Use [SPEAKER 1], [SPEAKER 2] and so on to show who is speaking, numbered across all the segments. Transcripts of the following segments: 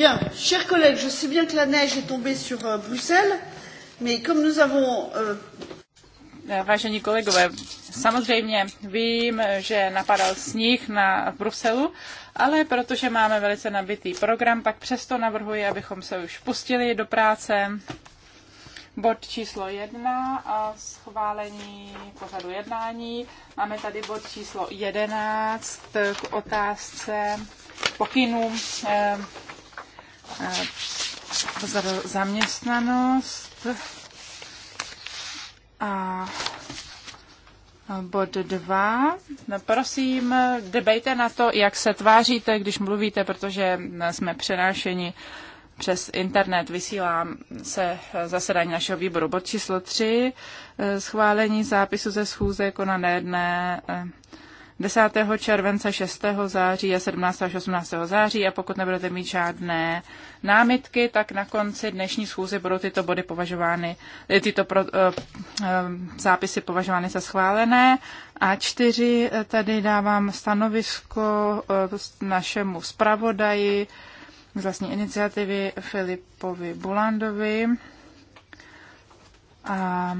[SPEAKER 1] Bien, chers collègues, je sais bien que la neige est tombée sur euh, Bruxelles, mais comme nous avons. Euh... Eh, vážení kolegové, samozřejmě vím, že napadal sníh na v Bruselu, ale protože máme velice nabitý program, tak přesto navrhuji, abychom se už pustili do práce. Bod číslo jedna a schválení pořadu jednání. Máme tady bod číslo jedenáct k otázce pokynů. Eh, zaměstnanost a bod dva. No, prosím, debejte na to, jak se tváříte, když mluvíte, protože jsme přenášeni přes internet vysílám se zasedání našeho výboru. Bod číslo 3, schválení zápisu ze schůze konané dne 10. července, 6. září a 17. až 18. září a pokud nebudete mít žádné námitky, tak na konci dnešní schůze budou tyto body považovány, eh, tyto pro, eh, eh, zápisy považovány za schválené. A čtyři tady dávám stanovisko našemu zpravodaji z vlastní iniciativy Filipovi Bulandovi. A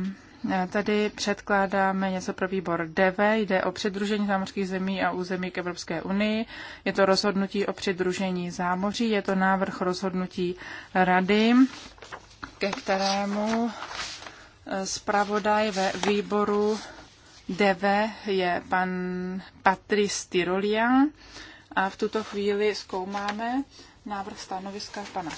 [SPEAKER 1] E, tady předkládáme něco pro výbor DV, jde o přidružení zámořských zemí a území k Evropské unii. Je to rozhodnutí o přidružení zámoří, je to návrh rozhodnutí rady, ke kterému e, zpravodaj ve výboru DV je pan Patrice Tyrolia a v tuto chvíli zkoumáme, návrh stanoviska pana,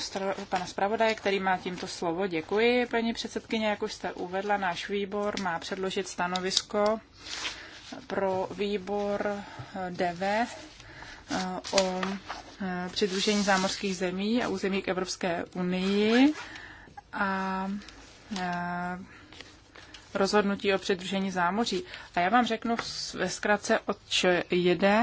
[SPEAKER 1] pana zpravodaje, který má tímto slovo. Děkuji, paní předsedkyně. Jak už jste uvedla, náš výbor má předložit stanovisko pro výbor eh, DV eh, o eh, přidružení zámořských zemí a území k Evropské unii. A rozhodnutí o přidružení zámoří. A já vám řeknu ve zkratce, oč jde.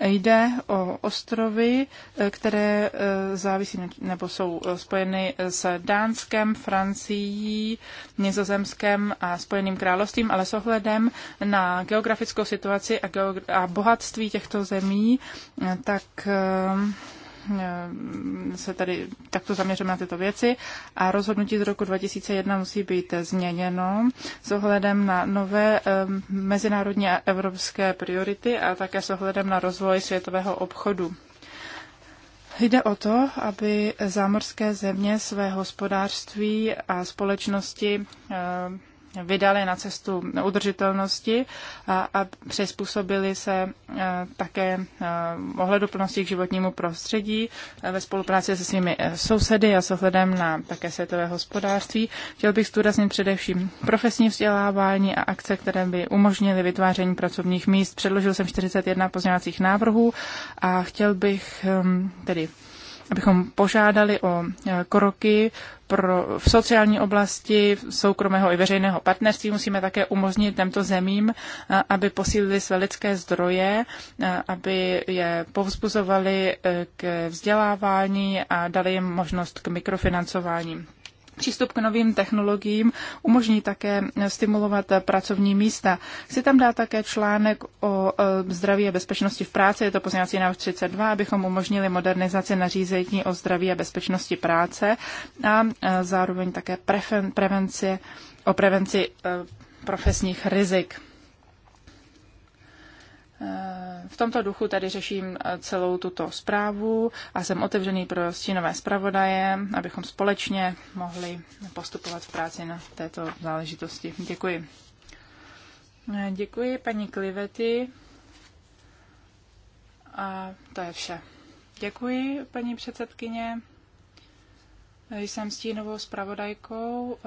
[SPEAKER 1] Jde o ostrovy, eh, které eh, závisí nebo jsou eh, spojeny s Dánskem, Francií, Nizozemskem a Spojeným královstvím, ale s ohledem na geografickou situaci a, geogra- a bohatství těchto zemí, tak Ehm, se tady takto zaměříme na tyto věci a rozhodnutí z roku 2001 musí být změněno s ohledem na nové ehm, mezinárodní a evropské priority a také s ohledem na rozvoj světového obchodu. Jde o to, aby zámořské země své hospodářství a společnosti ehm, vydali na cestu udržitelnosti a, a přizpůsobili se e, také e, ohleduplnosti k životnímu prostředí e, ve spolupráci se svými sousedy a s ohledem na také světové hospodářství. Chtěl bych zdůraznit především profesní vzdělávání a akce, které by umožnily vytváření pracovních míst. Předložil jsem 41 pozměňovacích návrhů a chtěl bych tedy abychom požádali o kroky pro, v sociální oblasti soukromého i veřejného partnerství musíme také umožnit těmto zemím, aby posílili své lidské zdroje, aby je povzbuzovali e, k vzdělávání a dali jim možnost k mikrofinancování. Přístup k novým technologiím umožní také stimulovat pracovní místa. Chci tam dát také článek o e, zdraví a bezpečnosti v práci, je to pozněvací návrh 32, abychom umožnili modernizaci nařízení o zdraví a bezpečnosti práce a e, zároveň také prevenci, o prevenci e, profesních rizik. Eh, v tomto duchu tady řeším eh, celou tuto zprávu a jsem otevřený pro stínové zpravodaje, abychom společně mohli postupovat v práci na této záležitosti. Děkuji. Eh, děkuji paní Klivety. A to je vše. Děkuji, paní předsedkyně. Jsem stínovou zpravodajkou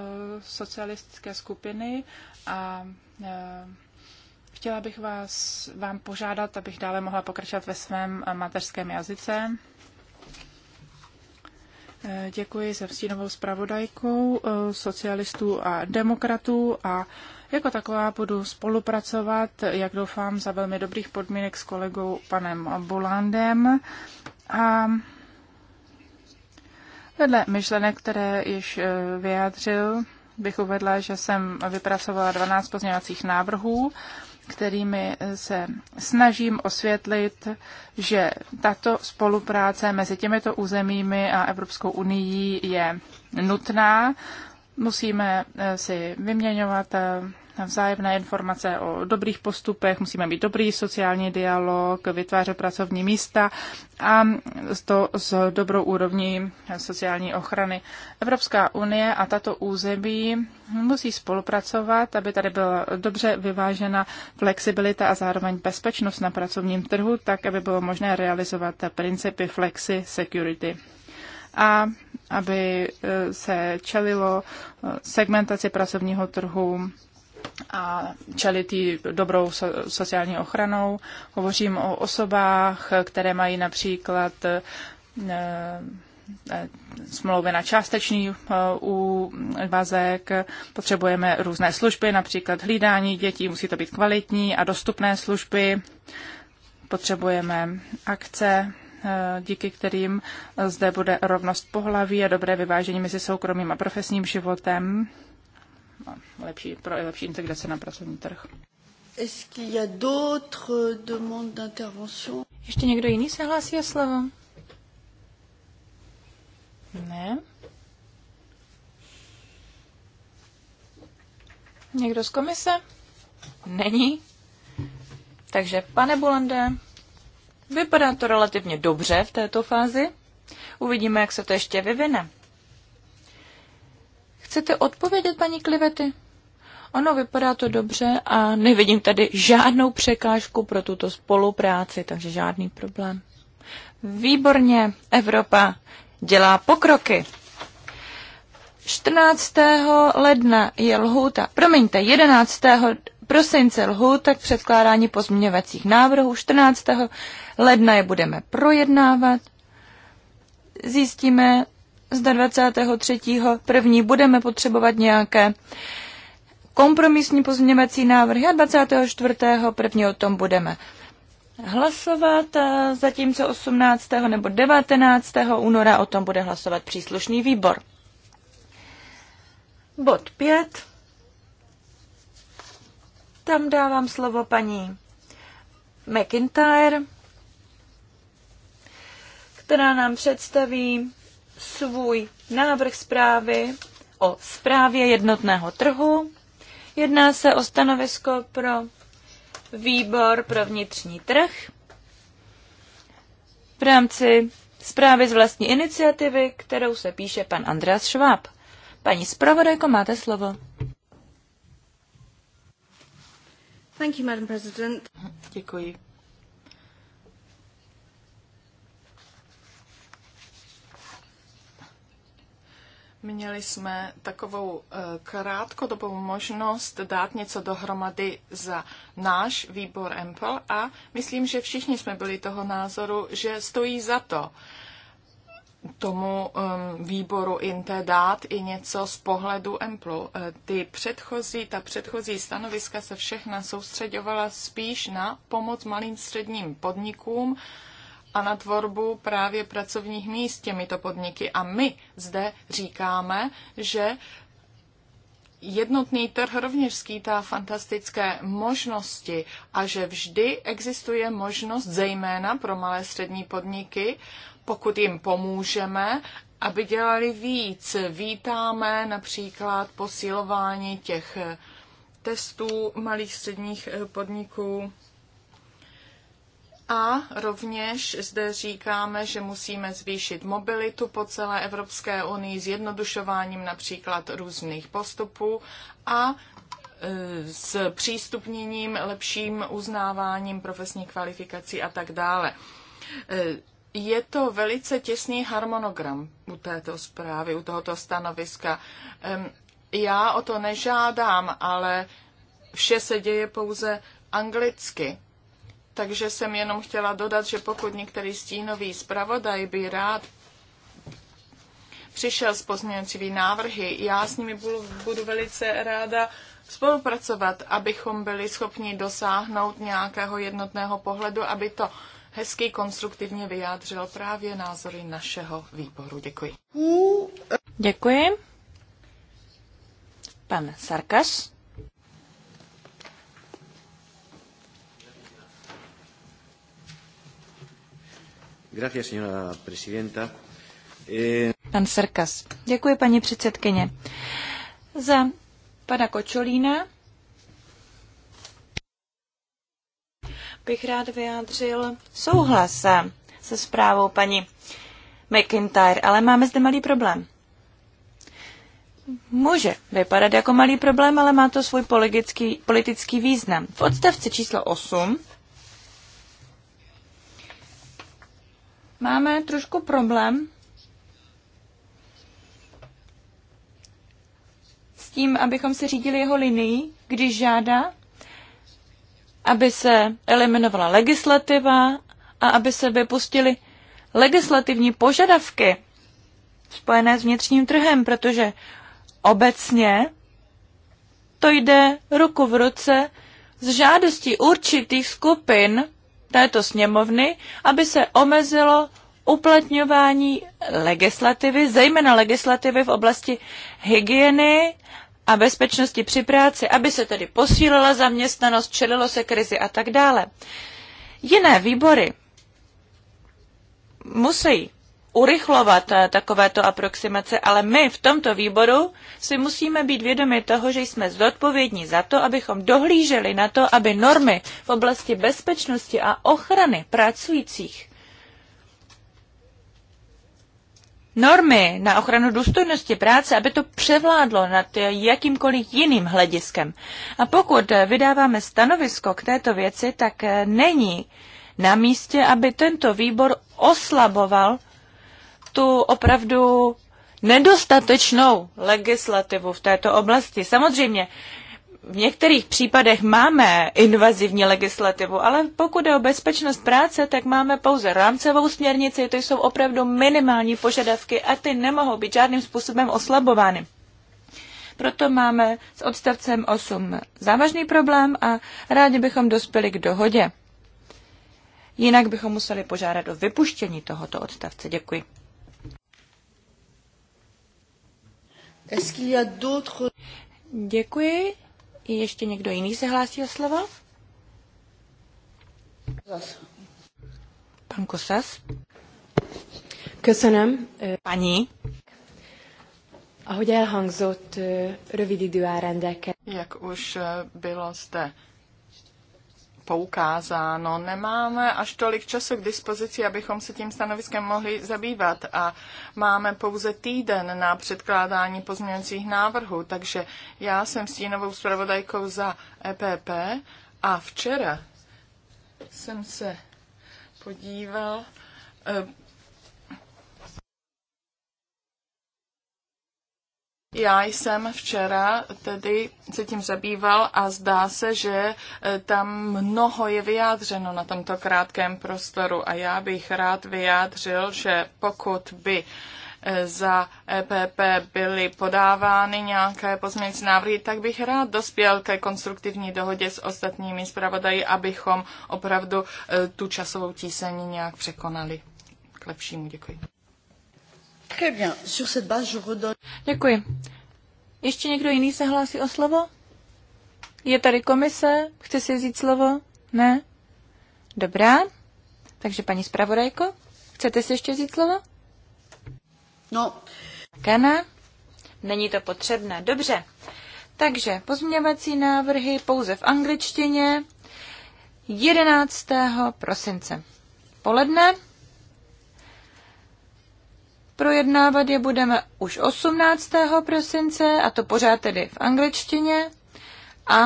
[SPEAKER 1] socialistické skupiny a Chtěla bych vás, vám požádat, abych dále mohla pokračovat ve svém mateřském jazyce. Eh, děkuji se vstínovou zpravodajkou eh, socialistů a demokratů a jako taková budu spolupracovat, jak doufám, za velmi dobrých podmínek s kolegou panem Bolandem. A vedle myšlenek, které již eh, vyjádřil, bych uvedla, že jsem vypracovala 12 pozměňovacích návrhů kterými se snažím osvětlit, že tato spolupráce mezi těmito územími a Evropskou unii je nutná. Musíme eh, si vyměňovat eh, vzájemné informace o dobrých postupech, musíme mít dobrý sociální dialog, vytvářet pracovní místa a to s dobrou úrovní sociální ochrany. Evropská unie a tato území musí spolupracovat, aby tady byla dobře vyvážena flexibilita a zároveň bezpečnost na pracovním trhu, tak aby bylo možné realizovat principy flexi security a aby eh, se čelilo eh, segmentaci pracovního trhu a čelitý dobrou so, sociální ochranou. Hovořím o osobách, které mají například eh, eh, smlouvy na částečný eh, úvazek, potřebujeme různé služby, například hlídání dětí, musí to být kvalitní a dostupné služby, potřebujeme akce, díky kterým zde bude rovnost pohlaví a dobré vyvážení mezi soukromým a profesním životem lepší, pro lepší integrace na pracovní trh.
[SPEAKER 2] Ještě někdo jiný se hlásí o slovo? Ne. Někdo z komise? Není. Takže, pane Bulande, vypadá to relativně dobře v této fázi. Uvidíme, jak se to ještě vyvine. Chcete odpovědět, paní Klivety? Ono vypadá to dobře a nevidím tady žádnou překážku pro tuto spolupráci, takže žádný problém. Výborně, Evropa dělá pokroky. 14. ledna je lhůta, promiňte, 11. prosince lhůta k předkládání pozměňovacích návrhů, 14. ledna je budeme projednávat, zjistíme, zda 23. první budeme potřebovat nějaké kompromisní pozměňovací návrhy a 24. první o tom budeme hlasovat, zatímco 18. nebo 19. února o tom bude hlasovat příslušný výbor. Bod 5. Tam dávám slovo paní McIntyre, která nám představí svůj návrh zprávy o zprávě jednotného trhu. Jedná se o stanovisko pro výbor pro vnitřní trh v rámci zprávy z vlastní iniciativy, kterou se píše pan Andreas Schwab. Paní zpravodajko, máte slovo. Thank you, Madam President. Děkuji,
[SPEAKER 3] Měli jsme takovou eh, krátkodobou možnost dát něco dohromady za náš výbor EMPL a myslím, že všichni jsme byli toho názoru, že stojí za to tomu um, výboru INTE dát i něco z pohledu EMPLu. Eh, ty předchozí, ta předchozí stanoviska se všechna soustředovala spíš na pomoc malým středním podnikům, uh, a na tvorbu právě pracovních míst těmito podniky. A my zde říkáme, že jednotný trh rovněž skýtá fantastické možnosti a že vždy existuje možnost, zejména pro malé střední podniky, pokud jim pomůžeme, aby dělali víc. Vítáme například posilování těch testů malých středních podniků a rovněž zde říkáme, že musíme zvýšit mobilitu po celé Evropské unii zjednodušováním například různých postupů a e, s přístupněním, lepším uznáváním profesních kvalifikací a tak dále. E, je to velice těsný harmonogram u této zprávy, u tohoto stanoviska. Já o to nežádám, ale vše se děje pouze anglicky takže jsem jenom chtěla dodat, že pokud některý stínový zpravodaj by rád přišel s pozměňovacími návrhy, já s nimi budu, budu velice ráda spolupracovat, abychom byli schopni dosáhnout nějakého jednotného pohledu, aby to hezky konstruktivně vyjádřil právě názory našeho výboru.
[SPEAKER 2] Děkuji. Děkuji. Pan Sarkas.
[SPEAKER 3] Gracias, señora presidenta. Eh,
[SPEAKER 2] Pan Sarkas. Děkuji, paní předsedkyně. Za pana Kočolína bych rád vyjádřil souhlas se zprávou paní McIntyre, ale máme zde malý problém. Může vypadat jako malý problém, ale má to svůj politický, politický význam. V odstavci číslo 8 máme trošku problém s tím, abychom si řídili jeho linií, když žádá, aby se eliminovala legislativa a aby se vypustily legislativní požadavky spojené s vnitřním trhem, protože obecně to jde ruku v ruce s žádostí určitých skupin této sněmovny, aby se omezilo uplatňování legislativy, zejména legislativy v oblasti hygieny a bezpečnosti při práci, aby se tedy posílila zaměstnanost, čelilo se krizi a tak dále. Jiné výbory musí urychlovat eh, takovéto aproximace, ale my v tomto výboru si musíme být vědomi toho, že jsme zodpovědní za to, abychom dohlíželi na to, aby normy v oblasti bezpečnosti a ochrany pracujících normy na ochranu důstojnosti práce, aby to převládlo nad jakýmkoliv jiným hlediskem. A pokud eh, vydáváme stanovisko k této věci, tak eh, není na místě, aby tento výbor oslaboval tu opravdu nedostatečnou legislativu v této oblasti. Samozřejmě v některých případech máme invazivní legislativu, ale pokud je o bezpečnost práce, tak máme pouze rámcovou směrnici, to jsou opravdu minimální požadavky a ty nemohou být žádným způsobem oslabovány. Proto máme s odstavcem 8 závažný problém a rádi bychom dospěli k dohodě. Jinak bychom museli požádat o vypuštění tohoto odstavce. Děkuji. Děkuji. Ještě někdo jiný se hlásí o slovo? Pan Kosas. Köszönöm. Eh, paní. Ahogy elhangzott, eh, rövid idő áll
[SPEAKER 3] rendelkezésre. Jak už eh, bylo zde poukázáno. Nemáme až tolik času k dispozici, abychom se tím stanoviskem mohli zabývat a máme pouze týden na předkládání pozměňujících návrhů, takže já jsem stínovou zpravodajkou za EPP a včera jsem se podíval eh, Já jsem včera tedy se tím zabýval a zdá se, že e, tam mnoho je vyjádřeno na tomto krátkém prostoru a já bych rád vyjádřil, že pokud by e, za EPP byly podávány nějaké pozměňující návrhy, tak bych rád dospěl ke konstruktivní dohodě s ostatními zpravodaji, abychom opravdu e, tu časovou tíseň nějak překonali. K lepšímu děkuji.
[SPEAKER 2] Děkuji. Ještě někdo jiný se hlásí o slovo? Je tady komise? Chce si vzít slovo? Ne? Dobrá. Takže paní zpravodajko, chcete si ještě vzít slovo? No. Kana? Není to potřebné. Dobře. Takže pozměňovací návrhy pouze v angličtině 11. prosince. Poledne Projednávat je budeme už 18. prosince, a to pořád tedy v angličtině. A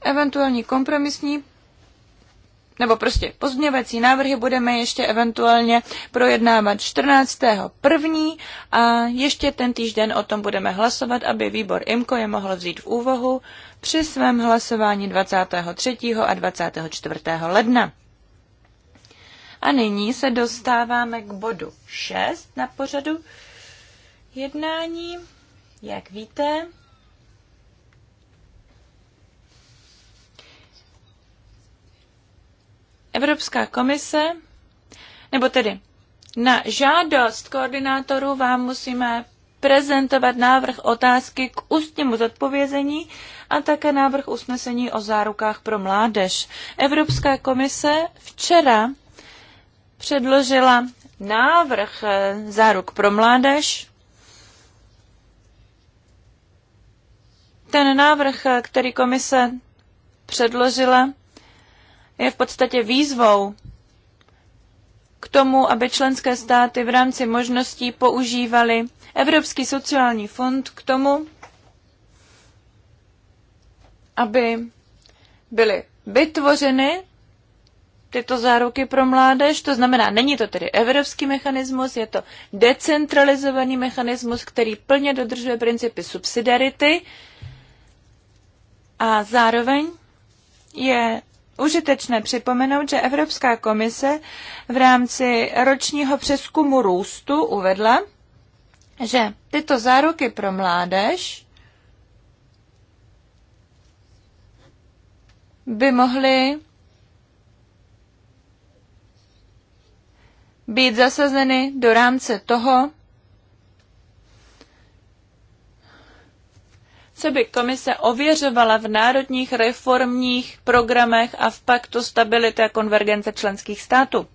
[SPEAKER 2] eventuální kompromisní nebo prostě pozměvací návrhy budeme ještě eventuálně projednávat 14. první a ještě ten týžden o tom budeme hlasovat, aby výbor IMKO je mohl vzít v úvahu při svém hlasování 23. a 24. ledna. A nyní se dostáváme k bodu 6 na pořadu jednání. Jak víte, Evropská komise, nebo tedy na žádost koordinátorů vám musíme prezentovat návrh otázky k ústnímu zodpovězení a také návrh usnesení o zárukách pro mládež. Evropská komise včera předložila návrh eh, záruk pro mládež. Ten návrh, eh, který komise předložila, je v podstatě výzvou k tomu, aby členské státy v rámci možností používaly Evropský sociální fond k tomu, aby byly vytvořeny tyto záruky pro mládež. To znamená, není to tedy evropský mechanismus, je to decentralizovaný mechanismus, který plně dodržuje principy subsidiarity a zároveň je užitečné připomenout, že Evropská komise v rámci ročního přeskumu růstu uvedla, že tyto záruky pro mládež by mohly být zasazeny do rámce toho, co by komise ověřovala v národních reformních programech a v paktu stability a konvergence členských států.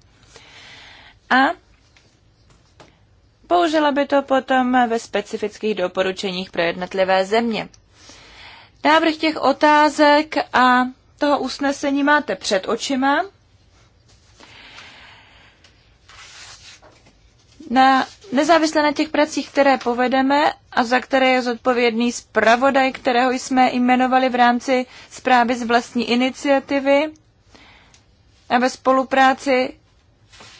[SPEAKER 2] A použila by to potom ve specifických doporučeních pro jednotlivé země. Návrh těch otázek a toho usnesení máte před očima. na, nezávisle na těch pracích, které povedeme a za které je zodpovědný zpravodaj, kterého jsme jmenovali v rámci zprávy z vlastní iniciativy a ve spolupráci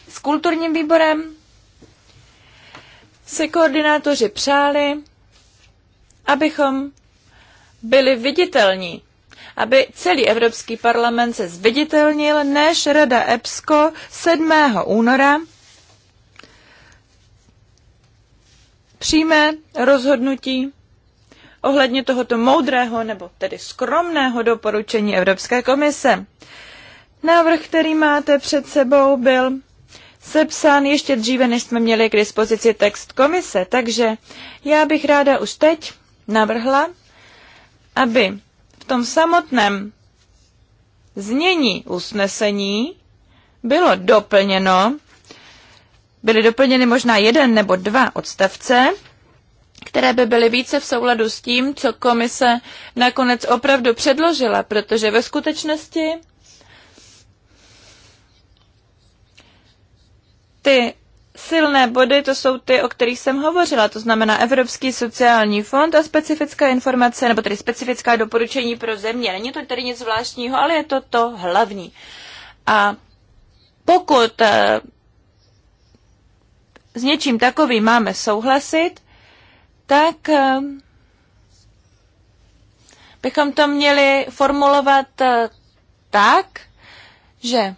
[SPEAKER 2] s kulturním výborem, se koordinátoři přáli, abychom byli viditelní, aby celý Evropský parlament se zviditelnil, než Rada EPSCO 7. února přijme rozhodnutí ohledně tohoto moudrého nebo tedy skromného doporučení Evropské komise. Návrh, který máte před sebou, byl sepsán ještě dříve, než jsme měli k dispozici text komise, takže já bych ráda už teď navrhla, aby v tom samotném znění usnesení bylo doplněno, byly doplněny možná jeden nebo dva odstavce, které by byly více v souladu s tím, co komise nakonec opravdu předložila, protože ve skutečnosti ty silné body, to jsou ty, o kterých jsem hovořila, to znamená Evropský sociální fond a specifická informace, nebo tedy specifická doporučení pro země. Není to tedy nic zvláštního, ale je to to hlavní. A pokud eh, s něčím takovým máme souhlasit, tak eh, bychom to měli formulovat eh, tak, že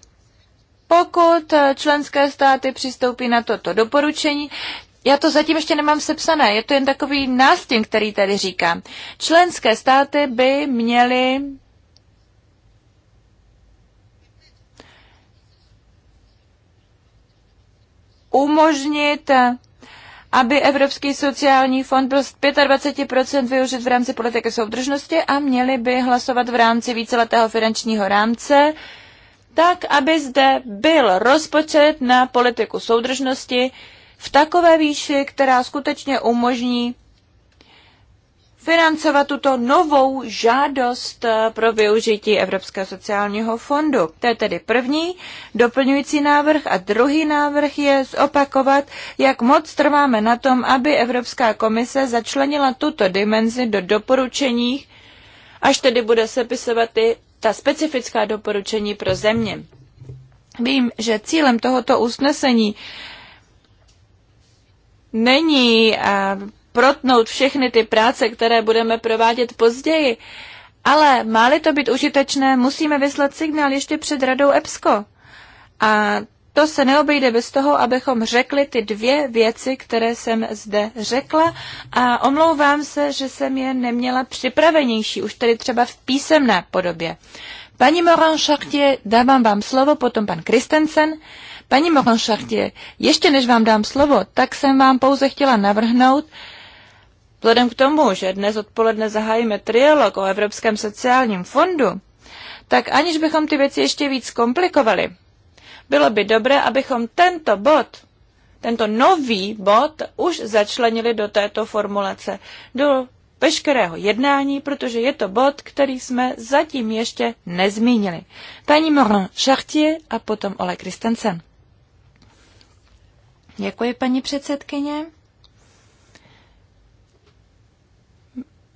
[SPEAKER 2] pokud eh, členské státy přistoupí na toto doporučení, já to zatím ještě nemám sepsané, je to jen takový nástěn, který tady říkám. Členské státy by měly umožnit aby Evropský sociální fond byl z 25% využit v rámci politiky soudržnosti a měli by hlasovat v rámci víceletého finančního rámce, tak aby zde byl rozpočet na politiku soudržnosti v takové výši, která skutečně umožní financovat tuto novou žádost eh, pro využití Evropského sociálního fondu. To je tedy první doplňující návrh a druhý návrh je zopakovat, jak moc trváme na tom, aby Evropská komise začlenila tuto dimenzi do doporučení, až tedy bude sepisovat i ta specifická doporučení pro země. Vím, že cílem tohoto usnesení není eh, protnout všechny ty práce, které budeme provádět později. Ale máli to být užitečné, musíme vyslat signál ještě před radou EBSCO. A to se neobejde bez toho, abychom řekli ty dvě věci, které jsem zde řekla a omlouvám se, že jsem je neměla připravenější, už tedy třeba v písemné podobě. Paní Moran Chartier, dávám vám slovo, potom pan Kristensen. Paní Moran Chartier, ještě než vám dám slovo, tak jsem vám pouze chtěla navrhnout, Vzhledem k tomu, že dnes odpoledne zahájíme trialog o Evropském sociálním fondu, tak aniž bychom ty věci ještě víc komplikovali, bylo by dobré, abychom tento bod, tento nový bod, už začlenili do této formulace, do veškerého jednání, protože je to bod, který jsme zatím ještě nezmínili. Paní Morin Chartier a potom Ole Kristensen. Děkuji, paní předsedkyně.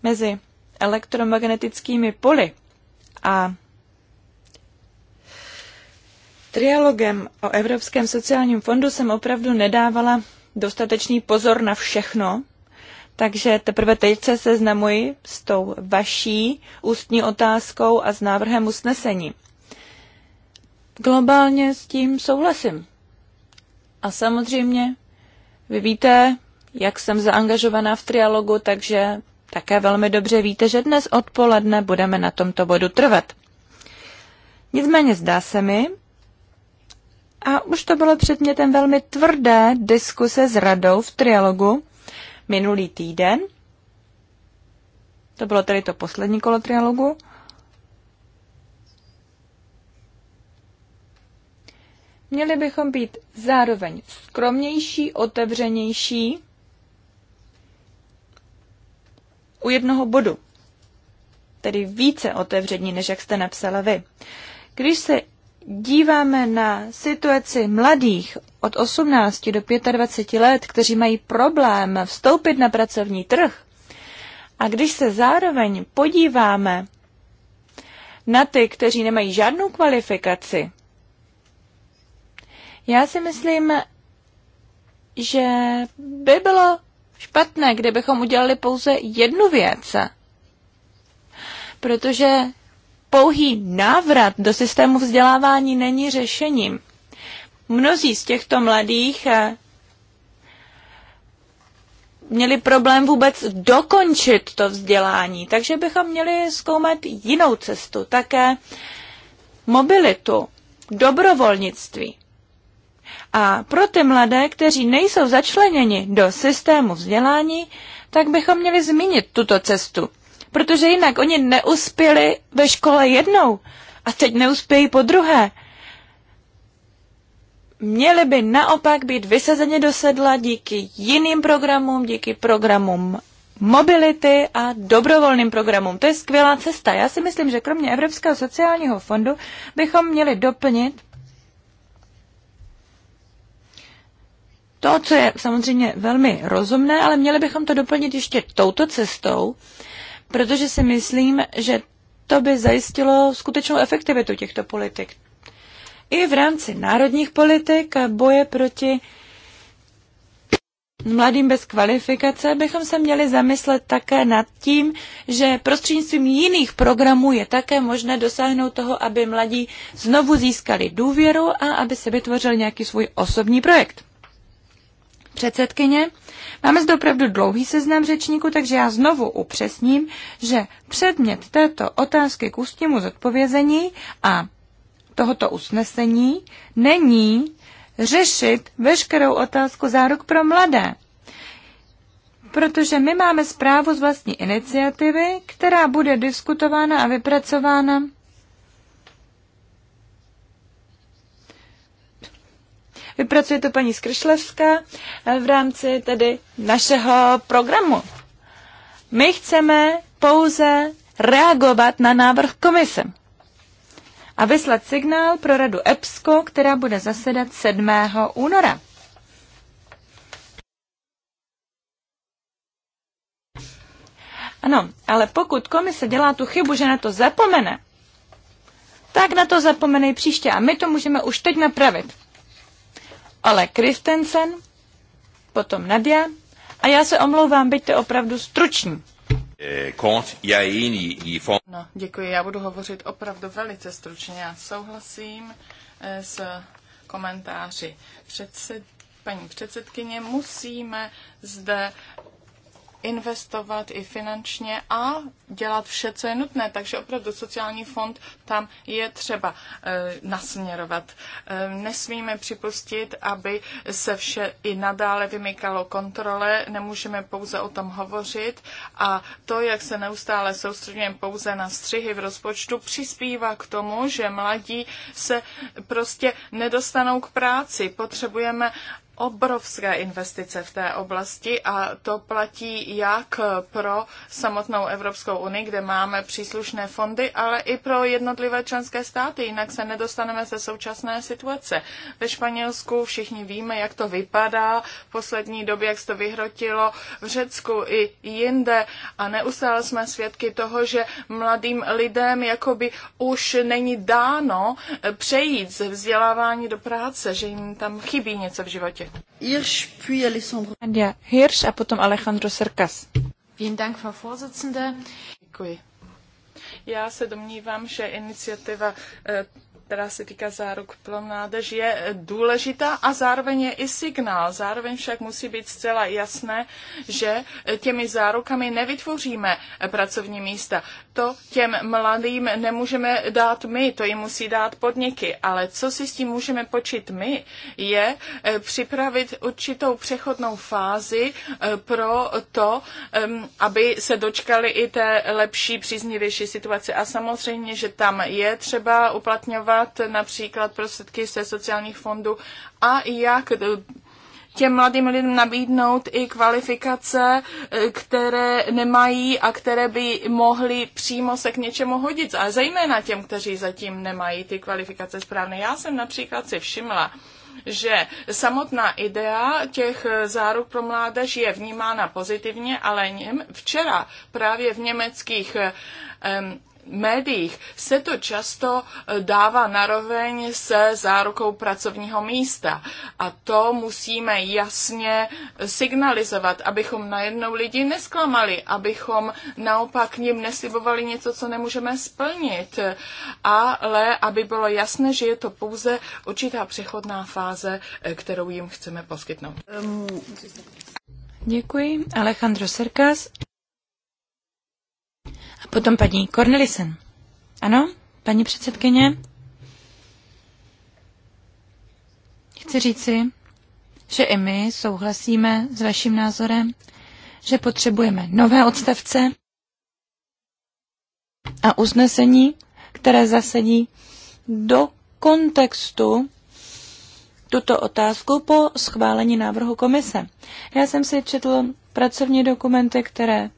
[SPEAKER 2] mezi elektromagnetickými poli a trialogem o Evropském sociálním fondu jsem opravdu nedávala dostatečný pozor na všechno, takže teprve teď se seznamuji s tou vaší ústní otázkou a s návrhem usnesení. Globálně s tím souhlasím. A samozřejmě, vy víte, jak jsem zaangažovaná v trialogu, takže také velmi dobře víte, že dnes odpoledne budeme na tomto bodu trvat. Nicméně zdá se mi, a už to bylo předmětem velmi tvrdé diskuse s radou v trialogu minulý týden, to bylo tedy to poslední kolo trialogu, Měli bychom být zároveň skromnější, otevřenější u jednoho bodu, tedy více otevření, než jak jste napsala vy. Když se díváme na situaci mladých od 18 do 25 let, kteří mají problém vstoupit na pracovní trh, a když se zároveň podíváme na ty, kteří nemají žádnou kvalifikaci, já si myslím, že by bylo špatné, kdybychom udělali pouze jednu věc. Protože pouhý návrat do systému vzdělávání není řešením. Mnozí z těchto mladých eh, měli problém vůbec dokončit to vzdělání, takže bychom měli zkoumat jinou cestu, také mobilitu, dobrovolnictví. A pro ty mladé, kteří nejsou začleněni do systému vzdělání, tak bychom měli zmínit tuto cestu. Protože jinak oni neuspěli ve škole jednou a teď neuspějí po druhé. Měli by naopak být vysazeni do sedla díky jiným programům, díky programům mobility a dobrovolným programům. To je skvělá cesta. Já si myslím, že kromě Evropského sociálního fondu bychom měli doplnit to, co je samozřejmě velmi rozumné, ale měli bychom to doplnit ještě touto cestou, protože si myslím, že to by zajistilo skutečnou efektivitu těchto politik. I v rámci národních politik a boje proti mladým bez kvalifikace bychom se měli zamyslet také nad tím, že prostřednictvím jiných programů je také možné dosáhnout toho, aby mladí znovu získali důvěru a aby se vytvořil nějaký svůj osobní projekt. Předsedkyně, máme zde opravdu dlouhý seznam řečníků, takže já znovu upřesním, že předmět této otázky k ústnímu zodpovězení a tohoto usnesení není řešit veškerou otázku záruk pro mladé. Protože my máme zprávu z vlastní iniciativy, která bude diskutována a vypracována Vypracuje to paní Skršlevská eh, v rámci tedy našeho programu. My chceme pouze reagovat na návrh komise a vyslat signál pro radu EPSCO, která bude zasedat 7. února. Ano, ale pokud komise dělá tu chybu, že na to zapomene, tak na to zapomenej příště a my to můžeme už teď napravit. Ale Kristensen, potom Nadia a já se omlouvám, buďte opravdu struční.
[SPEAKER 3] Eh, no, děkuji, já budu hovořit opravdu velice stručně. Já souhlasím eh, s komentáři předsed, paní předsedkyně. Musíme zde investovat i finančně a dělat vše, co je nutné. Takže opravdu sociální fond tam je třeba e, nasměrovat. E, nesmíme připustit, aby se vše i nadále vymykalo kontrole, nemůžeme pouze o tom hovořit a to, jak se neustále soustředujeme pouze na střihy v rozpočtu, přispívá k tomu, že mladí se prostě nedostanou k práci. Potřebujeme obrovské investice v té oblasti a to platí jak pro samotnou Evropskou unii, kde máme příslušné fondy, ale i pro jednotlivé členské státy, jinak se nedostaneme ze současné situace. Ve Španělsku všichni víme, jak to vypadá v poslední době, jak se to vyhrotilo v Řecku i jinde a neustále jsme svědky toho, že mladým lidem jakoby už není dáno přejít z vzdělávání do práce, že jim tam chybí něco v životě.
[SPEAKER 2] Hirsch, puis Alessandro. Nadia Hirsch a potom Alejandro Serkas. Vielen
[SPEAKER 3] Dank, Frau Vorsitzende. Děkuji. Já se domnívám, že iniciativa eh, která se týká záruk pro mládež, je eh, důležitá a zároveň je i signál. Zároveň však musí být zcela jasné, že eh, těmi zárukami nevytvoříme pracovní místa to těm mladým nemůžeme dát my, to jim musí dát podniky. Ale co si s tím můžeme počít my, je eh, připravit určitou přechodnou fázi eh, pro to, aby se dočkali i té lepší, příznivější situace. A samozřejmě, že tam je třeba uplatňovat například prostředky ze sociálních fondů a jak těm mladým lidem nabídnout i kvalifikace, e, které nemají a které by mohly přímo se k něčemu hodit. A zejména těm, kteří zatím nemají ty kvalifikace správné. Já jsem například si všimla, že samotná idea těch e, záruk pro mládež je vnímána pozitivně, ale včera právě v německých e, médiích se to často eh, dává naroveň se zárukou pracovního místa. A to musíme jasně signalizovat, abychom najednou lidi nesklamali, abychom naopak ním neslibovali něco, co nemůžeme splnit, ale aby bylo jasné, že je to pouze určitá přechodná fáze, eh, kterou jim chceme poskytnout. Ehm,
[SPEAKER 2] Děkuji. Alejandro Serkas. A potom paní Cornelisen. Ano, paní předsedkyně? Chci říci, že i my souhlasíme s vaším názorem, že potřebujeme nové odstavce a usnesení, které zasadí do kontextu tuto otázku po schválení návrhu komise. Já jsem si četl pracovní dokumenty, které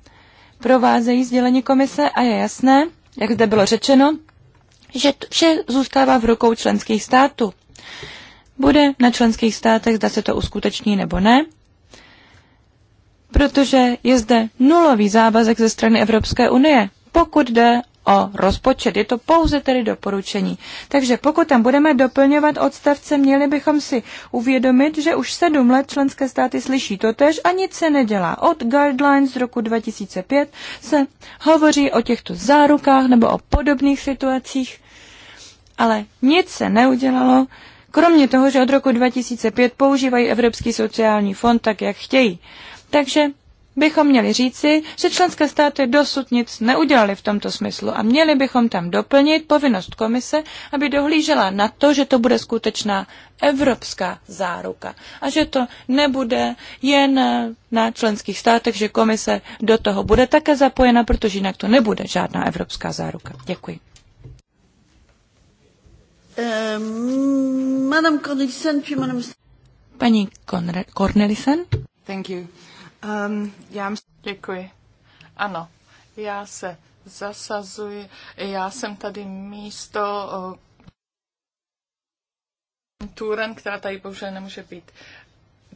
[SPEAKER 2] provázejí sdělení komise a je jasné, jak zde bylo řečeno, že vše zůstává v rukou členských států. Bude na členských státech, zda se to uskuteční nebo ne, protože je zde nulový závazek ze strany Evropské unie, pokud jde o rozpočet. Je to pouze tedy doporučení. Takže pokud tam budeme doplňovat odstavce, měli bychom si uvědomit, že už sedm let členské státy slyší totež a nic se nedělá. Od guidelines z roku 2005 se hovoří o těchto zárukách nebo o podobných situacích, ale nic se neudělalo, kromě toho, že od roku 2005 používají Evropský sociální fond tak, jak chtějí. Takže bychom měli říci, že členské státy dosud nic neudělali v tomto smyslu a měli bychom tam doplnit povinnost komise, aby dohlížela na to, že to bude skutečná evropská záruka a že to nebude jen na členských státech, že komise do toho bude také zapojena, protože jinak to nebude žádná evropská záruka. Děkuji. Um, Paní Cornelissen.
[SPEAKER 3] Thank you. Um, já Děkuji. Ano, já se zasazuji. Já jsem tady místo Turen, která tady bohužel nemůže být.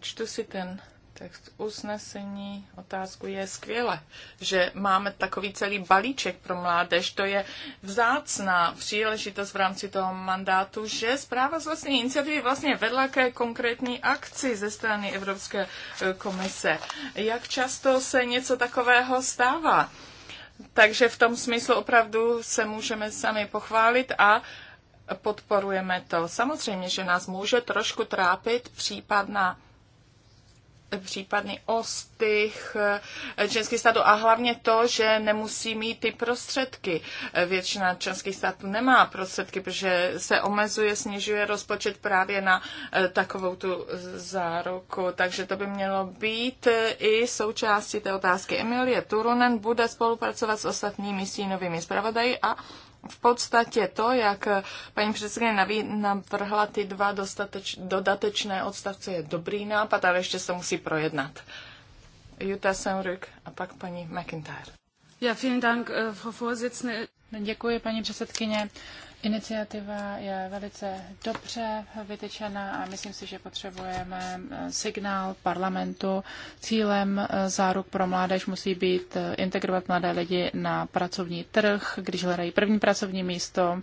[SPEAKER 3] Čtu si ten text usnesení, otázku je skvěle, že máme takový celý balíček pro mládež. To je vzácná příležitost v rámci toho mandátu, že zpráva z vlastní iniciativy vlastně vedla ke konkrétní akci ze strany Evropské eh, komise. Jak často se něco takového stává? Takže v tom smyslu opravdu se můžeme sami pochválit a podporujeme to. Samozřejmě, že nás může trošku trápit případná případný ostych eh, členských států a hlavně to, že nemusí mít ty prostředky. Eh, většina členských států nemá prostředky, protože se omezuje, snižuje rozpočet právě na eh, takovou tu záruku. Takže to by mělo být i součástí té otázky. Emilie Turunen bude spolupracovat s ostatními stínovými zpravodaji a v podstatě to, jak paní předsedkyně navrhla ty dva dostateč, dodatečné odstavce, je dobrý nápad, ale ještě se musí projednat. Jutta Senruk a pak paní McIntyre.
[SPEAKER 1] Ja, vielen Dank, eh, Frau Vorsitzende. Děkuji, paní předsedkyně. Iniciativa je velice dobře vytyčená a myslím si, že potřebujeme eh, signál parlamentu. Cílem eh, záruk pro mládež musí být eh, integrovat mladé lidi na pracovní trh, když hledají první pracovní místo,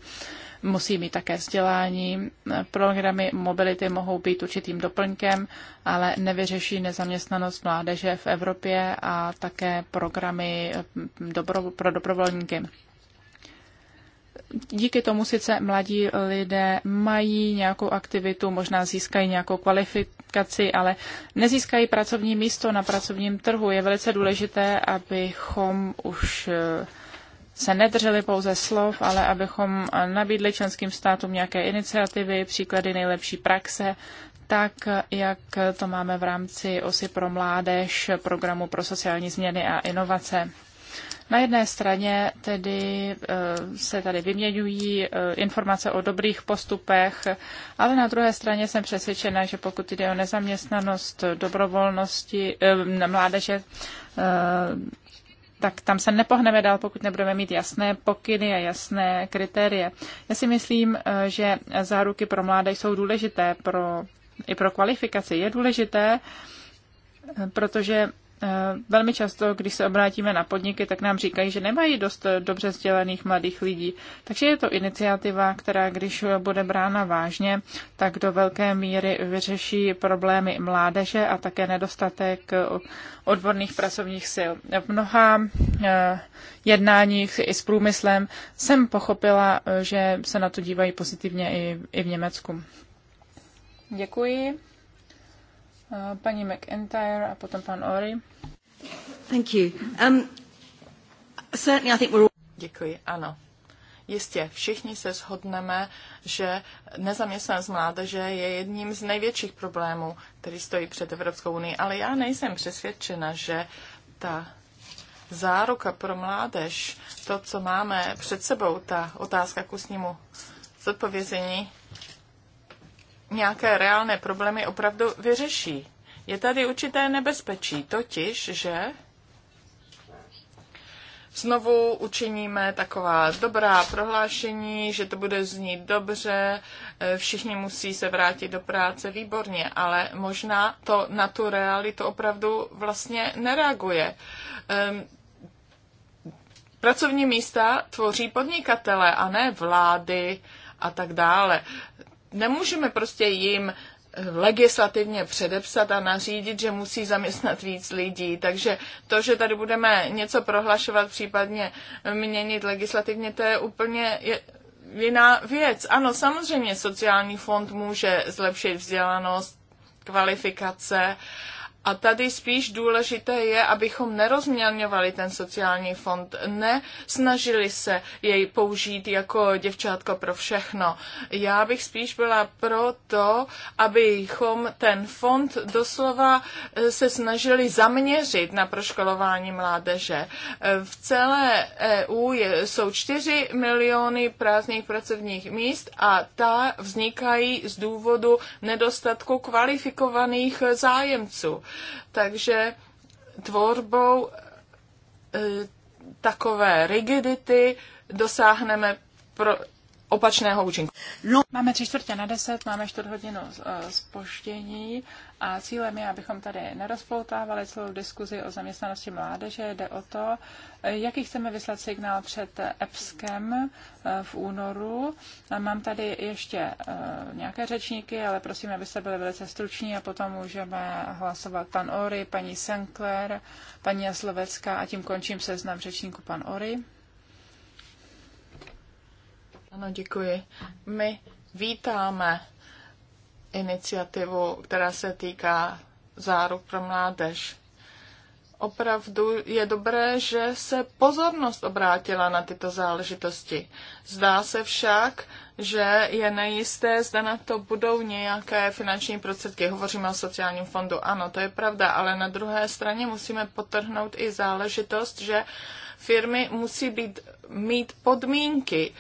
[SPEAKER 1] musí mít také vzdělání. Programy mobility mohou být určitým doplňkem, ale nevyřeší nezaměstnanost mládeže v Evropě a také programy pro dobrovolníky díky tomu sice mladí lidé mají nějakou aktivitu, možná získají nějakou kvalifikaci, ale nezískají pracovní místo na pracovním trhu. Je velice důležité, abychom už eh, se nedrželi pouze slov, ale abychom nabídli členským státům nějaké iniciativy, příklady nejlepší praxe, tak, jak to máme v rámci osy pro mládež, programu pro sociální změny a inovace. Na jedné straně tedy eh, se tady vyměňují eh, informace o dobrých postupech, ale na druhé straně jsem přesvědčena, že pokud jde o nezaměstnanost, dobrovolnosti eh, mládeže, tak tam se nepohneme dál, pokud nebudeme mít jasné pokyny a jasné kritérie. Já si myslím, že záruky pro mládež jsou důležité pro, i pro kvalifikaci. Je důležité, protože Eh, velmi často, když se obrátíme na podniky, tak nám říkají, že nemají dost eh, dobře vzdělaných mladých lidí. Takže je to iniciativa, která, když bude brána vážně, tak do velké míry vyřeší problémy mládeže a také nedostatek eh, odborných pracovních sil. V mnoha jednáních i s průmyslem jsem pochopila, že se na to dívají pozitivně i, i v Německu. Děkuji. Eh, paní McIntyre a potom pan Ory. Thank you. Um,
[SPEAKER 3] certainly I think we're all... Děkuji, ano. Jistě, všichni se shodneme, že nezaměstnanost mládeže je jedním z největších problémů, který stojí před Evropskou unii, ale já nejsem přesvědčena, že ta záruka pro mládež, to, co máme před sebou, ta otázka k ústnímu zodpovězení, nějaké reálné problémy opravdu vyřeší. Je tady určité nebezpečí, totiž, že znovu učiníme taková dobrá prohlášení, že to bude znít dobře, eh, všichni musí se vrátit do práce výborně, ale možná to na tu realitu opravdu vlastně nereaguje. Ehm, pracovní místa tvoří podnikatele a ne vlády a tak dále nemůžeme prostě jim eh, legislativně předepsat a nařídit, že musí zaměstnat víc lidí. Takže to, že tady budeme něco prohlašovat, případně měnit legislativně, to je úplně jiná věc. Ano, samozřejmě sociální fond může zlepšit vzdělanost, kvalifikace a tady spíš důležité je, abychom nerozmělňovali ten sociální fond, ne snažili se jej použít jako děvčátko pro všechno. Já bych spíš byla pro to, abychom ten fond doslova eh, se snažili zaměřit na proškolování mládeže. Eh, v celé EU jsou 4 miliony prázdných pracovních míst a ta vznikají z důvodu nedostatku kvalifikovaných eh, zájemců takže tvorbou e, takové rigidity dosáhneme pro opačného účinku.
[SPEAKER 1] No. Máme tři čtvrtě na deset, máme čtvrt hodinu spoždění a cílem je, abychom tady nerozploutávali celou diskuzi o zaměstnanosti mládeže. Jde o to, jaký chceme vyslat signál před EPSkem eh, v únoru. Mám tady ještě eh, nějaké řečníky, ale prosím, abyste byli velice struční a potom můžeme hlasovat pan Ory, paní Sinclair, paní Jaslovecká a tím končím seznam řečníku pan Ory. Ano, děkuji.
[SPEAKER 3] My vítáme iniciativu, která se týká záruk pro mládež. Opravdu je dobré, že se pozornost obrátila na tyto záležitosti. Zdá se však, že je nejisté, zda na to budou nějaké finanční prostředky. Hovoříme o sociálním fondu, ano, to je pravda, ale na druhé straně musíme potrhnout i záležitost, že firmy musí být, mít podmínky,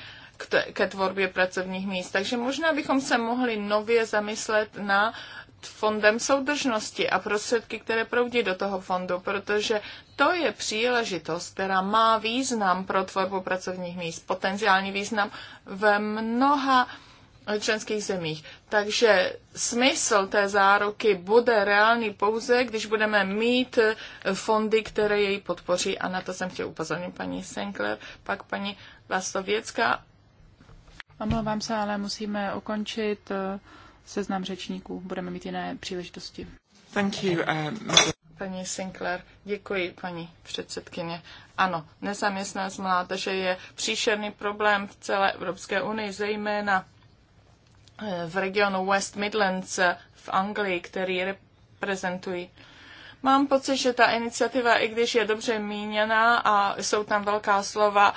[SPEAKER 3] k ke tvorbě pracovních míst. Takže možná bychom se mohli nově zamyslet na fondem soudržnosti a prostředky, které proudí do toho fondu, protože to je příležitost, která má význam pro tvorbu pracovních míst, potenciální význam ve mnoha členských zemích. Takže smysl té záruky bude reálný pouze, když budeme mít fondy, které jej podpoří. A na to jsem chtěl upozornit paní Senkler, pak paní Vlastověcka
[SPEAKER 1] Omlouvám se, ale musíme ukončit eh, seznam řečníků. Budeme mít jiné příležitosti. Thank you, um... Paní Sinclair, děkuji, paní předsedkyně. Ano,
[SPEAKER 3] nezaměstnanost mládeže je příšerný problém v celé Evropské unii, zejména eh, v regionu West Midlands v Anglii, který reprezentují. Mám pocit, že ta iniciativa, i když je dobře míněná a jsou tam velká slova,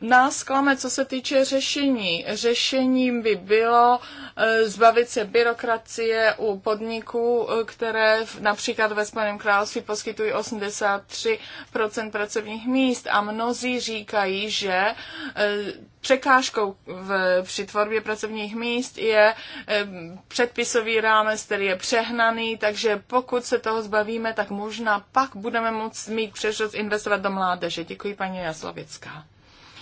[SPEAKER 3] nás klame, co se týče řešení. Řešením by bylo eh, zbavit se byrokracie u podniků, eh, které například ve Spojeném království poskytují 83% pracovních míst a mnozí říkají, že eh, překážkou v, při tvorbě pracovních míst je předpisový rámec, který je přehnaný, takže pokud se toho zbavíme, tak možná pak budeme moct mít přežitost investovat do mládeže. Děkuji paní Jaslovická.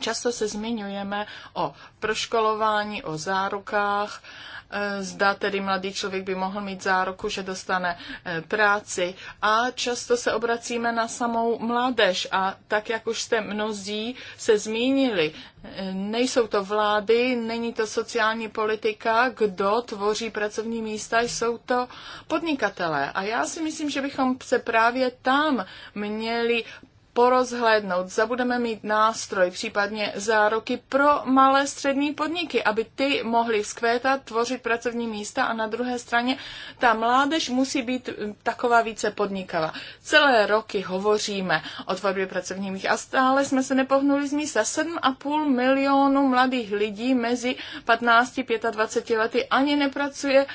[SPEAKER 3] Často se zmiňujeme o proškolování, o zárukách, e, zda tedy mladý člověk by mohl mít záruku, že dostane e, práci. A často se obracíme na samou mládež a tak, jak už jste mnozí se zmínili, e, nejsou to vlády, není to sociální politika, kdo tvoří pracovní místa, jsou to podnikatelé. A já si myslím, že bychom se právě tam měli porozhlédnout, zda budeme mít nástroj, případně záruky pro malé střední podniky, aby ty mohly zkvétat, tvořit pracovní místa a na druhé straně ta mládež musí být hm, taková více podnikavá. Celé roky hovoříme o tvorbě pracovních míst a stále jsme se nepohnuli z místa. 7,5 milionu mladých lidí mezi 15 a 25 lety ani nepracuje,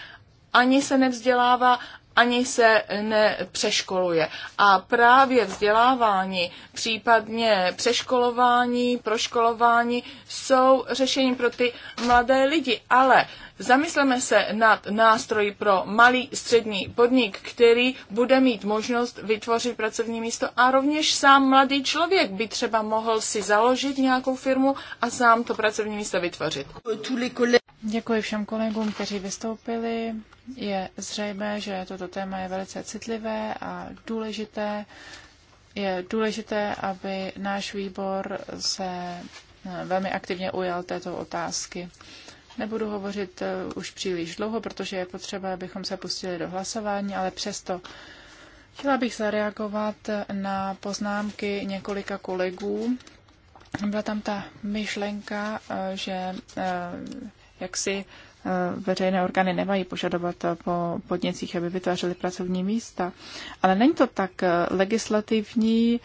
[SPEAKER 3] ani se nevzdělává ani se nepřeškoluje. A právě vzdělávání, případně přeškolování, proškolování jsou řešením pro ty mladé lidi, ale Zamysleme se nad nástroji pro malý střední podnik, který bude mít možnost vytvořit pracovní místo a rovněž sám mladý člověk by třeba mohl si založit nějakou firmu a sám to pracovní místo vytvořit.
[SPEAKER 1] Děkuji všem kolegům, kteří vystoupili. Je zřejmé, že toto téma je velice citlivé a důležité. Je důležité, aby náš výbor se eh, velmi aktivně ujal této otázky. Nebudu hovořit eh, už příliš dlouho, protože je potřeba, abychom se pustili do hlasování, ale přesto chtěla bych zareagovat na poznámky několika kolegů. Byla tam ta myšlenka, eh, že eh, jaksi veřejné orgány nemají požadovat po podnicích, aby vytvářely pracovní místa. Ale není to tak legislativní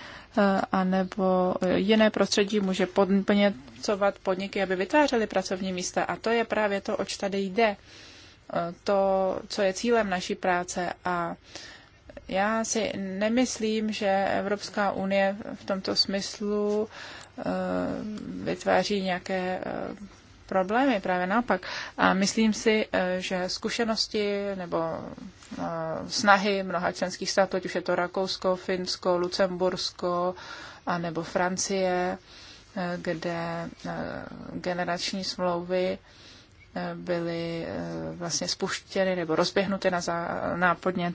[SPEAKER 1] anebo jiné prostředí může podnět podněcovat podniky, aby vytvářely pracovní místa. A to je právě to, oč tady jde. E, to, co je cílem naší práce. A já si nemyslím, že Evropská unie v tomto smyslu e, vytváří nějaké e, problémy, právě naopak. A myslím si, že zkušenosti nebo snahy mnoha členských států, ať už je to Rakousko, Finsko, Lucembursko a nebo Francie, kde eh, generační smlouvy eh, byly eh, vlastně spuštěny nebo rozběhnuty na, zá, na podnět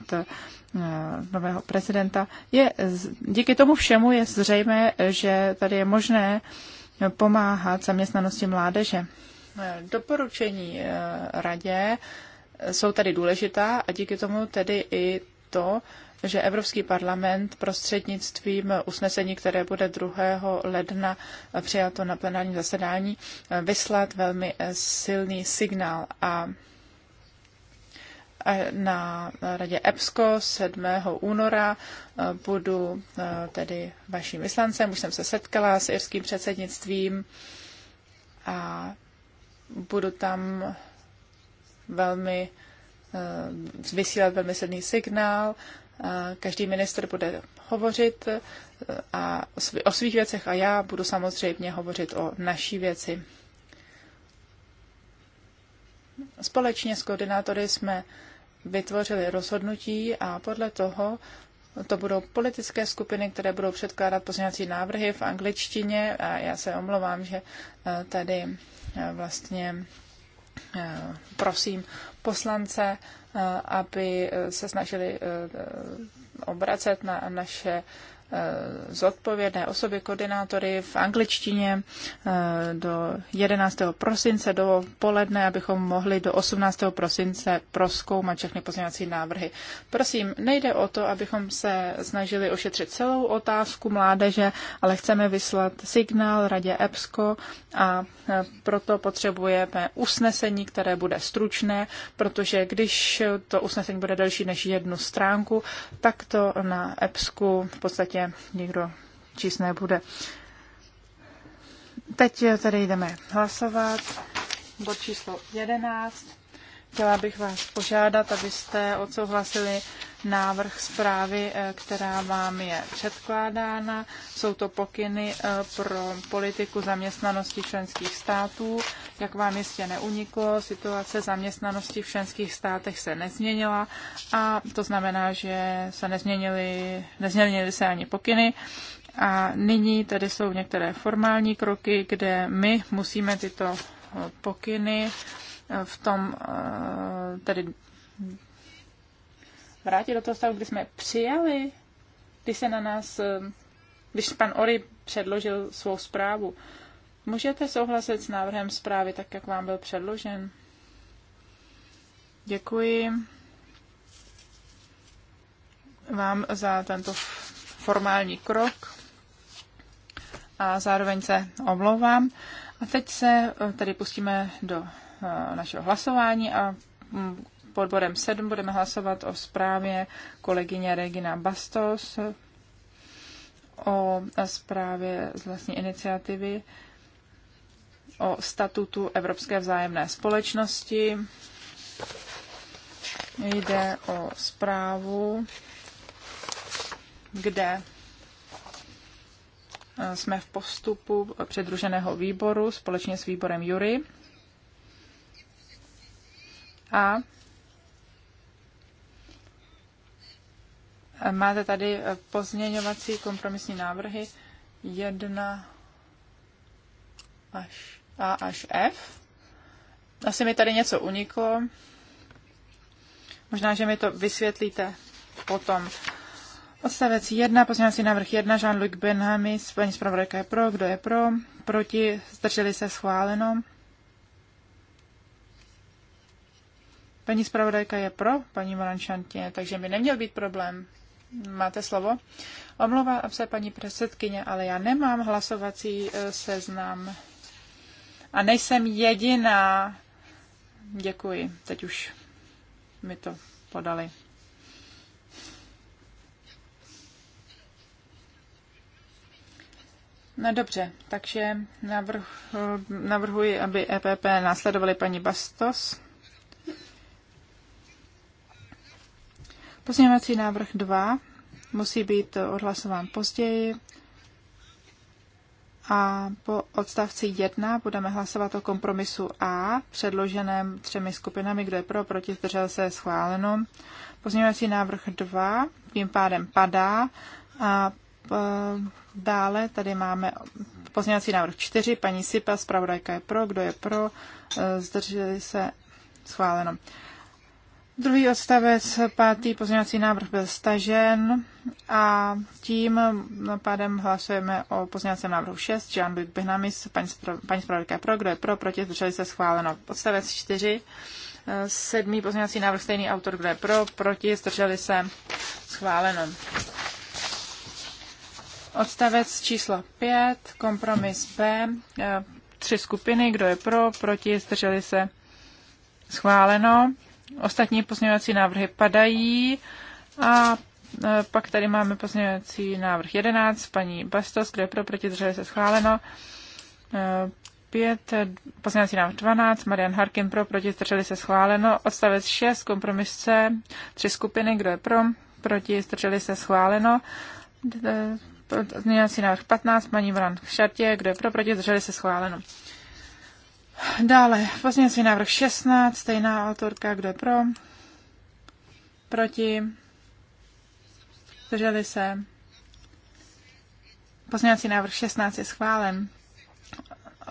[SPEAKER 1] nového prezidenta. Je, díky tomu všemu je zřejmé, že tady je možné pomáhat zaměstnanosti mládeže. Doporučení radě jsou tady důležitá a díky tomu tedy i to, že Evropský parlament prostřednictvím usnesení, které bude 2. ledna přijato na plenárním zasedání, vyslat velmi silný signál a na radě EPSCO 7. února budu tedy vaším vyslancem. Už jsem se setkala s irským předsednictvím a budu tam velmi Eh, vysílat velmi silný signál. Každý minister bude hovořit eh, a o svých věcech a já budu samozřejmě hovořit o naší věci. Společně s koordinátory jsme vytvořili rozhodnutí a podle toho to budou politické skupiny, které budou předkládat pozměňovací návrhy v angličtině. A já se omlouvám, že eh, tady vlastně prosím poslance, eh, aby eh, se snažili eh, obracet na naše Eh, zodpovědné osoby, koordinátory v angličtině eh, do 11. prosince do poledne, abychom mohli do 18. prosince proskoumat všechny pozměňovací návrhy. Prosím, nejde o to, abychom se snažili ošetřit celou otázku mládeže, ale chceme vyslat signál Radě EBSCO a eh, proto potřebujeme usnesení, které bude stručné, protože když to usnesení bude delší než jednu stránku, tak to na EBSCO v podstatě určitě nikdo číst nebude. Teď tady jdeme hlasovat. Bod číslo 11. Chtěla bych vás požádat, abyste odsouhlasili návrh zprávy, eh, která vám je předkládána. Jsou to pokyny eh, pro politiku zaměstnanosti členských států. Jak vám jistě neuniklo, situace zaměstnanosti v členských státech se nezměnila a to znamená, že se nezměnily, nezměnily se ani pokyny. A nyní tady jsou některé formální kroky, kde my musíme tyto eh, pokyny v tom eh, tedy vrátit do toho stavu, kdy jsme přijali, když se na nás, eh, když pan Ori předložil svou zprávu. Můžete souhlasit s návrhem zprávy tak, jak vám byl předložen? Děkuji vám za tento formální krok a zároveň se omlouvám. A teď se eh, tedy pustíme do Eh, našeho hlasování a mm, pod bodem 7 budeme hlasovat o zprávě kolegyně Regina Bastos o zprávě z vlastní iniciativy o statutu Evropské vzájemné společnosti. Jde o zprávu, kde eh, jsme v postupu předruženého výboru společně s výborem Jury a máte tady pozměňovací kompromisní návrhy 1 až A až F. Asi mi tady něco uniklo. Možná, že mi to vysvětlíte potom. Odstavec 1, pozměňovací návrh 1, Jean-Luc Benhamy, paní zpravodajka je pro, kdo je pro, proti, zdrželi se schváleno. Paní zpravodajka je pro, paní Morančantě, takže by neměl být problém. Máte slovo? Omlouvám se, paní předsedkyně, ale já nemám hlasovací e, seznam. A nejsem jediná. Děkuji, teď už mi to podali. No dobře, takže e, navrhuji, aby EPP následovali paní Bastos. Pozměňovací návrh 2 musí být odhlasován později. A po odstavci 1 budeme hlasovat o kompromisu A, předloženém třemi skupinami, kdo je pro, proti, zdržel se, schváleno. Pozměňovací návrh 2 tím pádem padá. A dále tady máme pozměňovací návrh 4, paní Sipa, zpravodajka je pro, kdo je pro, e, zdrželi se, schváleno. Druhý odstavec, pátý pozměňovací návrh byl stažen a tím pádem hlasujeme o pozměňovacím návrhu 6. Jean-Luc Bihnamis, paní zpravodajka pro, kdo je pro, proti, zdrželi se schváleno. Odstavec 4, sedmý pozměňovací návrh, stejný autor, kdo je pro, proti, zdrželi se schváleno. Odstavec číslo 5, kompromis B, eh, tři skupiny, kdo je pro, proti, zdrželi se schváleno. Ostatní pozměňovací návrhy padají a e, pak tady máme pozměňovací návrh 11, paní Bastos, kde je pro, proti, drželi se schváleno. 5, e, e, pozměňovací návrh 12, Marian Harkin pro, proti, zdrželi se schváleno. Odstavec 6, kompromis C, tři skupiny, kdo je pro, proti, zdrželi se schváleno. Pozměňovací návrh 15, paní Bran Šartě, kdo je pro, proti, zdrželi se schváleno. Dále, pozměňovací návrh 16, stejná autorka, kdo je pro? Proti? Zdrželi se? Pozměňovací návrh 16 je schválen.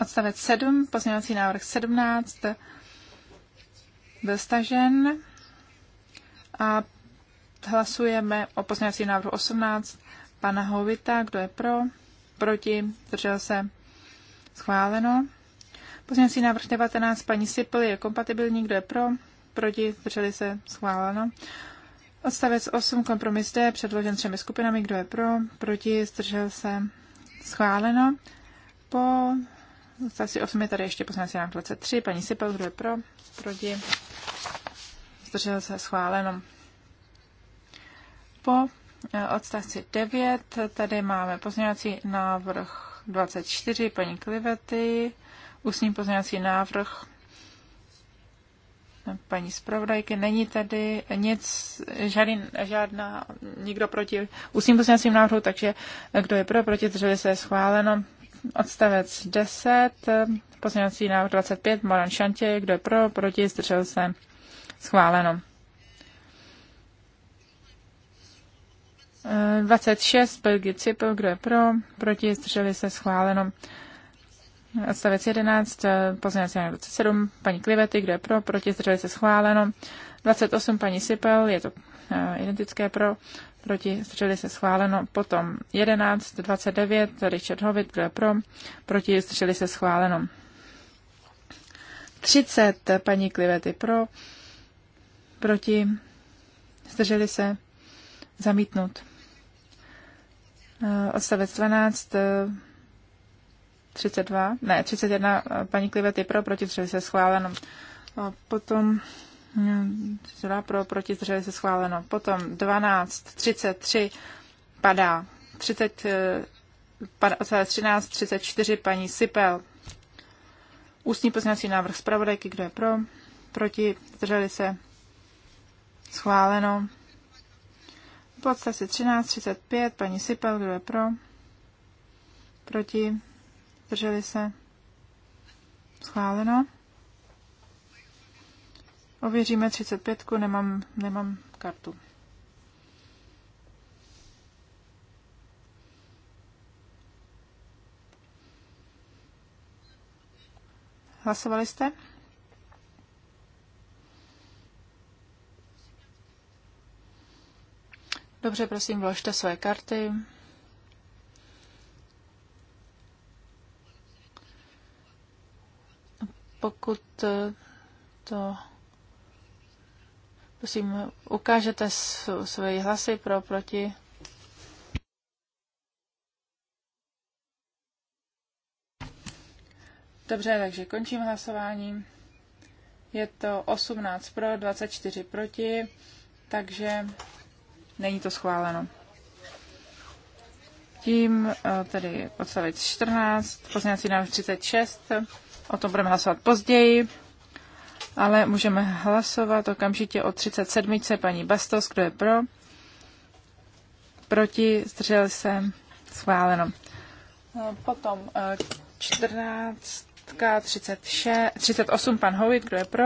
[SPEAKER 1] Odstavec 7, pozměňovací návrh 17 byl stažen a hlasujeme o pozměňovací návrhu 18 pana Houvita, kdo je pro, proti, Zdržel se schváleno. Pozměňovací návrh 19 paní Sipl je kompatibilní, kdo je pro, proti, zdrželi se, schváleno. Odstavec 8, kompromis D, předložen třemi skupinami, kdo je pro, proti, zdržel se, schváleno. Po odstavci 8 je tady ještě poslanecí návrh 23, paní Sipel, kdo je pro, proti, zdržel se, schváleno. Po eh, odstavci 9 tady máme pozměňovací návrh 24, paní Klivety, Ústní pozměňovací návrh paní zpravodajky. Není tady nic, žádný, žádná, nikdo proti ústním pozměňovacím návrhu, takže kdo je pro, proti, drželi se, schváleno. Odstavec 10, pozměňovací návrh 25, Moran Šantě, kdo je pro, proti, zdržel se, schváleno. 26, Belgi Cipl, kdo je pro, proti, zdrželi se, schváleno. Odstavec 11, eh, pozměňovací návrh 27, paní Klivety, kdo je pro, proti, zdrželi se schváleno. 28, paní Sipel, je to eh, identické pro, proti, zdrželi se schváleno. Potom 11, 29, Richard Hovit, kdo je pro, proti, zdrželi se schváleno. 30, paní Klivety pro, proti, zdrželi se zamítnut. Eh, odstavec 12, 32, ne, 31 eh, paní Klivety eh, pro, proti zdrželi se schváleno. Potom 32 pro, proti zdrželi se schváleno. Potom 12, 33 padá. 30, eh, pad, 13, 34 paní Sipel. Ústní poznací návrh zpravodajky, kdo je pro, proti, zdrželi se schváleno. Podstavci 13, 35, paní Sipel, kdo je pro, proti, Zdrželi se? Schváleno. Ověříme 35, nemám, nemám kartu. Hlasovali jste? Dobře, prosím, vložte své karty. pokud eh, to prosím, ukážete své hlasy pro, proti. Dobře, takže končím hlasování. Je to 18 pro, 24 proti, takže není to schváleno. Tím eh, tedy odstavec 14, pozměňovací návrh 36 o tom budeme hlasovat později, ale můžeme hlasovat okamžitě o 37. paní Bastos, kdo je pro, proti, zdržel se, schváleno. No, potom 14. 36, 38 pan Howitt, kdo je pro,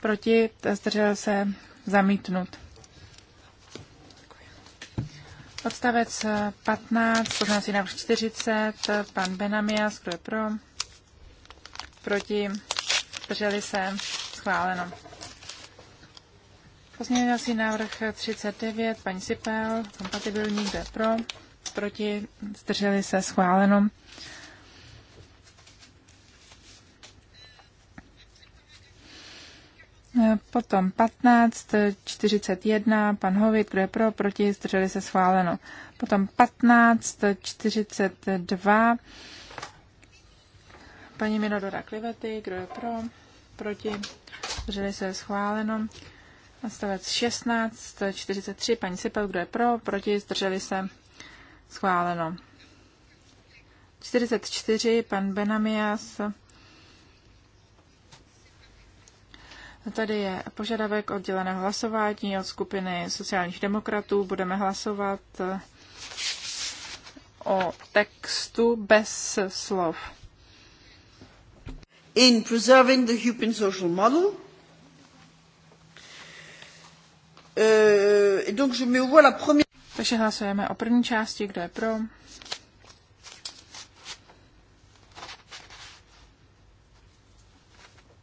[SPEAKER 1] proti, zdržel se, zamítnut. Odstavec 15, poznávací návrh 40, pan Benamias, kdo je pro? Proti? Zdrželi se? Schváleno. Pozměňovací návrh 39, paní Sipel, kompatibilní, kdo je pro? Proti? Zdrželi se? Schváleno. Potom 15, 41, pan Hovit, kdo je pro, proti, zdrželi se schváleno. Potom 15, 42, paní Minodora Klivety, kdo je pro, proti, zdrželi se schváleno. Nastavec 16, 43, paní Sipel, kdo je pro, proti, zdrželi se schváleno. 44, pan Benamias, Tady je požadavek odděleného hlasování od skupiny sociálních demokratů. Budeme hlasovat eh, o textu bez slov. In preserving the human social model. Euh, donc je mets la première. Takže hlasujeme o první části, kdo je pro.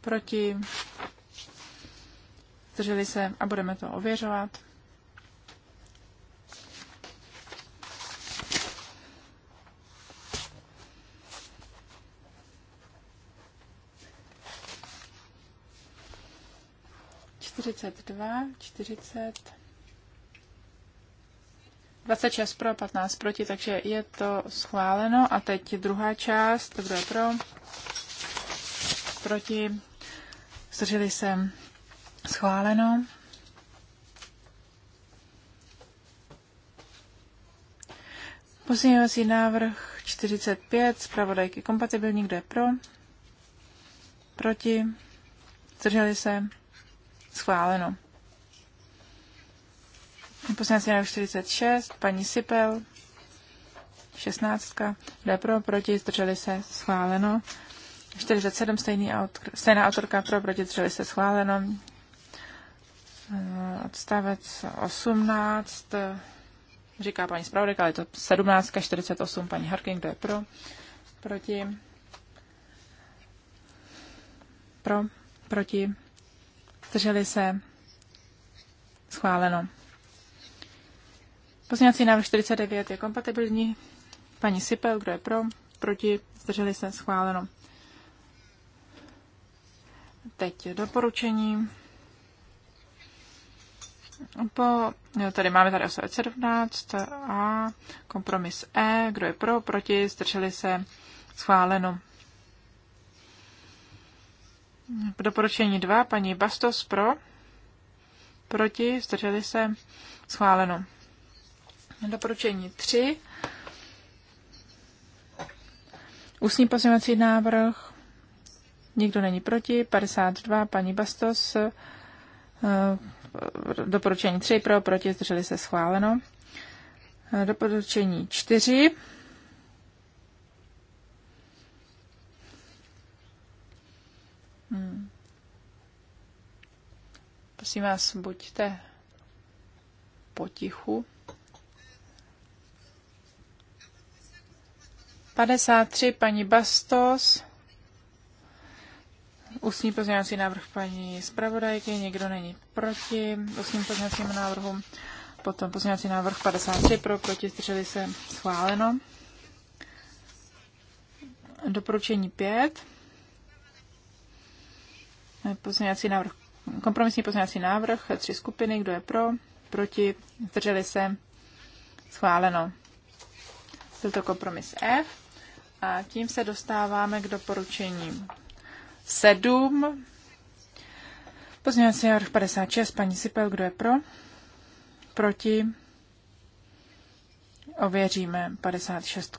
[SPEAKER 1] Proti zdrželi se a budeme to ověřovat. Čtyřicet dva, čtyřicet... šest pro, 15 proti, takže je to schváleno. A teď druhá část, kdo je pro, proti, zdrželi se, Schváleno. Pozměňovací návrh 45, zpravodajky kompatibilní, kdo je pro? Proti? Zdrželi se? Schváleno. Poslanec návrh 46, paní Sipel, 16, kdo je pro, proti, zdrželi se, schváleno. 47, stejný autor, stejná autorka, pro, proti, zdrželi se, schváleno. Eh, odstavec 18, eh, říká paní Spravodek, ale je to 17, 48, paní Harking, kdo je pro, proti, pro, proti, zdrželi se, schváleno. Pozměňovací návrh 49 je kompatibilní. Paní Sipel, kdo je pro, proti, zdrželi se, schváleno. Teď doporučení. Po, tady máme tady odstavec 17 a kompromis E, kdo je pro, proti, zdrželi se, schváleno. Doporučení 2, paní Bastos pro, proti, zdrželi se, schváleno. Doporučení 3, ústní pozměňovací návrh, nikdo není proti, 52, paní Bastos, eh, doporučení 3 pro, proti, zdrželi se schváleno. Doporučení 4. Hmm. Prosím vás, buďte potichu. 53, paní Bastos. Ústní pozměňovací návrh paní zpravodajky, někdo není proti ústním pozměňovacímu návrhu. Potom pozměňovací návrh 53 pro, proti zdrželi se schváleno. Doporučení 5. Pozměňovací návrh, kompromisní pozměňovací návrh, tři skupiny, kdo je pro, proti, zdrželi se, schváleno. Byl to kompromis F. A tím se dostáváme k doporučení 7. Pozměňovací návrh 56, paní Sipel, kdo je pro? Proti? Ověříme 56.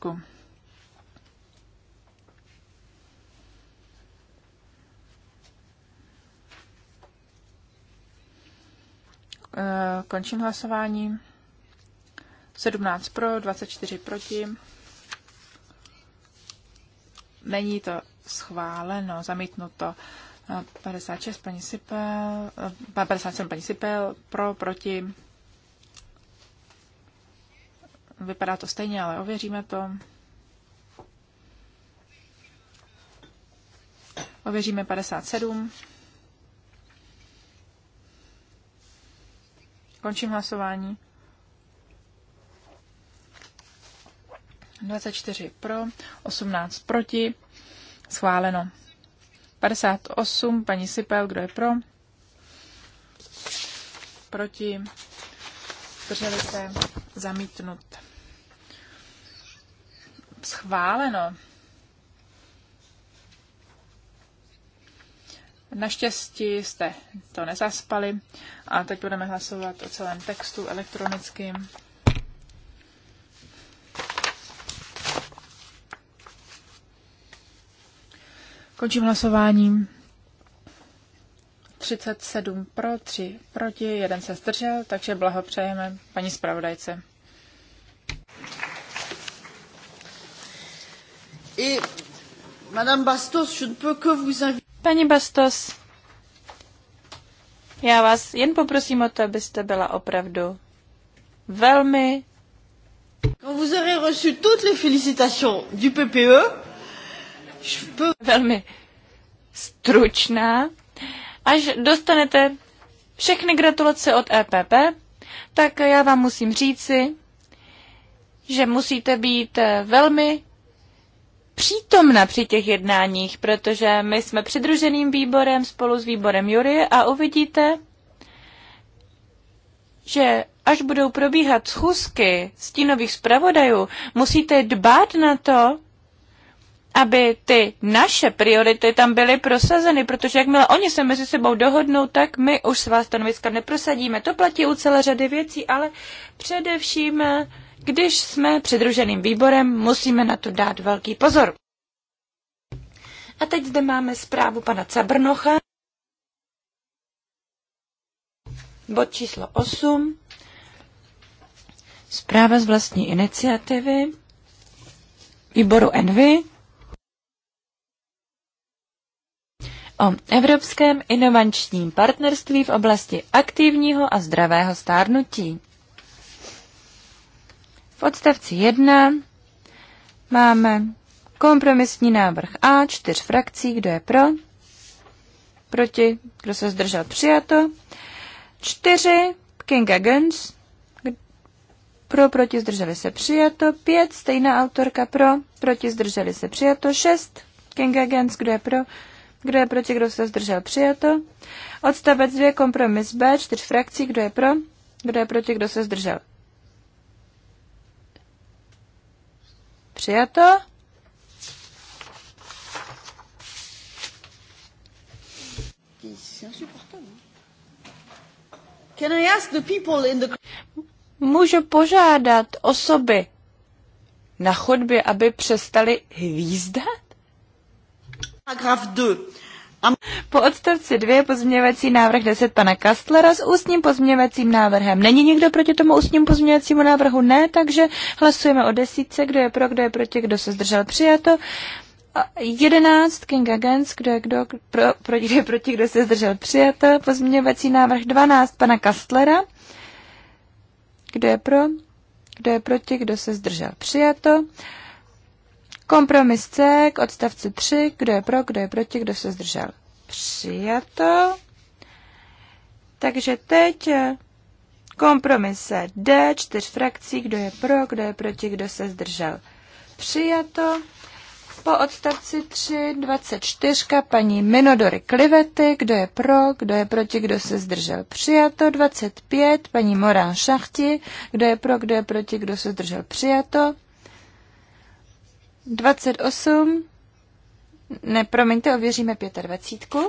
[SPEAKER 1] Eh, končím hlasování. 17 pro, 24 proti. Není to schváleno, zamítnuto. 56 paní Sipel, 57 eh, paní Sipel, pro, proti. Vypadá to stejně, ale ověříme to. Ověříme 57. Končím hlasování. 24 pro, 18 proti, Schváleno. 58, paní Sipel, kdo je pro? Proti? Drželi se? Zamítnut. Schváleno. Naštěstí jste to nezaspali a teď budeme hlasovat o celém textu elektronickým. Končím hlasováním. 37 pro, 3 proti, jeden se zdržel, takže blahopřejeme paní zpravodajce.
[SPEAKER 2] Madame Bastos, je ne peux que vous Paní Bastos, já vás jen poprosím o to, abyste byla opravdu velmi. Quand vous aurez reçu toutes les félicitations du PPE, velmi stručná. Až dostanete všechny gratulace od EPP, tak já vám musím říci, že musíte být velmi přítomna při těch jednáních, protože my jsme přidruženým výborem spolu s výborem Jury a uvidíte, že až budou probíhat schůzky stínových zpravodajů, musíte dbát na to, aby ty naše priority tam byly prosazeny, protože jakmile oni se mezi sebou dohodnou, tak my už svá stanoviska neprosadíme. To platí u celé řady věcí, ale především, když jsme přidruženým výborem, musíme na to dát velký pozor. A teď zde máme zprávu pana Cabrnocha. Bod číslo 8. Zpráva z vlastní iniciativy výboru Envy. o Evropském inovačním partnerství v oblasti aktivního a zdravého stárnutí. V odstavci 1 máme kompromisní návrh A, čtyř frakcí, kdo je pro, proti, kdo se zdržel, přijato. Čtyři, Kinga Guns, pro, proti, zdrželi se, přijato. Pět, stejná autorka, pro, proti, zdrželi se, přijato. Šest, Kinga Guns, kdo je pro, kdo je proti, kdo se zdržel? Přijato. Odstavec 2, kompromis B, čtyř frakcí. Kdo je pro? Kdo je proti, kdo se zdržel? Přijato. Can I ask the people in the... Můžu požádat osoby na chodbě, aby přestali hvízdat? Po odstavci 2 pozměňovací návrh 10 pana Kastlera s ústním pozměňovacím návrhem. Není nikdo proti tomu ústním pozměňovacímu návrhu? Ne, takže hlasujeme o desítce, kdo je pro, kdo je proti, kdo se zdržel přijato. 11 King Agents, kdo je kdo, pro, pro, kdo je proti, kdo se zdržel přijato. Pozměňovací návrh 12 pana Kastlera. Kdo je pro, kdo je proti, kdo se zdržel přijato. Kompromis C k odstavci 3, kdo je pro, kdo je proti, kdo se zdržel. Přijato. Takže teď kompromise D, čtyř frakcí, kdo je pro, kdo je proti, kdo se zdržel. Přijato. Po odstavci 3, 24, paní Minodory Klivety, kdo je pro, kdo je proti, kdo se zdržel. Přijato. 25, paní Morán Šachti, kdo je pro, kdo je proti, kdo se zdržel. Přijato. 28. Ne, promiňte, ověříme 25.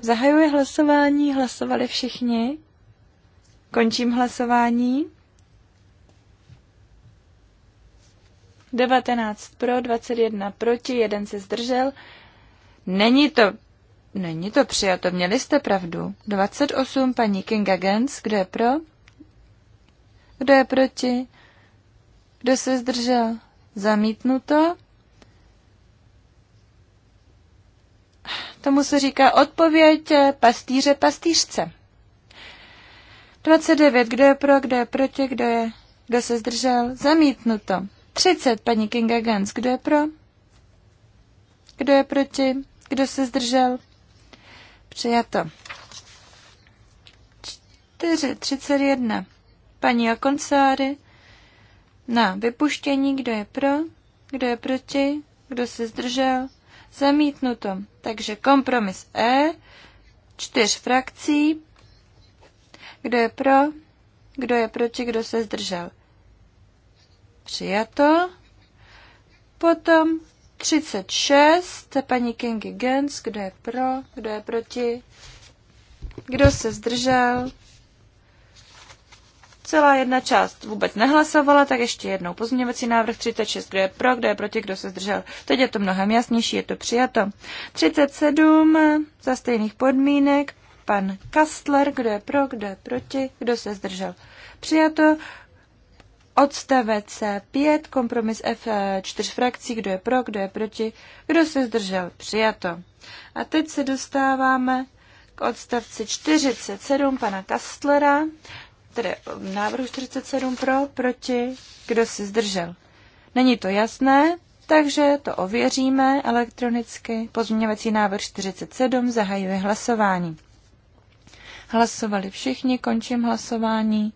[SPEAKER 2] Zahajuji hlasování, hlasovali všichni. Končím hlasování. 19 pro, 21 proti, jeden se zdržel. Není to, není to přijato, měli jste pravdu. 28 paní Kinga Gens, kdo je pro? Kdo je proti? Kdo se zdržel? Zamítnuto. Tomu se říká odpověď pastýře pastýřce. 29. Kdo je pro, kdo je proti, kdo je, kdo se zdržel? Zamítnuto. 30. Paní Kinga Gans. Kdo je pro? Kdo je proti? Kdo se zdržel? Přijato. 4. 31 paní Akoncáry na vypuštění, kdo je pro, kdo je proti, kdo se zdržel, zamítnuto. Takže kompromis E, čtyř frakcí, kdo je pro, kdo je proti, kdo se zdržel. Přijato. Potom 36, paní Kingy Gens, kdo je pro, kdo je proti, kdo se zdržel, celá jedna část vůbec nehlasovala, tak ještě jednou pozměňovací návrh 36, kdo je pro, kdo je proti, kdo se zdržel. Teď je to mnohem jasnější, je to přijato. 37 eh, za stejných podmínek, pan Kastler, kdo je pro, kdo je proti, kdo se zdržel. Přijato. Odstavec 5, kompromis F, 4 eh, frakcí, kdo je pro, kdo je proti, kdo se zdržel, přijato. A teď se dostáváme k odstavci 47 pana Kastlera tedy návrhu 47 pro, proti, kdo se zdržel. Není to jasné, takže to ověříme elektronicky. Pozměňovací návrh 47 zahajuje hlasování. Hlasovali všichni, končím hlasování.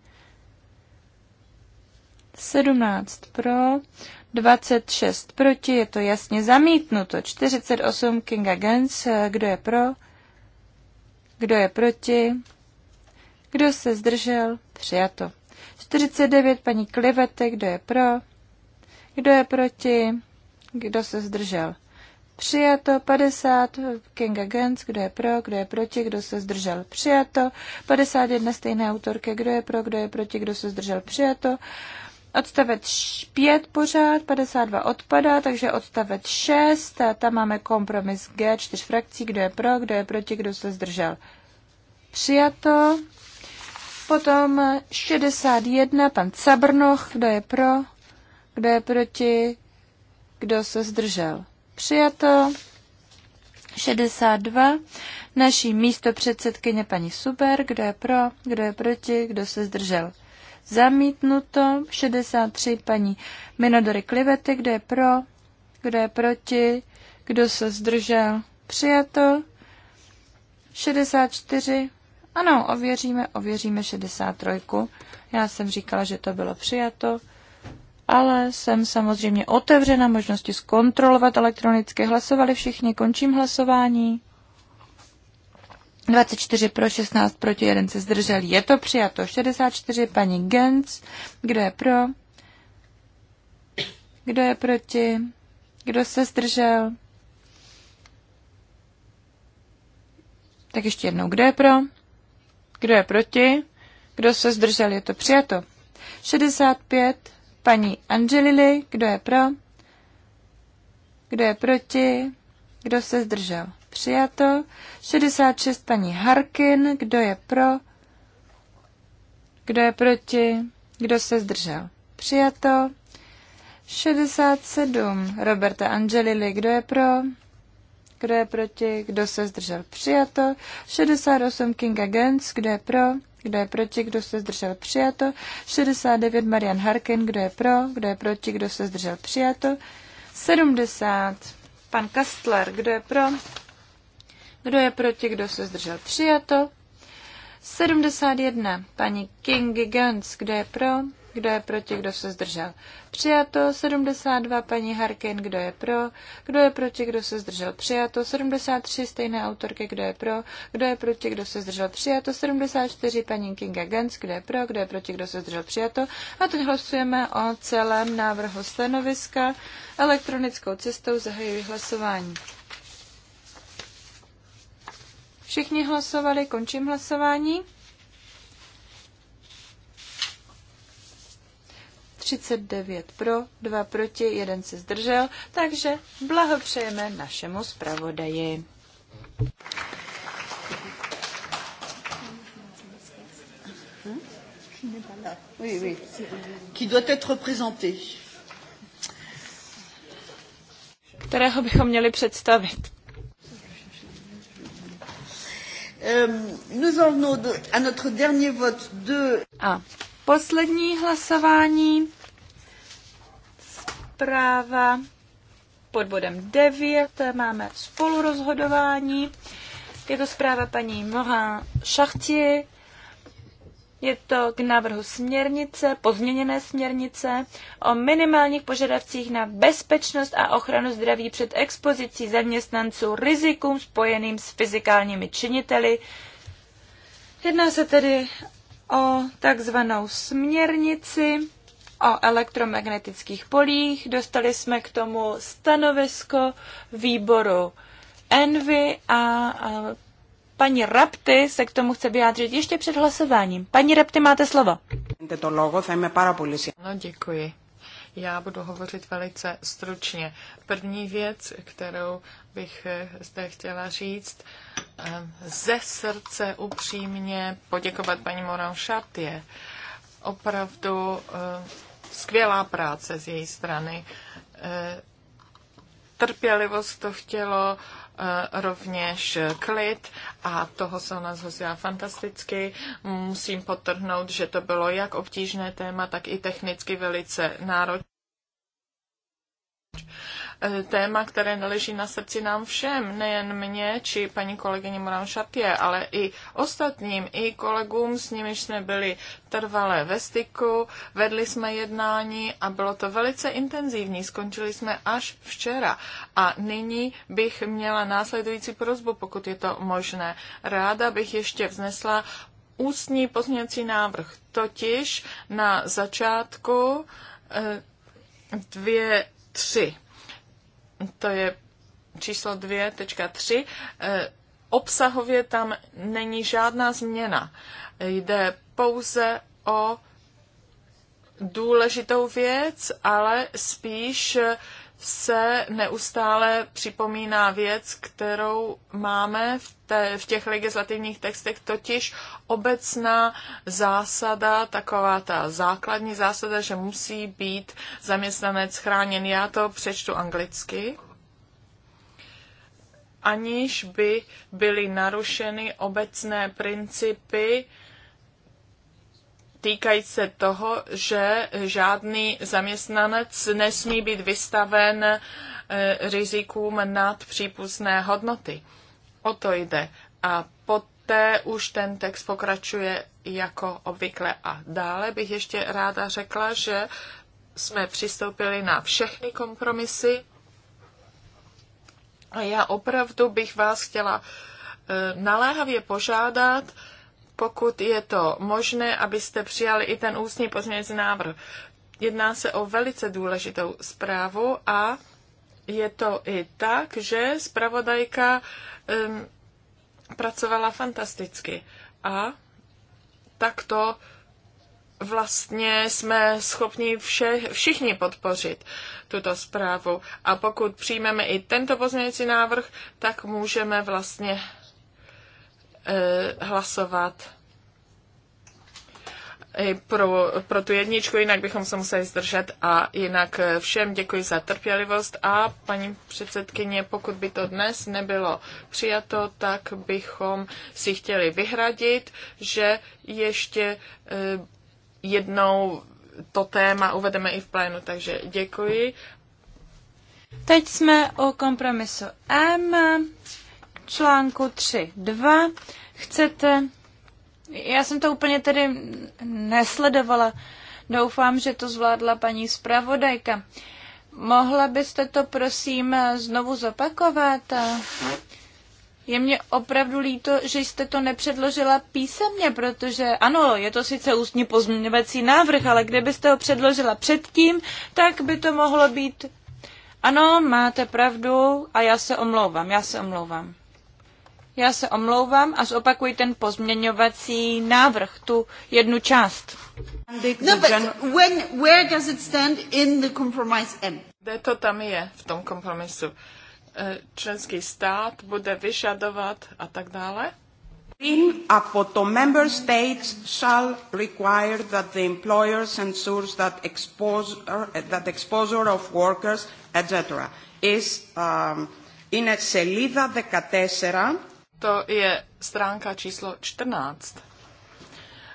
[SPEAKER 2] 17 pro, 26 proti, je to jasně zamítnuto. 48 King Against, kdo je pro, kdo je proti, kdo se zdržel? Přijato. 49 paní Klivete, kdo je pro? Kdo je proti? Kdo se zdržel? Přijato 50 Kinga Gens, kdo je pro, kdo je proti, kdo se zdržel přijato. 51 stejné autorky, kdo je pro, kdo je proti, kdo se zdržel přijato. Odstavec 5 pořád, 52 odpadá, takže odstavec 6, a tam máme kompromis G, 4 frakcí, kdo je pro, kdo je proti, kdo se zdržel. Přijato, Potom 61, pan Cabrnoch, kdo je pro, kdo je proti, kdo se zdržel. Přijato. 62. Naší místo předsedkyně paní Super, kdo je pro, kdo je proti, kdo se zdržel. Zamítnuto. 63. Paní Minodory Klivety, kdo je pro, kdo je proti, kdo se zdržel. Přijato. 64. Ano, ověříme, ověříme 63. Já jsem říkala, že to bylo přijato, ale jsem samozřejmě otevřena možnosti zkontrolovat elektronicky. Hlasovali všichni, končím hlasování. 24 pro, 16 proti, 1 se zdržel. Je to přijato. 64 paní Gens. Kdo je pro? Kdo je proti? Kdo se zdržel? Tak ještě jednou, kdo je pro? Kdo je proti? Kdo se zdržel? Je to přijato. 65. Paní Angelili. Kdo je pro? Kdo je proti? Kdo se zdržel? Přijato. 66. Paní Harkin. Kdo je pro? Kdo je proti? Kdo se zdržel? Přijato. 67. Roberta Angelili. Kdo je pro? kdo je proti, kdo se zdržel přijato, 68 King Agents, kdo je pro, kdo je proti, kdo se zdržel přijato, 69 Marian Harkin, kdo je pro, kdo je proti, kdo se zdržel přijato, 70 pan Kastler, kdo je pro, kdo je proti, kdo se zdržel přijato, 71 paní King Guns, kdo je pro, kdo je proti, kdo se zdržel. Přijato 72, paní Harkin, kdo je pro, kdo je proti, kdo se zdržel. Přijato 73, stejné autorky, kdo je pro, kdo je proti, kdo se zdržel. Přijato 74, paní Kinga Gens, kdo je pro, kdo je proti, kdo se zdržel. Přijato. A teď hlasujeme o celém návrhu stanoviska. Elektronickou cestou zahajuji hlasování. Všichni hlasovali, končím hlasování. 39 pro, 2 proti, 1 se zdržel, takže blahopřejeme našemu zpravodaji.
[SPEAKER 1] Oui, oui. Qui
[SPEAKER 2] doit être présenté. Kterého bychom měli představit. A poslední hlasování práva. Pod bodem 9 máme spolurozhodování. Je to zpráva paní Mohan Šachti. Je to k návrhu směrnice, pozměněné směrnice o minimálních požadavcích na bezpečnost a ochranu zdraví před expozicí zaměstnanců rizikům spojeným s fyzikálními činiteli. Jedná se tedy o takzvanou směrnici o elektromagnetických polích. Dostali jsme k tomu stanovisko výboru Envy a paní Rapty se k tomu chce vyjádřit ještě před hlasováním. Paní Rapty, máte slovo.
[SPEAKER 3] No, děkuji. Já budu hovořit velice stručně. První věc, kterou bych eh, zde chtěla říct, eh, ze srdce upřímně poděkovat paní Moran Šartě. Opravdu eh, skvělá práce z její strany. Eh, trpělivost to chtělo, eh, rovněž klid a toho se ona zhostila fantasticky. Musím potrhnout, že to bylo jak obtížné téma, tak i technicky velice náročné. Eh, téma, které naleží na srdci nám všem, nejen mě či paní kolegyni Moran Šatě, ale i ostatním, i kolegům, s nimiž jsme byli trvalé ve styku, vedli jsme jednání a bylo to velice intenzivní. Skončili jsme až včera a nyní bych měla následující prozbu, pokud je to možné. Ráda bych ještě vznesla ústní pozměňovací návrh, totiž na začátku eh, dvě 3. To je číslo 2.3. E, obsahově tam není žádná změna. Jde pouze o důležitou věc, ale spíš se neustále připomíná věc, kterou máme v, te, v těch legislativních textech, totiž obecná zásada, taková ta základní zásada, že musí být zaměstnanec chráněn. Já to přečtu anglicky aniž by byly narušeny obecné principy týkají se toho, že žádný zaměstnanec nesmí být vystaven eh, rizikům nad přípustné hodnoty. O to jde. A poté už ten text pokračuje jako obvykle. A dále bych ještě ráda řekla, že jsme přistoupili na všechny kompromisy. A já opravdu bych vás chtěla eh, naléhavě požádat, pokud je to možné, abyste přijali i ten ústní pozměňovací návrh. Jedná se o velice důležitou zprávu a je to i tak, že zpravodajka um, pracovala fantasticky. A takto vlastně jsme schopni vše, všichni podpořit tuto zprávu. A pokud přijmeme i tento pozměňující návrh, tak můžeme vlastně Eh, hlasovat pro, pro tu jedničku, jinak bychom se museli zdržet a jinak eh, všem děkuji za trpělivost a paní předsedkyně, pokud by to dnes nebylo přijato, tak bychom si chtěli vyhradit, že ještě eh, jednou to téma uvedeme i v plénu, takže děkuji.
[SPEAKER 2] Teď jsme o kompromisu M článku 3.2 chcete, já jsem to úplně tedy nesledovala, doufám, že to zvládla paní zpravodajka. Mohla byste to prosím znovu zopakovat? Je mě opravdu líto, že jste to nepředložila písemně, protože ano, je to sice ústní pozměňovací návrh, ale kdybyste ho předložila předtím, tak by to mohlo být. Ano, máte pravdu a já se omlouvám, já se omlouvám. Já se omlouvám a zopakuji ten pozměňovací návrh, tu jednu část. No, but
[SPEAKER 3] when, where does it stand in the compromise M? Kde to tam je v tom kompromisu? E, členský stát bude vyžadovat a tak dále? a potom member states shall require that the employer censures that exposure, eh, that exposure of workers, etc. is um, celida de 14 to je stránka číslo 14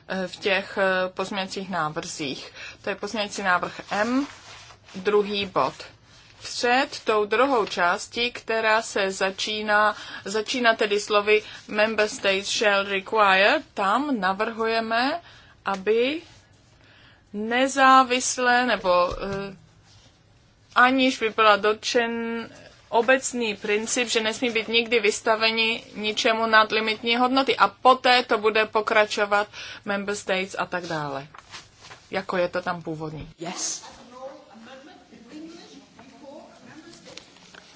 [SPEAKER 3] eh, v těch eh, pozměňovacích návrzích. To je pozměňovací návrh M, druhý bod před tou druhou částí, která se začíná, začíná tedy slovy Member States shall require, tam navrhujeme, aby nezávisle nebo uh, aniž by byla dotčen, obecný princip, že nesmí být nikdy vystaveni ničemu nad limitní hodnoty a poté to bude pokračovat member states a tak dále. Jako je to tam původní. Yes.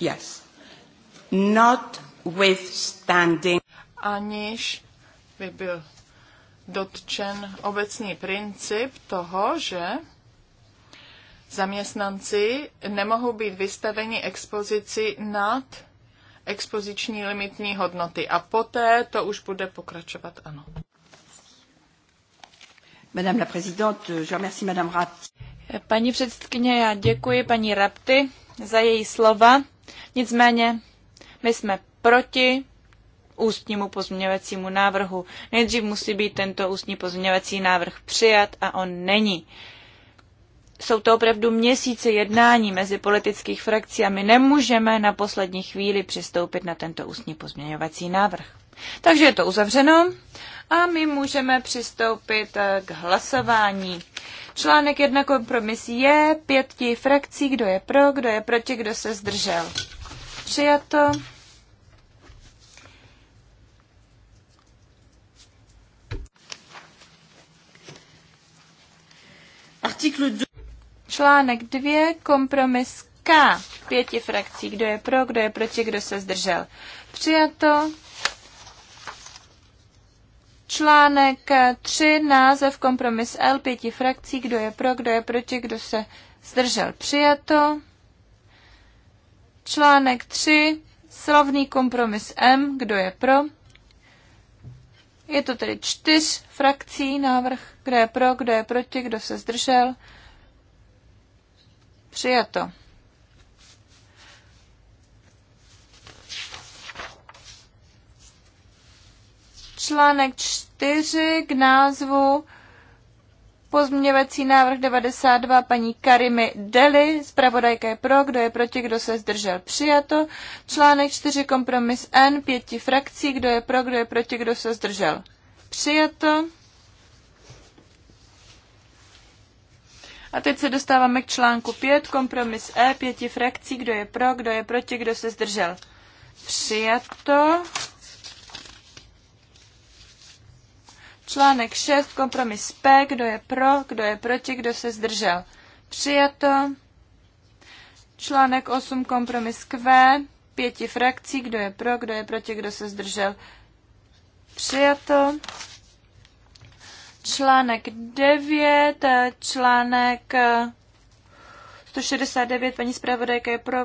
[SPEAKER 3] Yes. Notwithstanding. Aniž by byl dotčen obecný princip toho, že zaměstnanci nemohou být vystaveni expozici nad expoziční limitní hodnoty. A poté to už bude pokračovat, ano.
[SPEAKER 2] Madame la présidente, je remercie Madame Rapti. Paní předsedkyně, já děkuji paní Rapti za její slova. Nicméně my jsme proti ústnímu pozměňovacímu návrhu. Nejdřív musí být tento ústní pozměňovací návrh přijat a on není jsou to opravdu měsíce jednání mezi politických frakcí a my nemůžeme na poslední chvíli přistoupit na tento ústní pozměňovací návrh. Takže je to uzavřeno a my můžeme přistoupit eh, k hlasování. Článek jedna kompromis je pěti frakcí, kdo je pro, kdo je proti, kdo se zdržel. Přijato. Article 2. Článek 2, kompromis K, pěti frakcí, kdo je pro, kdo je proti, kdo se zdržel. Přijato. Článek 3, název kompromis L, pěti frakcí, kdo je pro, kdo je proti, kdo se zdržel. Přijato. Článek 3, slavný kompromis M, kdo je pro. Je to tedy čtyř frakcí návrh, kdo je pro, kdo je proti, kdo se zdržel. Přijato. Článek 4 k názvu Pozměňovací návrh 92 paní Karimy Deli, zpravodajka je pro, kdo je proti, kdo se zdržel, přijato. Článek 4 kompromis N, pěti frakcí, kdo je pro, kdo je proti, kdo se zdržel, přijato. A teď se dostáváme k článku 5, kompromis E, pěti frakcí, kdo je pro, kdo je proti, kdo se zdržel. Přijato. Článek 6, kompromis P, kdo je pro, kdo je proti, kdo se zdržel. Přijato. Článek 8, kompromis Q, pěti frakcí, kdo je pro, kdo je proti, kdo se zdržel. Přijato článek 9, článek 169, eh, paní zpravodajka je pro,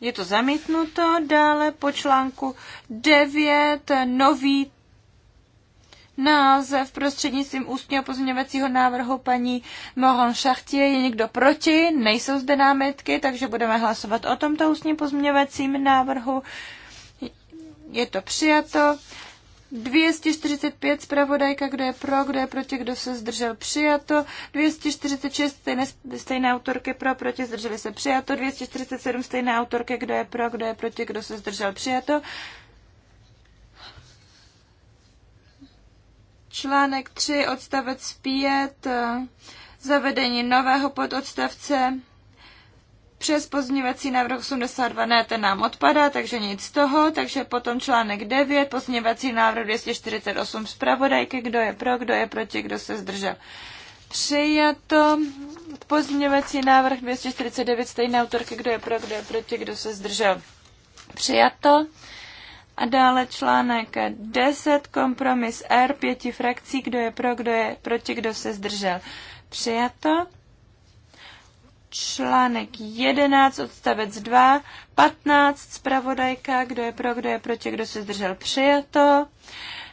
[SPEAKER 2] je to zamítnuto, dále po článku 9, nový název prostřednictvím ústního pozměňovacího návrhu paní Mohon Šachtě. Je někdo proti? Nejsou zde námitky, takže budeme hlasovat o tomto ústním pozměňovacím návrhu. Je to přijato. 245 zpravodajka, kdo je pro, kdo je proti, kdo se zdržel přijato. 246 stejné, stejné autorky pro, proti, zdrželi se přijato. 247 stejné autorky, kdo je pro, kdo je proti, kdo se zdržel přijato. Článek 3, odstavec 5, zavedení nového pododstavce přes pozměňovací návrh 82 ne, ten nám odpadá, takže nic z toho, takže potom článek 9, pozměňovací návrh 248 zpravodajky, kdo je pro, kdo je proti, kdo se zdržel. Přijato pozměňovací návrh 249 stejné autorky, kdo je pro, kdo je proti, kdo se zdržel. Přijato. A dále článek 10, kompromis R, pěti frakcí, kdo je pro, kdo je proti, kdo se zdržel. Přijato článek 11, odstavec 2, 15, zpravodajka, kdo je pro, kdo je proti, kdo se zdržel, přijato.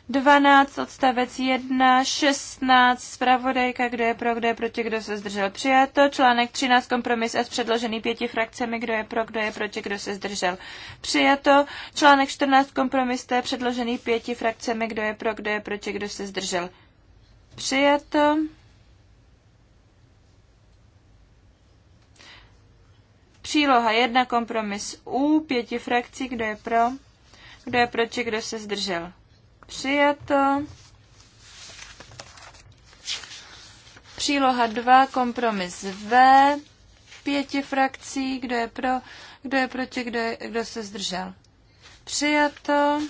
[SPEAKER 2] 12, odstavec 1, 16, zpravodajka, kdo je pro, kdo je proti, kdo se zdržel, přijato. Článek 13, kompromis S předložený pěti frakcemi, kdo je pro, kdo je proti, kdo se zdržel, přijato. Článek 14, kompromis T předložený pěti frakcemi, kdo je pro, kdo je proti, kdo se zdržel, přijato. Příloha 1, kompromis U, pěti frakcí, kdo je pro, kdo je proti, kdo se zdržel. Přijato. Příloha 2, kompromis V, pěti frakcí, kdo je pro, kdo je proti, kdo, je, kdo se zdržel. Přijato.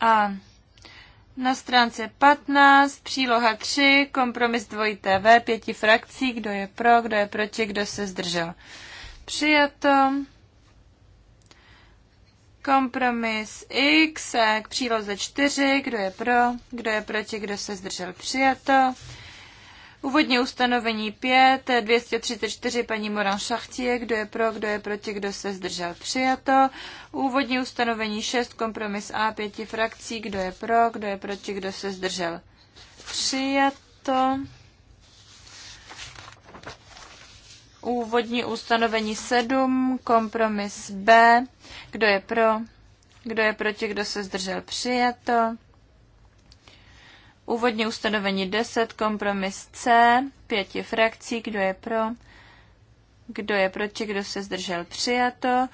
[SPEAKER 2] A na stránce 15, příloha 3, kompromis dvojité V, pěti frakcí, kdo je pro, kdo je proti, kdo se zdržel. Přijato. Kompromis X k příloze 4, kdo je pro, kdo je proti, kdo se zdržel. Přijato. Úvodní ustanovení 5, 234 paní Moran Šachtie, kdo je pro, kdo je proti, kdo se zdržel přijato. Úvodní ustanovení 6, kompromis A, pěti frakcí, kdo je pro, kdo je proti, kdo se zdržel přijato. Úvodní ustanovení 7, kompromis B, kdo je pro, kdo je proti, kdo se zdržel přijato. Úvodní ustanovení 10, kompromis C, pěti frakcí, kdo je pro, kdo je proti, kdo se zdržel přijato.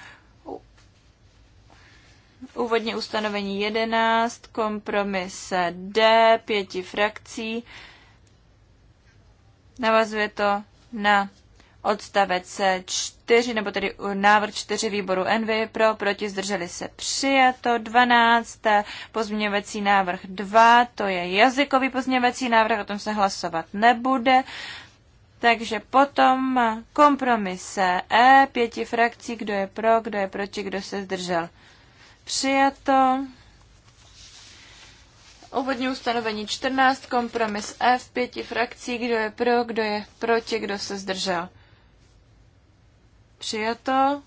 [SPEAKER 2] Úvodní ustanovení 11, kompromis D, pěti frakcí. Navazuje to na odstavec 4, nebo tedy návrh 4 výboru NV pro, proti, zdrželi se přijato, 12, pozměňovací návrh 2, to je jazykový pozměňovací návrh, o tom se hlasovat nebude, takže potom kompromise E, pěti frakcí, kdo je pro, kdo je proti, kdo se zdržel. Přijato. Úvodní ustanovení 14, kompromis F, pěti frakcí, kdo je pro, kdo je proti, kdo se zdržel. Přijato.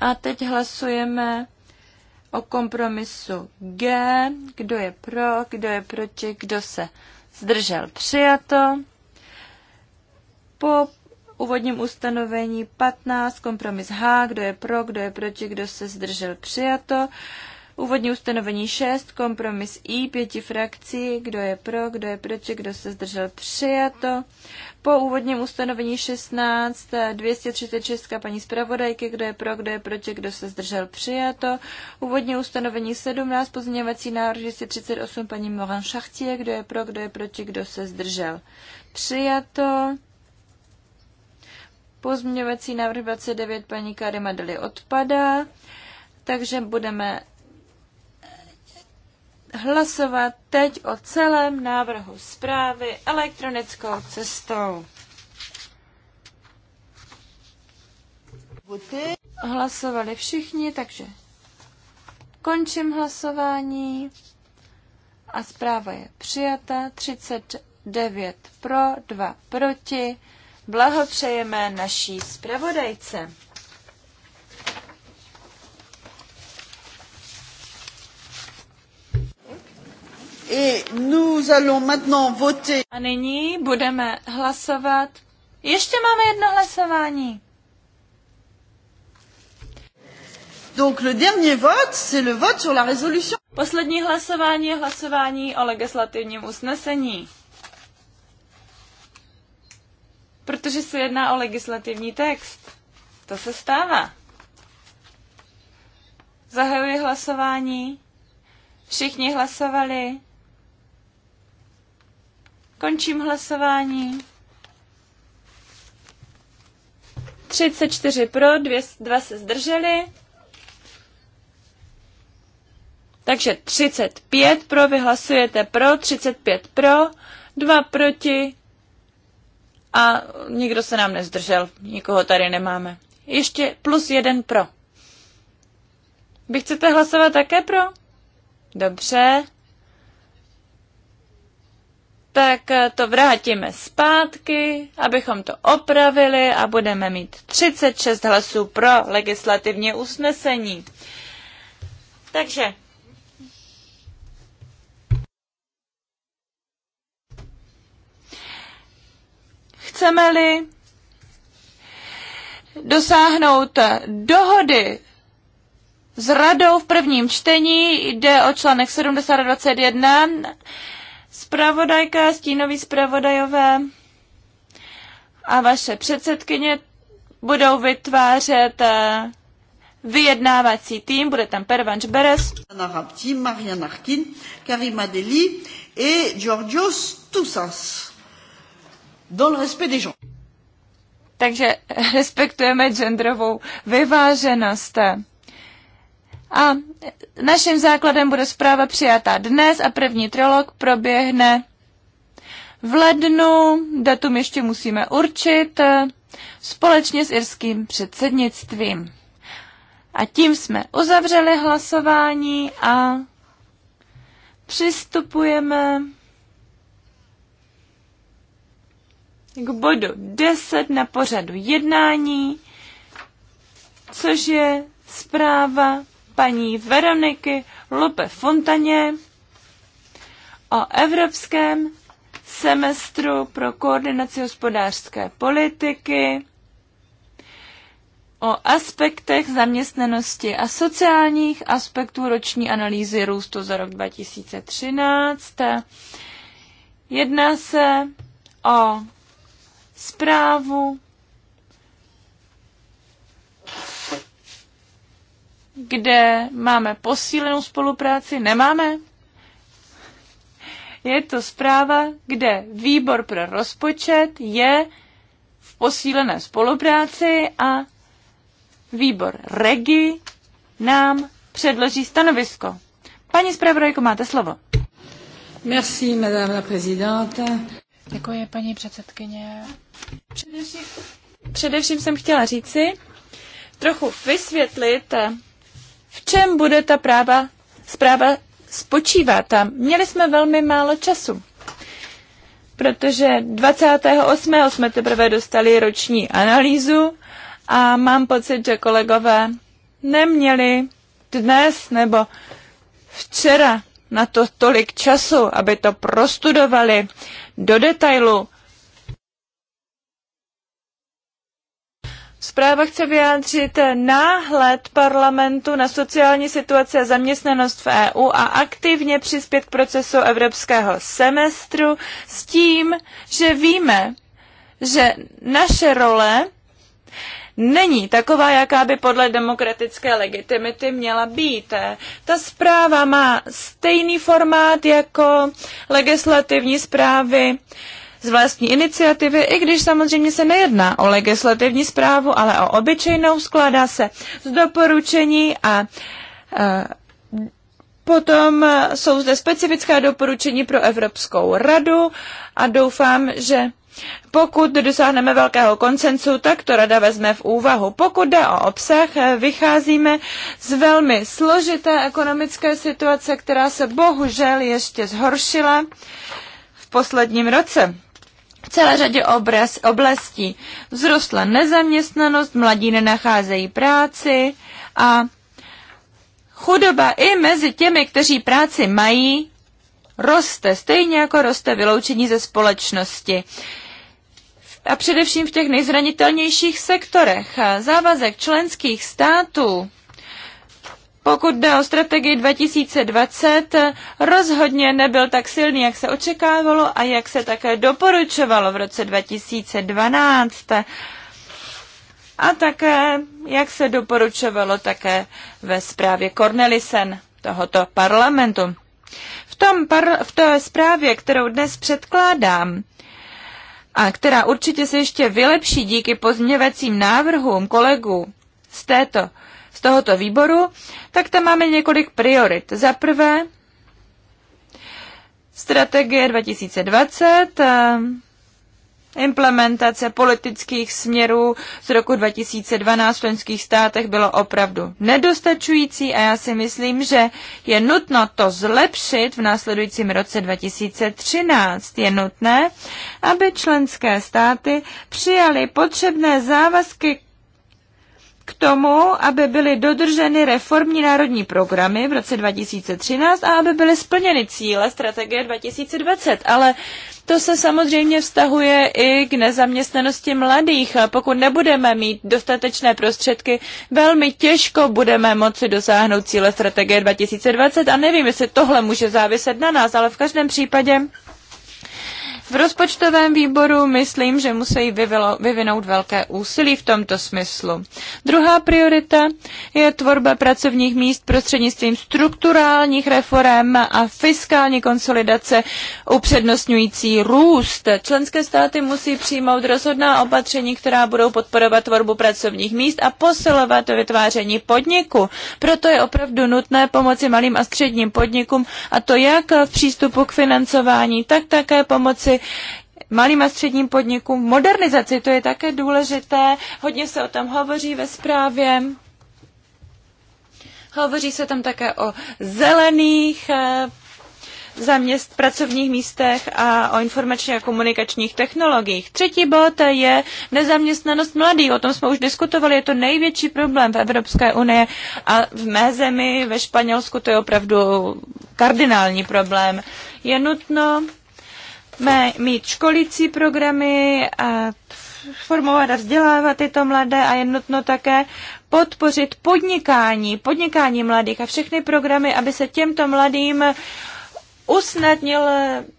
[SPEAKER 2] A teď hlasujeme o kompromisu G. Kdo je pro, kdo je proti, kdo se zdržel. Přijato. Po úvodním ustanovení 15, kompromis H, kdo je pro, kdo je proti, kdo se zdržel. Přijato. Úvodní ustanovení 6, kompromis I, pěti frakcí, kdo je pro, kdo je proti, kdo se zdržel přijato. Po úvodním ustanovení 16, 236 paní zpravodajky, kdo je pro, kdo je proti, kdo se zdržel přijato. Úvodní ustanovení 17, pozměňovací návrh 238 paní Moran Šachtie, kdo je pro, kdo je proti, kdo se zdržel přijato. Pozměňovací návrh 29 paní Karima Deli odpadá, takže budeme hlasovat teď o celém návrhu zprávy elektronickou cestou. Hlasovali všichni, takže končím hlasování a zpráva je přijata. 39 pro, 2 proti. Blahopřejeme naší zpravodajce. nous allons maintenant voter. A nyní budeme hlasovat. Ještě máme jedno hlasování. Donc le dernier vote, c'est le vote sur la résolution. Poslední hlasování je hlasování o legislativním usnesení. Protože se jedná o legislativní text. To se stává. Zahajuji hlasování. Všichni hlasovali. Končím hlasování. 34 pro, 2, 2 se zdrželi. Takže 35 pro, vy hlasujete pro, 35 pro, 2 proti a nikdo se nám nezdržel, nikoho tady nemáme. Ještě plus jeden pro. Vy chcete hlasovat také pro? Dobře, tak to vrátíme zpátky, abychom to opravili a budeme mít 36 hlasů pro legislativní usnesení. Takže chceme-li dosáhnout dohody s radou v prvním čtení, jde o článek 721 Spravodajka, stínoví spravodajové a vaše předsedkyně budou vytvářet eh, vyjednávací tým, bude tam Pervanš Beres. Rapti, Marian Arkin, Karima Deli et Georgios Toussas. Dans le respect des gens. Takže respektujeme genderovou vyváženost. A naším základem bude zpráva přijatá dnes a první trilog proběhne v lednu. Datum ještě musíme určit eh, společně s irským předsednictvím. A tím jsme uzavřeli hlasování a přistupujeme k bodu 10 na pořadu jednání, což je zpráva paní Veroniky Lupe Fontaně o Evropském semestru pro koordinaci hospodářské politiky, o aspektech zaměstnanosti a sociálních aspektů roční analýzy růstu za rok 2013. Jedná se o zprávu kde máme posílenou spolupráci? Nemáme? Je to zpráva, kde výbor pro rozpočet je v posílené spolupráci a výbor REGI nám předloží stanovisko. Paní zpravodajko, máte slovo. Merci, madame la présidente. Děkuji, paní předsedkyně. Především, především jsem chtěla říci, trochu vysvětlit v čem bude ta práva, zpráva spočívat. A měli jsme velmi málo času, protože 28. jsme teprve dostali roční analýzu a mám pocit, že kolegové neměli dnes nebo včera na to tolik času, aby to prostudovali do detailu Zpráva chce vyjádřit náhled parlamentu na sociální situaci a zaměstnanost v EU a aktivně přispět k procesu evropského semestru s tím, že víme, že naše role není taková, jaká by podle demokratické legitimity měla být. Ta zpráva má stejný formát jako legislativní zprávy z vlastní iniciativy, i když samozřejmě se nejedná o legislativní zprávu, ale o obyčejnou, skládá se z doporučení a, e, Potom jsou zde specifická doporučení pro Evropskou radu a doufám, že pokud dosáhneme velkého koncensu, tak to rada vezme v úvahu. Pokud jde o obsah, vycházíme z velmi složité ekonomické situace, která se bohužel ještě zhoršila v posledním roce v celé řadě obraz, oblastí. Vzrostla nezaměstnanost, mladí nenacházejí práci a chudoba i mezi těmi, kteří práci mají, roste, stejně jako roste vyloučení ze společnosti. A především v těch nejzranitelnějších sektorech. Závazek členských států pokud jde o strategii 2020, rozhodně nebyl tak silný, jak se očekávalo a jak se také doporučovalo v roce 2012. A také, jak se doporučovalo také ve zprávě Cornelisen tohoto parlamentu. V, tom par- v té zprávě, kterou dnes předkládám, a která určitě se ještě vylepší díky pozměvacím návrhům kolegů z této z tohoto výboru, tak tam máme několik priorit. Za prvé, strategie 2020, eh, implementace politických směrů z roku 2012 v členských státech bylo opravdu nedostačující a já si myslím, že je nutno to zlepšit v následujícím roce 2013. Je nutné, aby členské státy přijaly potřebné závazky k tomu, aby byly dodrženy reformní národní programy v roce 2013 a aby byly splněny cíle strategie 2020. Ale to se samozřejmě vztahuje i k nezaměstnanosti mladých. Pokud nebudeme mít dostatečné prostředky, velmi těžko budeme moci dosáhnout cíle strategie 2020 a nevím, jestli tohle může záviset na nás, ale v každém případě v rozpočtovém výboru myslím, že musí vyvinout velké úsilí v tomto smyslu. Druhá priorita je tvorba pracovních míst prostřednictvím strukturálních reform a fiskální konsolidace upřednostňující růst. Členské státy musí přijmout rozhodná opatření, která budou podporovat tvorbu pracovních míst a posilovat vytváření podniku. Proto je opravdu nutné pomoci malým a středním podnikům a to jak v přístupu k financování, tak také pomoci pomoci malým a středním podnikům v modernizaci. To je také důležité. Hodně se o tom hovoří ve zprávě. Hovoří se tam také o zelených eh, zaměst pracovních místech a o informačních a komunikačních technologiích. Třetí bod je nezaměstnanost mladých. O tom jsme už diskutovali, je to největší problém v Evropské unii a v mé zemi, ve Španělsku, to je opravdu kardinální problém. Je nutno mít školící programy a formovat a vzdělávat tyto mladé a je nutno také podpořit podnikání, podnikání mladých a všechny programy, aby se těmto mladým usnadnil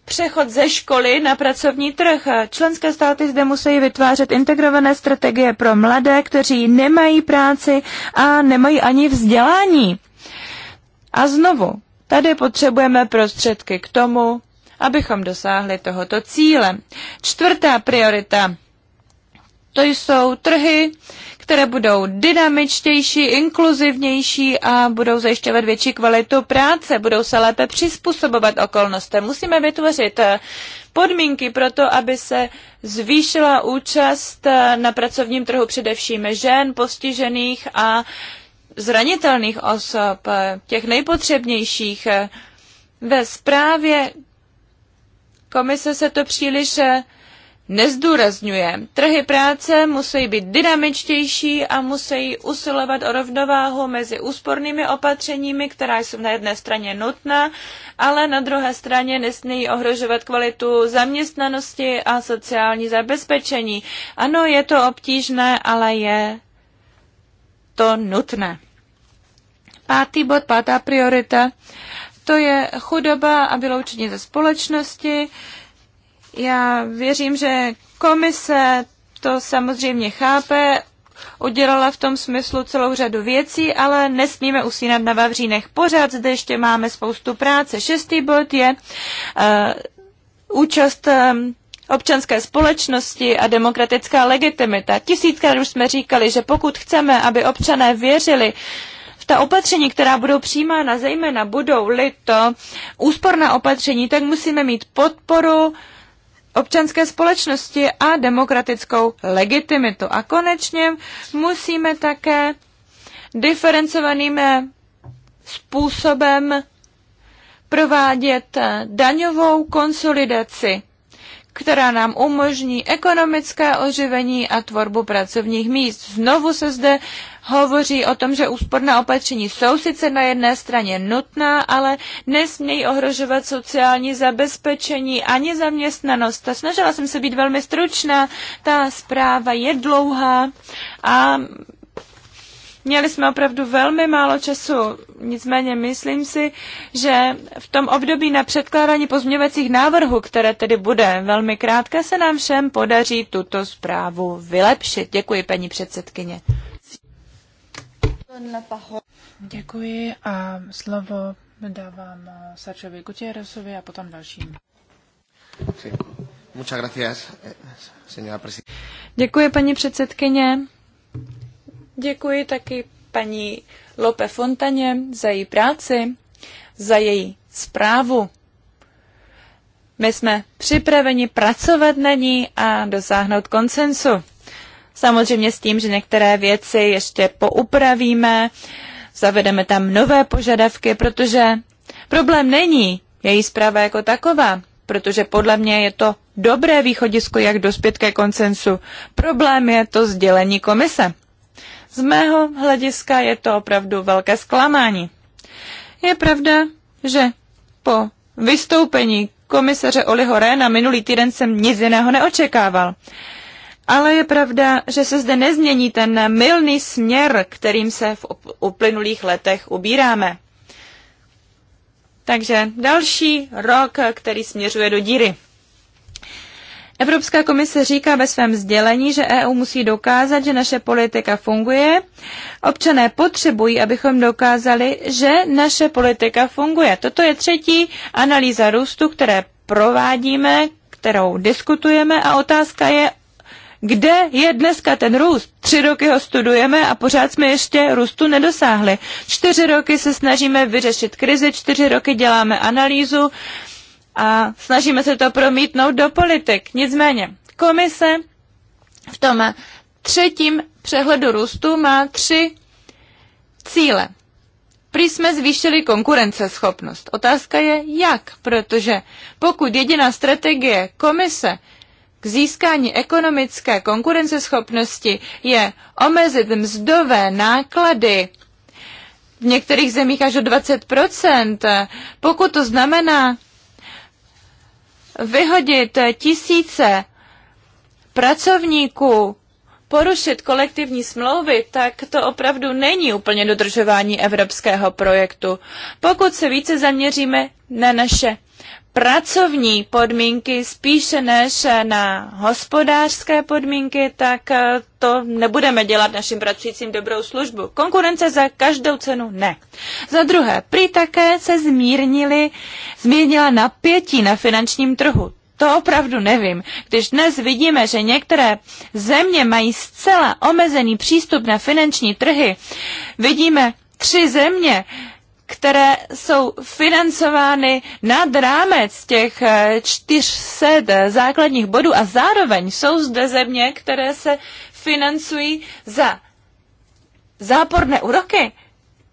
[SPEAKER 2] přechod ze školy na pracovní trh. Členské státy zde musí vytvářet integrované strategie pro mladé, kteří nemají práci a nemají ani vzdělání. A znovu, tady potřebujeme prostředky k tomu, abychom dosáhli tohoto cíle. Čtvrtá priorita to jsou trhy, které budou dynamičtější, inkluzivnější a budou zajišťovat větší kvalitu práce, budou se lépe přizpůsobovat okolnostem. Musíme vytvořit eh, podmínky pro to, aby se zvýšila účast eh, na pracovním trhu především žen, postižených a zranitelných osob, eh, těch nejpotřebnějších. Ve zprávě Komise se to příliš eh, nezdůrazňuje. Trhy práce musí být dynamičtější a musí usilovat o rovnováhu mezi úspornými opatřeními, která jsou na jedné straně nutná, ale na druhé straně nesmí ohrožovat kvalitu zaměstnanosti a sociální zabezpečení. Ano, je to obtížné, ale je to nutné. Pátý bod, pátá priorita to je chudoba a vyloučení ze společnosti. Já věřím, že komise to samozřejmě chápe, udělala v tom smyslu celou řadu věcí, ale nesmíme usínat na Vavřínech. Pořád zde ještě máme spoustu práce. Šestý bod je uh, účast um, občanské společnosti a demokratická legitimita. Tisíckrát už jsme říkali, že pokud chceme, aby občané věřili, uh, ta opatření, která budou přijímána, zejména budou lito úsporná opatření, tak musíme mít podporu občanské společnosti a demokratickou legitimitu. A konečně musíme také diferencovaným způsobem provádět daňovou konsolidaci, která nám umožní ekonomické oživení a tvorbu pracovních míst. Znovu se zde uh, hovoří o tom, že úsporná opatření jsou sice na jedné straně nutná, ale nesmějí ohrožovat sociální zabezpečení ani zaměstnanost. Snažila jsem se být velmi stručná, ta zpráva je dlouhá a Měli jsme opravdu velmi málo času, nicméně myslím si, že v tom období na předkládání pozměňovacích návrhů, které tedy bude velmi krátké, se nám všem podaří tuto zprávu vylepšit. Děkuji, paní předsedkyně.
[SPEAKER 1] Děkuji a slovo dávám Sačovi Gutierrezovi a potom dalším.
[SPEAKER 2] Děkuji, paní předsedkyně. Děkuji taky paní Lope Fontaně za její práci, za její zprávu. My jsme připraveni pracovat na ní a dosáhnout konsensu. Samozřejmě s tím, že některé věci ještě poupravíme, zavedeme tam nové požadavky, protože problém není její zpráva jako taková, protože podle mě je to dobré východisko, jak dospět ke koncensu. Problém je to sdělení komise. Z mého hlediska je to opravdu velké zklamání. Je pravda, že po vystoupení komisaře Oliho Réna minulý týden jsem nic jiného neočekával. Ale je pravda, že se zde nezmění ten mylný směr, kterým se v uplynulých letech ubíráme. Takže další rok, který směřuje do díry. Evropská komise říká ve svém sdělení, že EU musí dokázat, že naše politika funguje. Občané potřebují, abychom dokázali, že naše politika funguje. Toto je třetí analýza růstu, které provádíme, kterou diskutujeme a otázka je, kde je dneska ten růst? Tři roky ho studujeme a pořád jsme ještě růstu nedosáhli. Čtyři roky se snažíme vyřešit krizi, čtyři roky děláme analýzu a snažíme se to promítnout do politik. Nicméně, komise v tom třetím přehledu růstu má tři cíle. Prý jsme zvýšili konkurenceschopnost. Otázka je jak, protože pokud jediná strategie komise k získání ekonomické konkurenceschopnosti je omezit mzdové náklady v některých zemích až o 20 pokud to znamená vyhodit tisíce pracovníků, porušit kolektivní smlouvy, tak to opravdu není úplně dodržování evropského projektu. Pokud se více zaměříme na naše pracovní podmínky spíše než na hospodářské podmínky, tak eh, to nebudeme dělat našim pracujícím dobrou službu. Konkurence za každou cenu ne. Za druhé, prý také se zmírnili, zmírnila napětí na finančním trhu. To opravdu nevím. Když dnes vidíme, že některé země mají zcela omezený přístup na finanční trhy, vidíme tři země, které jsou financovány nad rámec těch 400 eh, eh, základních bodů a zároveň jsou zde země, které se financují za záporné úroky,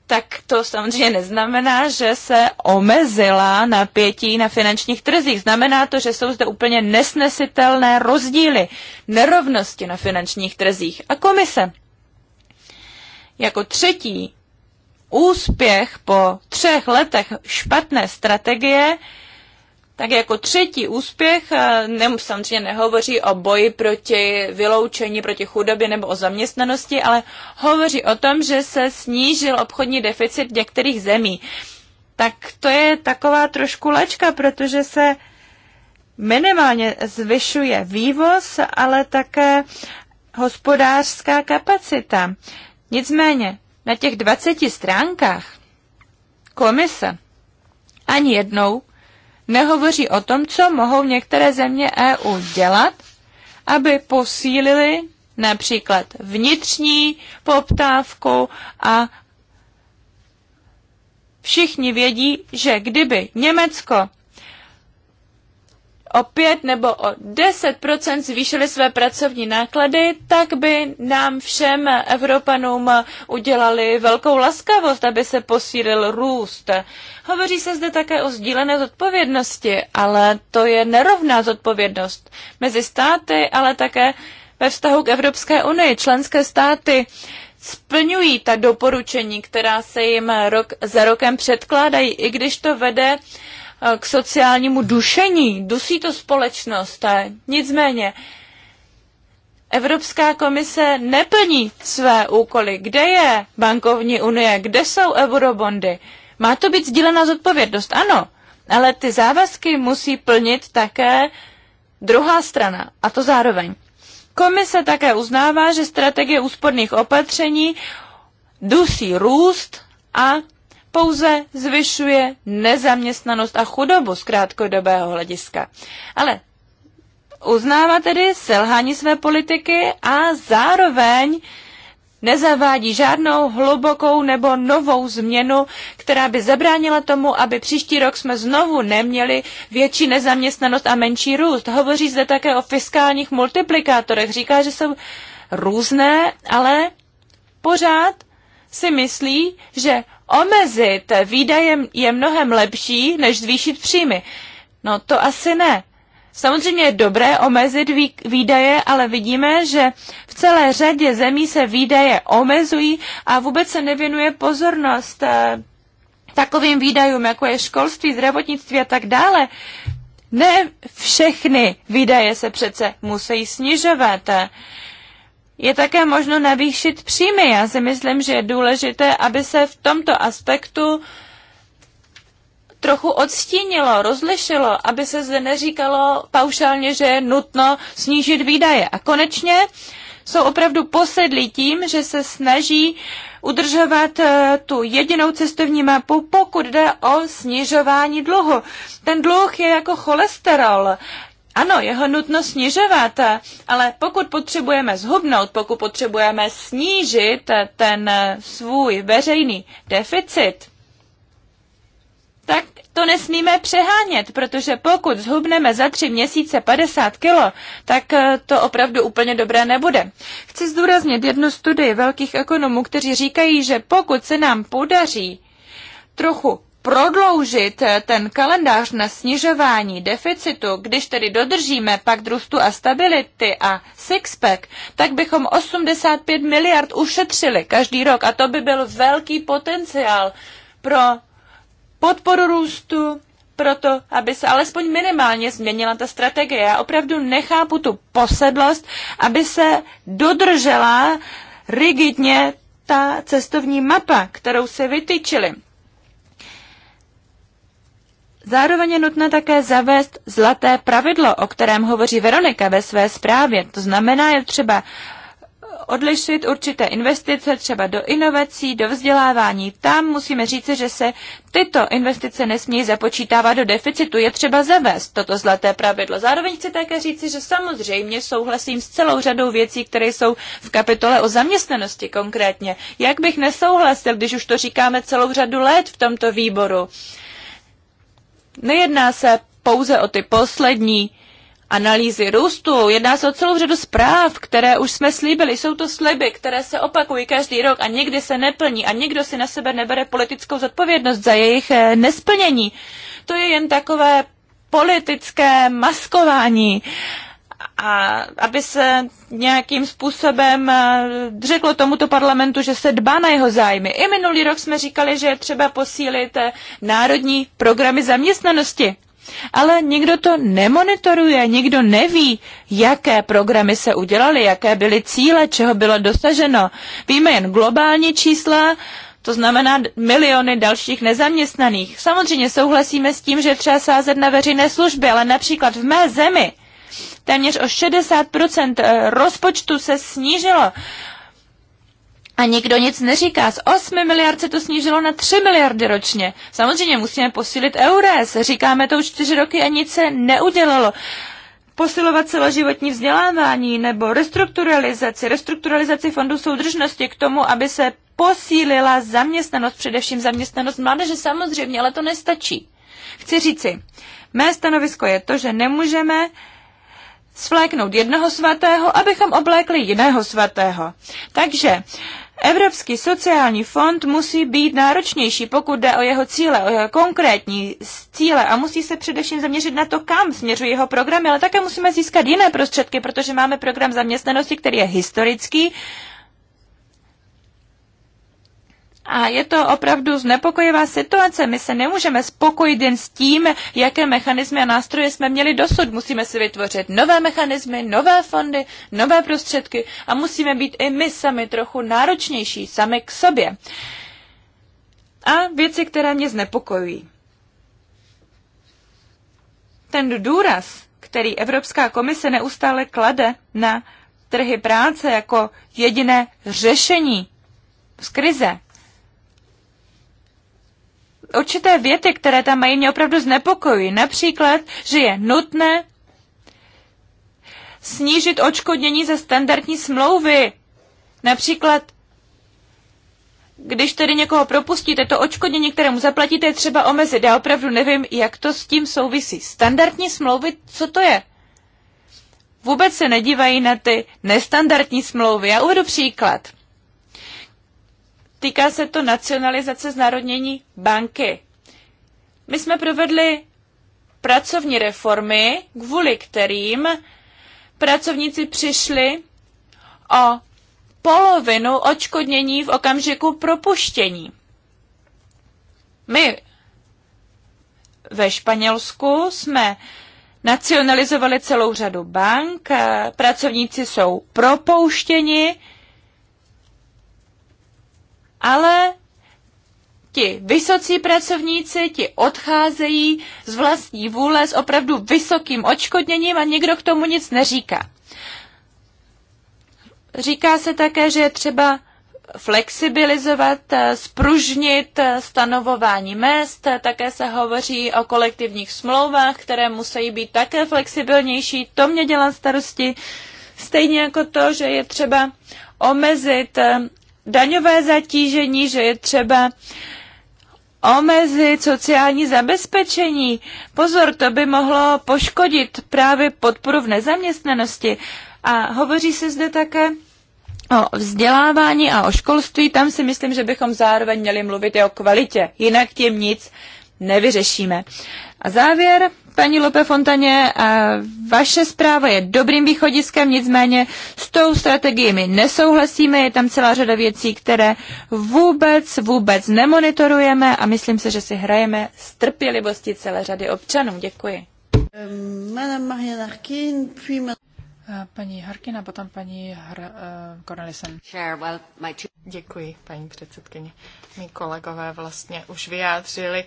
[SPEAKER 2] tak to samozřejmě neznamená, že se omezila napětí na finančních trzích. Znamená to, že jsou zde úplně nesnesitelné rozdíly, nerovnosti na finančních trzích. A komise jako třetí úspěch po třech letech špatné strategie, tak jako třetí úspěch, eh, ne, samozřejmě nehovoří o boji proti vyloučení, proti chudobě nebo o zaměstnanosti, ale hovoří o tom, že se snížil obchodní deficit některých zemí. Tak to je taková trošku lečka, protože se minimálně zvyšuje vývoz, ale také hospodářská kapacita. Nicméně na těch 20 stránkách komise ani jednou nehovoří o tom, co mohou některé země EU dělat, aby posílili například vnitřní poptávku a všichni vědí, že kdyby Německo o 5 nebo o 10% zvýšili své pracovní náklady, tak by nám všem Evropanům udělali velkou laskavost, aby se posílil růst. Hovoří se zde také o sdílené zodpovědnosti, ale to je nerovná zodpovědnost mezi státy, ale také ve vztahu k Evropské unii. Členské státy splňují ta doporučení, která se jim rok za rokem předkládají, i když to vede Eh, k sociálnímu dušení, dusí to společnost. Eh. Nicméně, Evropská komise neplní své úkoly. Kde je bankovní unie? Kde jsou eurobondy? Má to být sdílená zodpovědnost, ano, ale ty závazky musí plnit také druhá strana, a to zároveň. Komise také uznává, že strategie úsporných opatření dusí růst a pouze zvyšuje nezaměstnanost a chudobu z krátkodobého hlediska. Ale uznává tedy selhání své politiky a zároveň nezavádí žádnou hlubokou nebo novou změnu, která by zabránila tomu, aby příští rok jsme znovu neměli větší nezaměstnanost a menší růst. Hovoří zde také o fiskálních multiplikátorech. Říká, že jsou různé, ale pořád si myslí, že omezit výdaje je mnohem lepší, než zvýšit příjmy. No to asi ne. Samozřejmě je dobré omezit výdaje, ale vidíme, že v celé řadě zemí se výdaje omezují a vůbec se nevěnuje pozornost eh, takovým výdajům, jako je školství, zdravotnictví a tak dále. Ne všechny výdaje se přece musí snižovat je také možno navýšit příjmy. Já si myslím, že je důležité, aby se v tomto aspektu trochu odstínilo, rozlišilo, aby se zde neříkalo paušálně, že je nutno snížit výdaje. A konečně jsou opravdu posedlí tím, že se snaží udržovat eh, tu jedinou cestovní mapu, pokud jde o snižování dluhu. Ten dluh je jako cholesterol ano, je ho nutno snižovat, ale pokud potřebujeme zhubnout, pokud potřebujeme snížit ten svůj veřejný deficit, tak to nesmíme přehánět, protože pokud zhubneme za tři měsíce 50 kilo, tak to opravdu úplně dobré nebude. Chci zdůraznit jednu studii velkých ekonomů, kteří říkají, že pokud se nám podaří trochu prodloužit eh, ten kalendář na snižování deficitu, když tedy dodržíme pak růstu a stability a sixpack, tak bychom 85 miliard ušetřili každý rok a to by byl velký potenciál pro podporu růstu, proto, aby se alespoň minimálně změnila ta strategie. Já opravdu nechápu tu posedlost, aby se dodržela rigidně ta cestovní mapa, kterou se vytyčili. Zároveň je nutné také zavést zlaté pravidlo, o kterém hovoří Veronika ve své zprávě. To znamená, je třeba odlišit určité investice třeba do inovací, do vzdělávání. Tam musíme říci, že se tyto investice nesmí započítávat do deficitu. Je třeba zavést toto zlaté pravidlo. Zároveň chci také říci, že samozřejmě souhlasím s celou řadou věcí, které jsou v kapitole o zaměstnanosti konkrétně. Jak bych nesouhlasil, když už to říkáme celou řadu let v tomto výboru. Nejedná se pouze o ty poslední analýzy růstu, jedná se o celou řadu zpráv, které už jsme slíbili. Jsou to sliby, které se opakují každý rok a nikdy se neplní a někdo si na sebe nebere politickou zodpovědnost za jejich eh, nesplnění. To je jen takové politické maskování a aby se nějakým způsobem eh, řeklo tomuto parlamentu, že se dbá na jeho zájmy. I minulý rok jsme říkali, že je třeba posílit eh, národní programy zaměstnanosti. Ale nikdo to nemonitoruje, nikdo neví, jaké programy se udělaly, jaké byly cíle, čeho bylo dosaženo. Víme jen globální čísla, to znamená miliony dalších nezaměstnaných. Samozřejmě souhlasíme s tím, že třeba sázet na veřejné služby, ale například v mé zemi téměř o 60% eh, rozpočtu se snížilo. A nikdo nic neříká. Z 8 miliard se to snížilo na 3 miliardy ročně. Samozřejmě musíme posílit EURES. Říkáme to už 4 roky a nic se neudělalo. Posilovat celoživotní vzdělávání nebo restrukturalizaci, restrukturalizaci fondu soudržnosti k tomu, aby se posílila zaměstnanost, především zaměstnanost mládeže samozřejmě, ale to nestačí. Chci říci, mé stanovisko je to, že nemůžeme svléknout jednoho svatého, abychom oblékli jiného svatého. Takže Evropský sociální fond musí být náročnější, pokud jde o jeho cíle, o jeho konkrétní cíle a musí se především zaměřit na to, kam směřují jeho programy, ale také musíme získat jiné prostředky, protože máme program zaměstnanosti, který je historický a je to opravdu znepokojivá situace. My se nemůžeme spokojit jen s tím, jaké mechanismy a nástroje jsme měli dosud. Musíme si vytvořit nové mechanismy, nové fondy, nové prostředky a musíme být i my sami trochu náročnější, sami k sobě. A věci, které mě znepokojují. Ten důraz, který Evropská komise neustále klade na trhy práce jako jediné řešení z krize, určité věty, které tam mají, mě opravdu znepokojují. Například, že je nutné snížit očkodnění ze standardní smlouvy. Například, když tedy někoho propustíte, to očkodnění, kterému zaplatíte, je třeba omezit. Já opravdu nevím, jak to s tím souvisí. Standardní smlouvy, co to je? Vůbec se nedívají na ty nestandardní smlouvy. Já uvedu příklad. Týká se to nacionalizace znárodnění banky. My jsme provedli pracovní reformy, kvůli kterým pracovníci přišli o polovinu odškodnění v okamžiku propuštění. My ve Španělsku jsme nacionalizovali celou řadu bank, pracovníci jsou propouštěni, ale ti vysocí pracovníci, ti odcházejí z vlastní vůle s opravdu vysokým očkodněním a nikdo k tomu nic neříká. Říká se také, že je třeba flexibilizovat, eh, spružnit eh, stanovování mest. Také se hovoří o kolektivních smlouvách, které musí být také flexibilnější. To mě dělá starosti. Stejně jako to, že je třeba omezit eh, daňové zatížení, že je třeba omezit sociální zabezpečení. Pozor, to by mohlo poškodit právě podporu v nezaměstnanosti. A hovoří se zde také o vzdělávání a o školství. Tam si myslím, že bychom zároveň měli mluvit i o kvalitě. Jinak tím nic nevyřešíme. A závěr Paní Lope Fontaně, vaše zpráva je dobrým východiskem, nicméně s tou strategií my nesouhlasíme, je tam celá řada věcí, které vůbec, vůbec nemonitorujeme a myslím se, že si hrajeme s trpělivostí celé řady občanů. Děkuji.
[SPEAKER 1] Euh, Harkin, eh, Paní Harkin a potom paní eh,
[SPEAKER 3] Cornelisen. Děkuji, paní předsedkyně mý kolegové vlastně už vyjádřili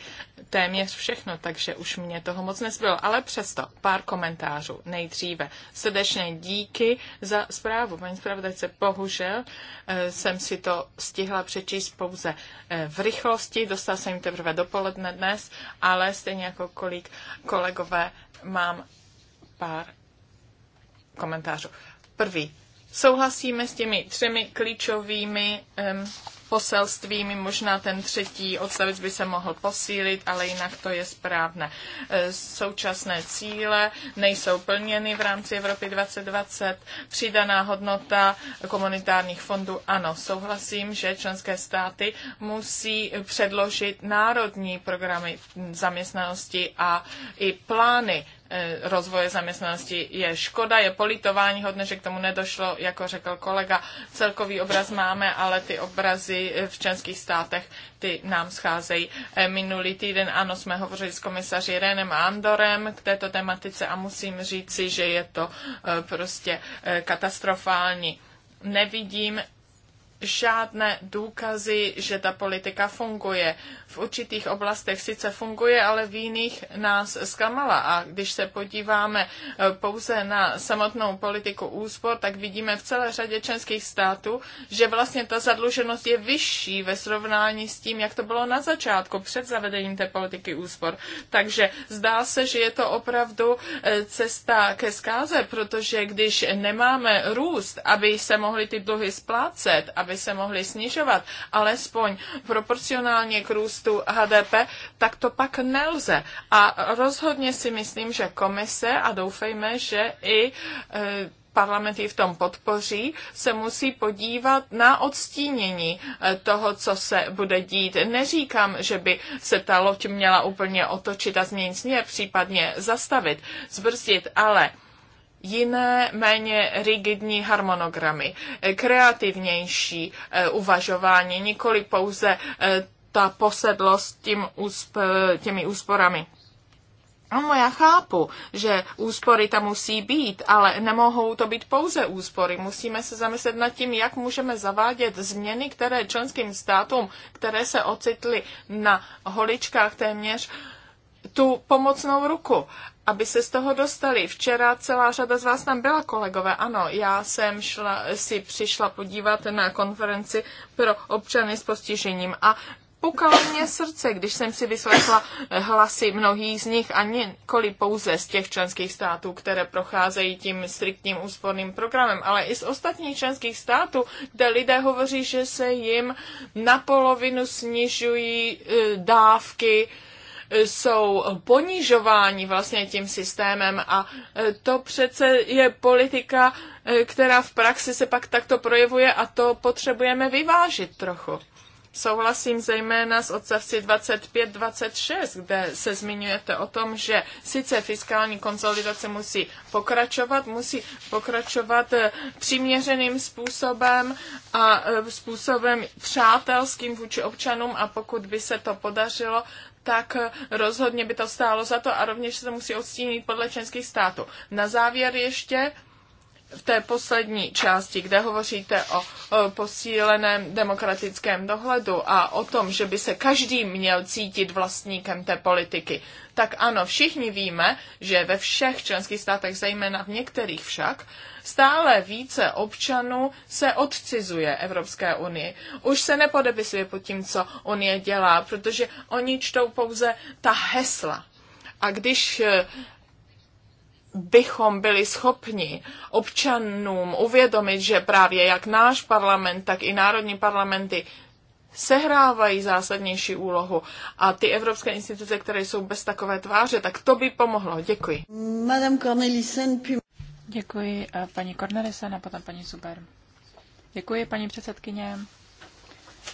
[SPEAKER 3] téměř všechno, takže už mě toho moc nezbylo. Ale přesto pár komentářů nejdříve. Srdečně díky za zprávu. Paní zpravodajce, bohužel eh, jsem si to stihla přečíst pouze eh, v rychlosti, Dostala jsem jim teprve dopoledne dnes, ale stejně jako kolik kolegové mám pár komentářů. Prvý. Souhlasíme s těmi třemi klíčovými um, poselstvím. Možná ten třetí odstavec by se mohl posílit, ale jinak to je správné. E, současné cíle nejsou plněny v rámci Evropy 2020. Přidaná hodnota komunitárních fondů, ano, souhlasím, že členské státy musí předložit národní programy zaměstnanosti a i plány Eh, rozvoje zaměstnanosti je škoda, je politování hodné, že k tomu nedošlo, jako řekl kolega. Celkový obraz máme, ale ty obrazy eh, v členských státech, ty nám scházejí. Eh, minulý týden, ano, jsme hovořili s komisaři Renem a Andorem k této tematice a musím říci, že je to prostě katastrofální. Nevidím žádné důkazy, že ta politika funguje v určitých oblastech sice funguje, ale v jiných nás zklamala. A když se podíváme eh, pouze na samotnou politiku úspor, tak vidíme v celé řadě členských států, že vlastně ta zadluženost je vyšší ve srovnání s tím, jak to bylo na začátku před zavedením té politiky úspor. Takže zdá se, že je to opravdu eh, cesta ke zkáze, protože když nemáme růst, aby se mohly ty dluhy splácet, aby se mohly snižovat, alespoň proporcionálně k růstu, růstu HDP, tak to pak nelze. A rozhodně si myslím, že komise, a doufejme, že i e, parlament ji v tom podpoří, se musí podívat na odstínění e, toho, co se bude dít. Neříkám, že by se ta loď měla úplně otočit a změnit směr, případně zastavit, zbrzdit, ale jiné, méně rigidní harmonogramy, e, kreativnější uvažování, nikoli pouze ta posedlost tím úsp, těmi úsporami. No, já chápu, že úspory tam musí být, ale nemohou to být pouze úspory. Musíme se zamyslet nad tím, jak můžeme zavádět změny, které členským státům, které se ocitly na holičkách téměř, tu pomocnou ruku, aby se z toho dostali. Včera celá řada z vás tam byla, kolegové. Ano, já jsem šla, si přišla podívat na konferenci pro občany s postižením a Pukalo mě srdce, když jsem si vyslechla hlasy mnohých z nich a nikoli pouze z těch členských států, které procházejí tím striktním úsporným programem, ale i z ostatních členských států, kde lidé hovoří, že se jim na polovinu snižují e, dávky, e, jsou ponižováni vlastně tím systémem a e, to přece je politika, která v praxi se pak takto projevuje a to potřebujeme vyvážit trochu. Souhlasím zejména s odstavci 25-26, kde se zmiňujete o tom, že sice fiskální konsolidace musí pokračovat, musí pokračovat eh, přiměřeným způsobem a eh, způsobem přátelským vůči občanům a pokud by se to podařilo, tak eh, rozhodně by to stálo za to a rovněž se to musí odstínit podle členských států. Na závěr ještě v té poslední části, kde hovoříte o, posíleném demokratickém dohledu a o tom, že by se každý měl cítit vlastníkem té politiky, tak ano, všichni víme, že ve všech členských státech, zejména v některých však, stále více občanů se odcizuje Evropské unii. Už se nepodepisuje pod tím, co Unie dělá, protože oni čtou pouze ta hesla. A když bychom byli schopni občanům uvědomit, že právě jak náš parlament, tak i národní parlamenty sehrávají zásadnější úlohu a ty evropské instituce, které jsou bez takové tváře, tak to by pomohlo. Děkuji.
[SPEAKER 1] Madame Děkuji a eh, paní Cornelisen a potom paní Zuber. Děkuji, paní předsedkyně.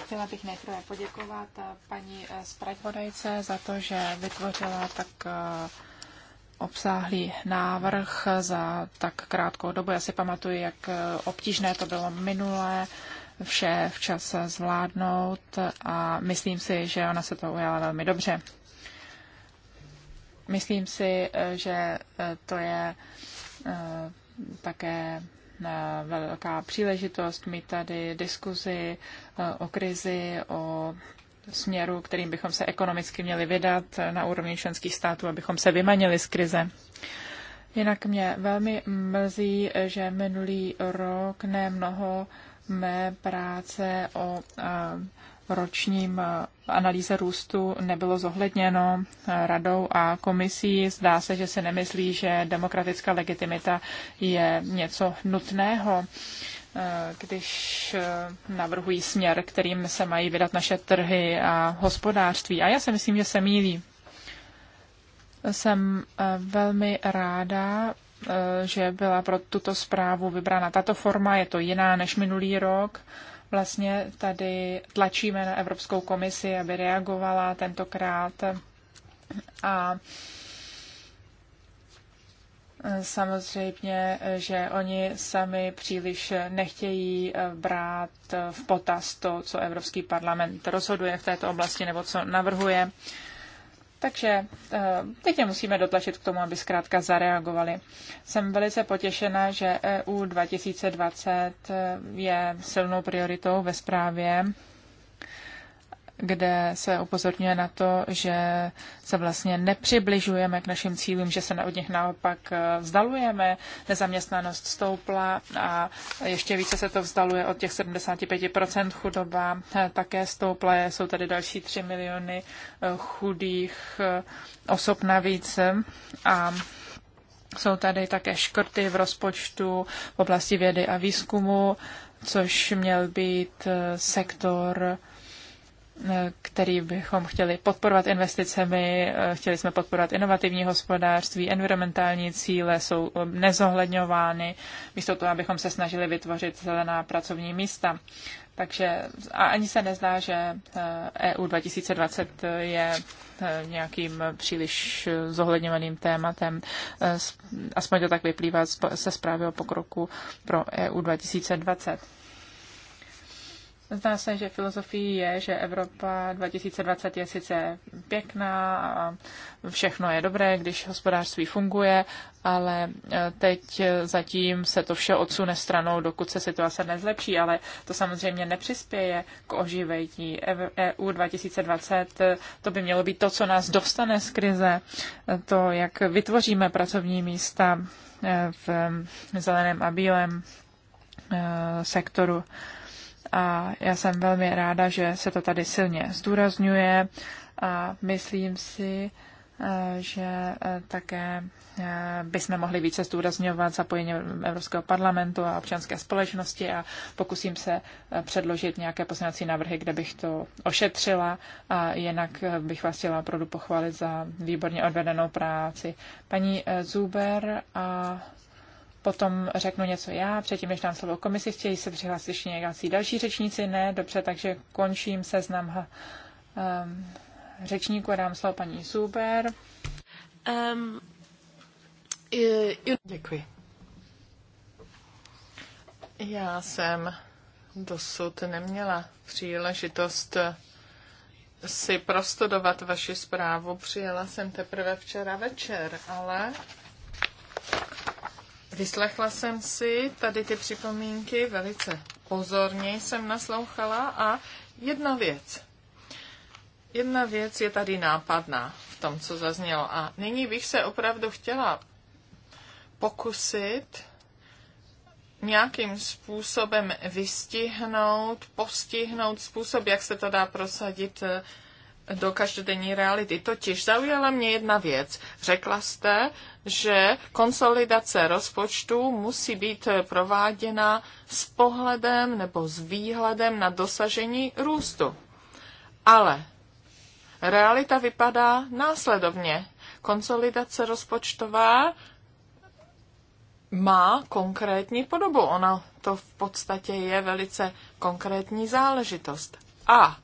[SPEAKER 1] Chtěla bych nejprve poděkovat eh, paní eh, zpravodajce za to, že vytvořila tak obsáhlý návrh za tak krátkou dobu. Já si pamatuju, jak obtížné to bylo minulé vše včas zvládnout a myslím si, že ona se to ujala velmi dobře. Myslím si, že to je eh, také eh, velká příležitost mít tady diskuzi eh, o krizi, o směru, kterým bychom se ekonomicky měli vydat na úrovni členských států, abychom se vymanili z krize. Jinak mě velmi mrzí, že minulý rok mnoho mé práce o ročním analýze růstu nebylo zohledněno radou a komisí. Zdá se, že se nemyslí, že demokratická legitimita je něco nutného když eh, navrhují směr, kterým se mají vydat naše trhy a hospodářství. A já si myslím, že se mílí. Jsem eh, velmi ráda, eh, že byla pro tuto zprávu vybrána tato forma. Je to jiná než minulý rok. Vlastně tady tlačíme na Evropskou komisi, aby reagovala tentokrát. A Samozřejmě, že oni sami příliš nechtějí eh, brát eh, v potaz to, co Evropský parlament rozhoduje v této oblasti nebo co navrhuje. Takže eh, teď je musíme dotlačit k tomu, aby zkrátka zareagovali. Jsem velice potěšena, že EU 2020 je silnou prioritou ve zprávě kde se upozorňuje na to, že se vlastně nepřibližujeme k našim cílům, že se od nich naopak eh, vzdalujeme. Nezaměstnanost stoupla a ještě více se to vzdaluje od těch 75%. Chudoba eh, také stoupla. Jsou tady další 3 miliony eh, chudých osob navíc. A jsou tady také škrty v rozpočtu v oblasti vědy a výzkumu, což měl být sektor, který bychom chtěli podporovat investicemi, eh, chtěli jsme podporovat inovativní hospodářství, environmentální cíle jsou eh, nezohledňovány, místo toho, abychom se snažili vytvořit zelená pracovní místa. Takže a ani se nezdá, že EU eh, e 2020 je nějakým příliš zohledňovaným tématem. Aspoň to tak vyplývá se zprávy o pokroku pro EU 2020. Zdá se, že filozofií je, že Evropa 2020 je sice pěkná a všechno je dobré, když hospodářství funguje, ale e, teď zatím se to vše odsune stranou, dokud se situace nezlepší, ale to samozřejmě nepřispěje k oživení EU e 2020. E, to by mělo být to, co nás dostane z krize, to, jak vytvoříme pracovní místa v zeleném a bílém sektoru a já jsem velmi ráda, že se to tady silně zdůrazňuje a myslím si, eh, že eh, také eh, bychom mohli více zdůrazňovat zapojení Evropského parlamentu a občanské společnosti a pokusím se předložit nějaké poslanecí návrhy, kde bych to ošetřila a jinak bych vás chtěla opravdu pochválit za výborně odvedenou práci. Paní Zuber a potom řeknu něco já, předtím, než dám slovo komisi, chtějí se přihlásit ještě nějaký další řečníci, ne, dobře, takže končím seznam um, řečníku a dám slovo paní Zuber. Um,
[SPEAKER 3] Děkuji. Já jsem dosud neměla příležitost si prostudovat vaši zprávu. Přijela jsem teprve včera večer, ale Vyslechla jsem si tady ty připomínky, velice pozorně jsem naslouchala a jedna věc. Jedna věc je tady nápadná v tom, co zaznělo. A nyní bych se opravdu chtěla pokusit nějakým způsobem vystihnout, postihnout způsob, jak se to dá prosadit eh, do každodenní reality. Totiž zaujala mě jedna věc. Řekla jste, že konsolidace rozpočtu musí být prováděna s pohledem nebo s výhledem na dosažení růstu. Ale realita vypadá následovně. Konsolidace rozpočtová má konkrétní podobu. Ona to v podstatě je velice konkrétní záležitost. A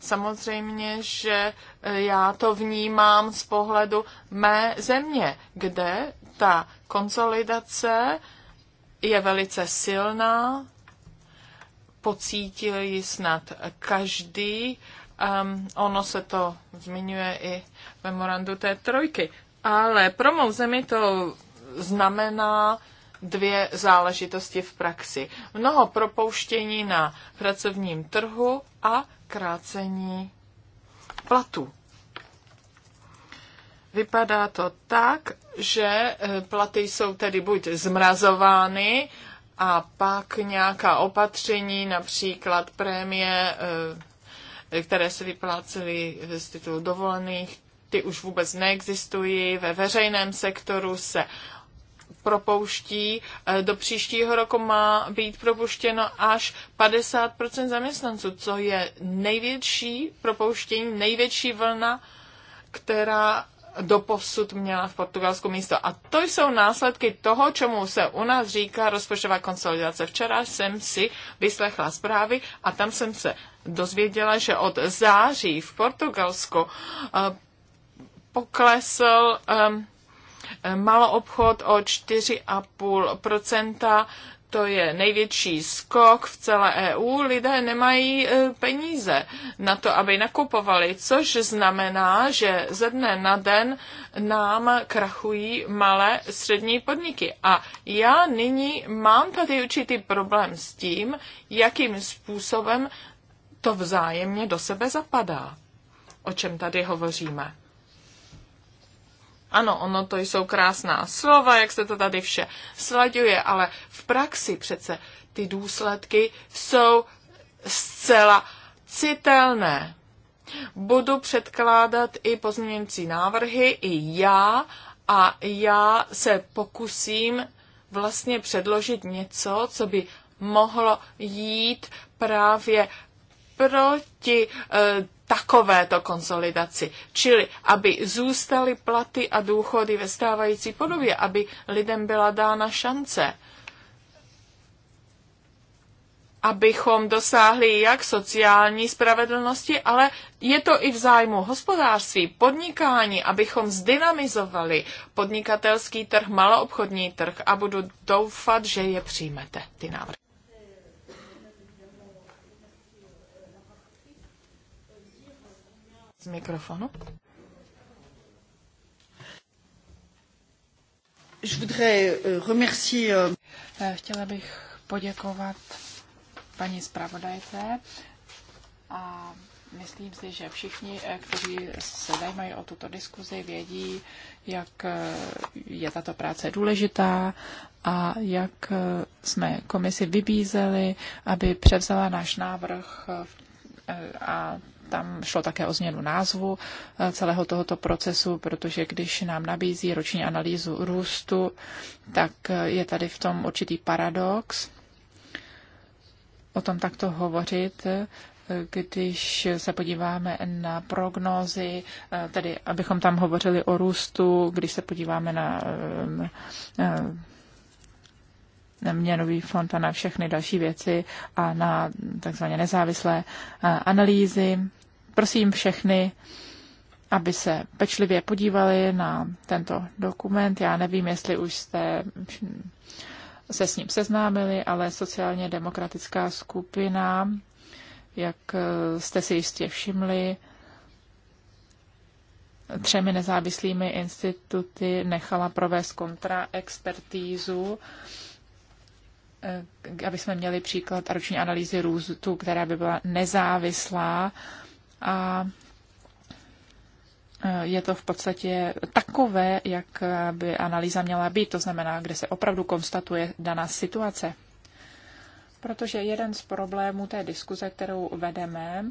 [SPEAKER 3] Samozřejmě, že eh, já to vnímám z pohledu mé země, kde ta konsolidace je velice silná, pocítil ji snad každý. Um, ono se to zmiňuje i v memorandu té trojky. Ale pro mou zemi to znamená dvě záležitosti v praxi. Mnoho propouštění na pracovním trhu a krácení platů. Vypadá to tak, že eh, platy jsou tedy buď zmrazovány, a pak nějaká opatření, například prémie, eh, které se vyplácely z titulu dovolených, ty už vůbec neexistují. Ve veřejném sektoru se propouští. Eh, do příštího roku má být propuštěno až 50% zaměstnanců, co je největší propouštění, největší vlna, která doposud měla v Portugalsku místo. A to jsou následky toho, čemu se u nás říká rozpočtová konsolidace. Včera jsem si vyslechla zprávy a tam jsem se dozvěděla, že od září v Portugalsku eh, poklesl um, Maloobchod o 4,5%, to je největší skok v celé EU. Lidé nemají e, peníze na to, aby nakupovali, což znamená, že ze dne na den nám krachují malé střední podniky. A já nyní mám tady určitý problém s tím, jakým způsobem to vzájemně do sebe zapadá, o čem tady hovoříme. Ano, ono to jsou krásná slova, jak se to tady vše slaďuje, ale v praxi přece ty důsledky jsou zcela citelné. Budu předkládat i pozměňující návrhy, i já, a já se pokusím vlastně předložit něco, co by mohlo jít právě proti eh, takovéto konsolidaci. Čili, aby zůstaly platy a důchody ve stávající podobě, aby lidem byla dána šance abychom dosáhli jak sociální spravedlnosti, ale je to i v zájmu hospodářství, podnikání, abychom zdynamizovali podnikatelský trh, maloobchodní trh a budu doufat, že je přijmete, ty návrhy. z
[SPEAKER 1] mikrofonu. Je voudrais euh, remercier... Euh, eh, chtěla bych poděkovat paní zpravodajce a myslím si, že všichni, eh, kteří se zajímají o tuto diskuzi, vědí, jak eh, je tato práce důležitá a jak jsme komisi vybízeli, aby převzala náš návrh a tam šlo také o změnu názvu eh, celého tohoto procesu, protože když nám nabízí roční analýzu růstu, tak eh, je tady v tom určitý paradox o tom takto hovořit, eh, když se podíváme na prognózy, tedy abychom tam hovořili o růstu, když se podíváme na, ehm, na měnový fond a na všechny další věci a na takzvaně nezávislé analýzy, prosím všechny, aby se pečlivě podívali na tento dokument. Já nevím, jestli už jste se s ním seznámili, ale sociálně demokratická skupina, jak jste si jistě všimli, třemi nezávislými instituty nechala provést kontraexpertízu, eh, aby jsme měli příklad a roční analýzy růstu, která by byla nezávislá a e, je to v podstatě takové, jak by analýza měla být, to znamená, kde se opravdu konstatuje daná situace. Protože jeden z problémů té diskuze, kterou vedeme,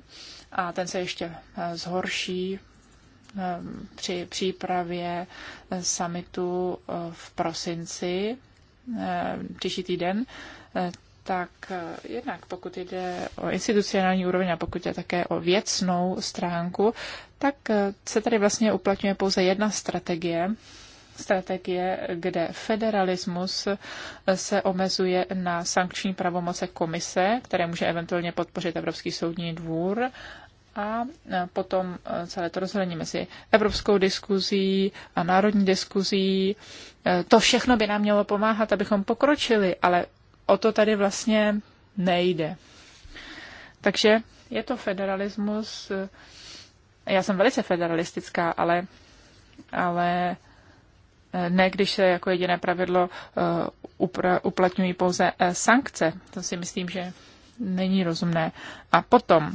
[SPEAKER 1] a ten se ještě e, zhorší e, při přípravě samitu v prosinci příští týden, tak eh, jednak pokud jde o institucionální úroveň a pokud je také o věcnou stránku, tak eh, se tady vlastně uplatňuje pouze jedna strategie, strategie, kde federalismus eh, se omezuje na sankční pravomoce komise, které může eventuálně podpořit Evropský soudní dvůr a potom celé to rozhodení mezi evropskou diskuzí a národní diskuzí. To všechno by nám mělo pomáhat, abychom pokročili, ale o to tady vlastně nejde. Takže je to federalismus. Já jsem velice federalistická, ale, ale eh, ne když se jako jediné pravidlo eh, uplatňují pouze eh, sankce. To si myslím, že není rozumné. A potom,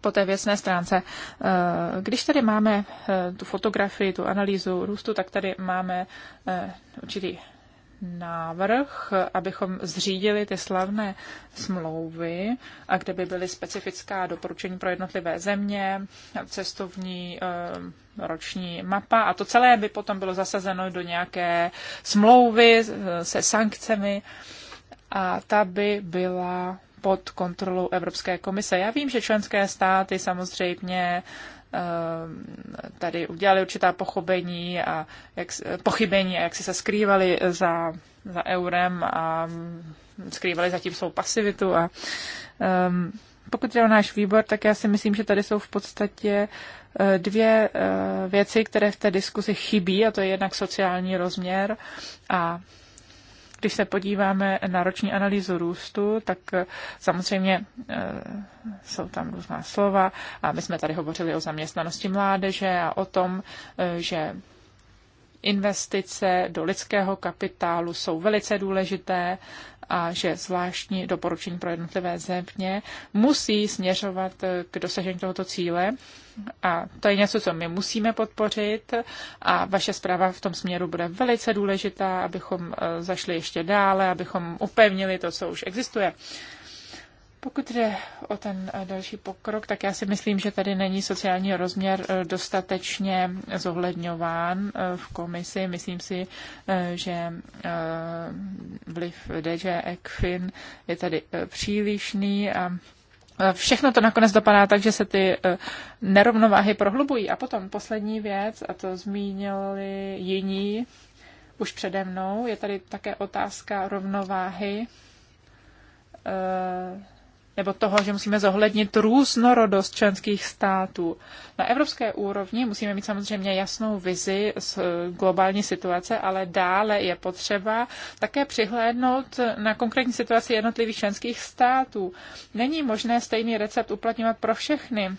[SPEAKER 1] po té věcné stránce, když tady máme tu fotografii, tu analýzu růstu, tak tady máme určitý návrh, abychom zřídili ty slavné smlouvy, a kde by byly specifická doporučení pro jednotlivé země, cestovní eh, roční mapa a to celé by potom bylo zasazeno do nějaké smlouvy se sankcemi a ta by byla pod kontrolou Evropské komise. Já vím, že členské státy samozřejmě Ehm, tady udělali určitá pochopení a jak, pochybení a jak si se skrývali za, za eurem a skrývali zatím svou pasivitu. A, um, pokud je o náš výbor, tak já si myslím, že tady jsou v podstatě eh, dvě eh, věci, které v té diskuzi chybí, a to je jednak sociální rozměr a když se podíváme na roční analýzu růstu, tak eh, samozřejmě eh, jsou tam různá slova a my jsme tady hovořili o zaměstnanosti mládeže a o tom, eh, že investice do lidského kapitálu jsou velice důležité a že zvláštní doporučení pro jednotlivé země musí směřovat k dosažení tohoto cíle. A to je něco, co my musíme podpořit a vaše zpráva v tom směru bude velice důležitá, abychom eh, zašli ještě dále, abychom upevnili to, co už existuje. Pokud jde o ten eh, další pokrok, tak já si myslím, že tady není sociální rozměr eh, dostatečně zohledňován eh, v komisi. Myslím si, že vliv DG ECFIN je tady přílišný a Všechno to nakonec dopadá tak, že se ty nerovnováhy prohlubují. A potom poslední věc, a to zmínili jiní už přede mnou, je tady také otázka rovnováhy nebo toho, že musíme zohlednit různorodost členských států. Na evropské úrovni musíme mít samozřejmě jasnou vizi z eh, globální situace, ale dále je potřeba také přihlédnout na konkrétní situaci jednotlivých členských států. Není možné stejný recept uplatňovat pro všechny.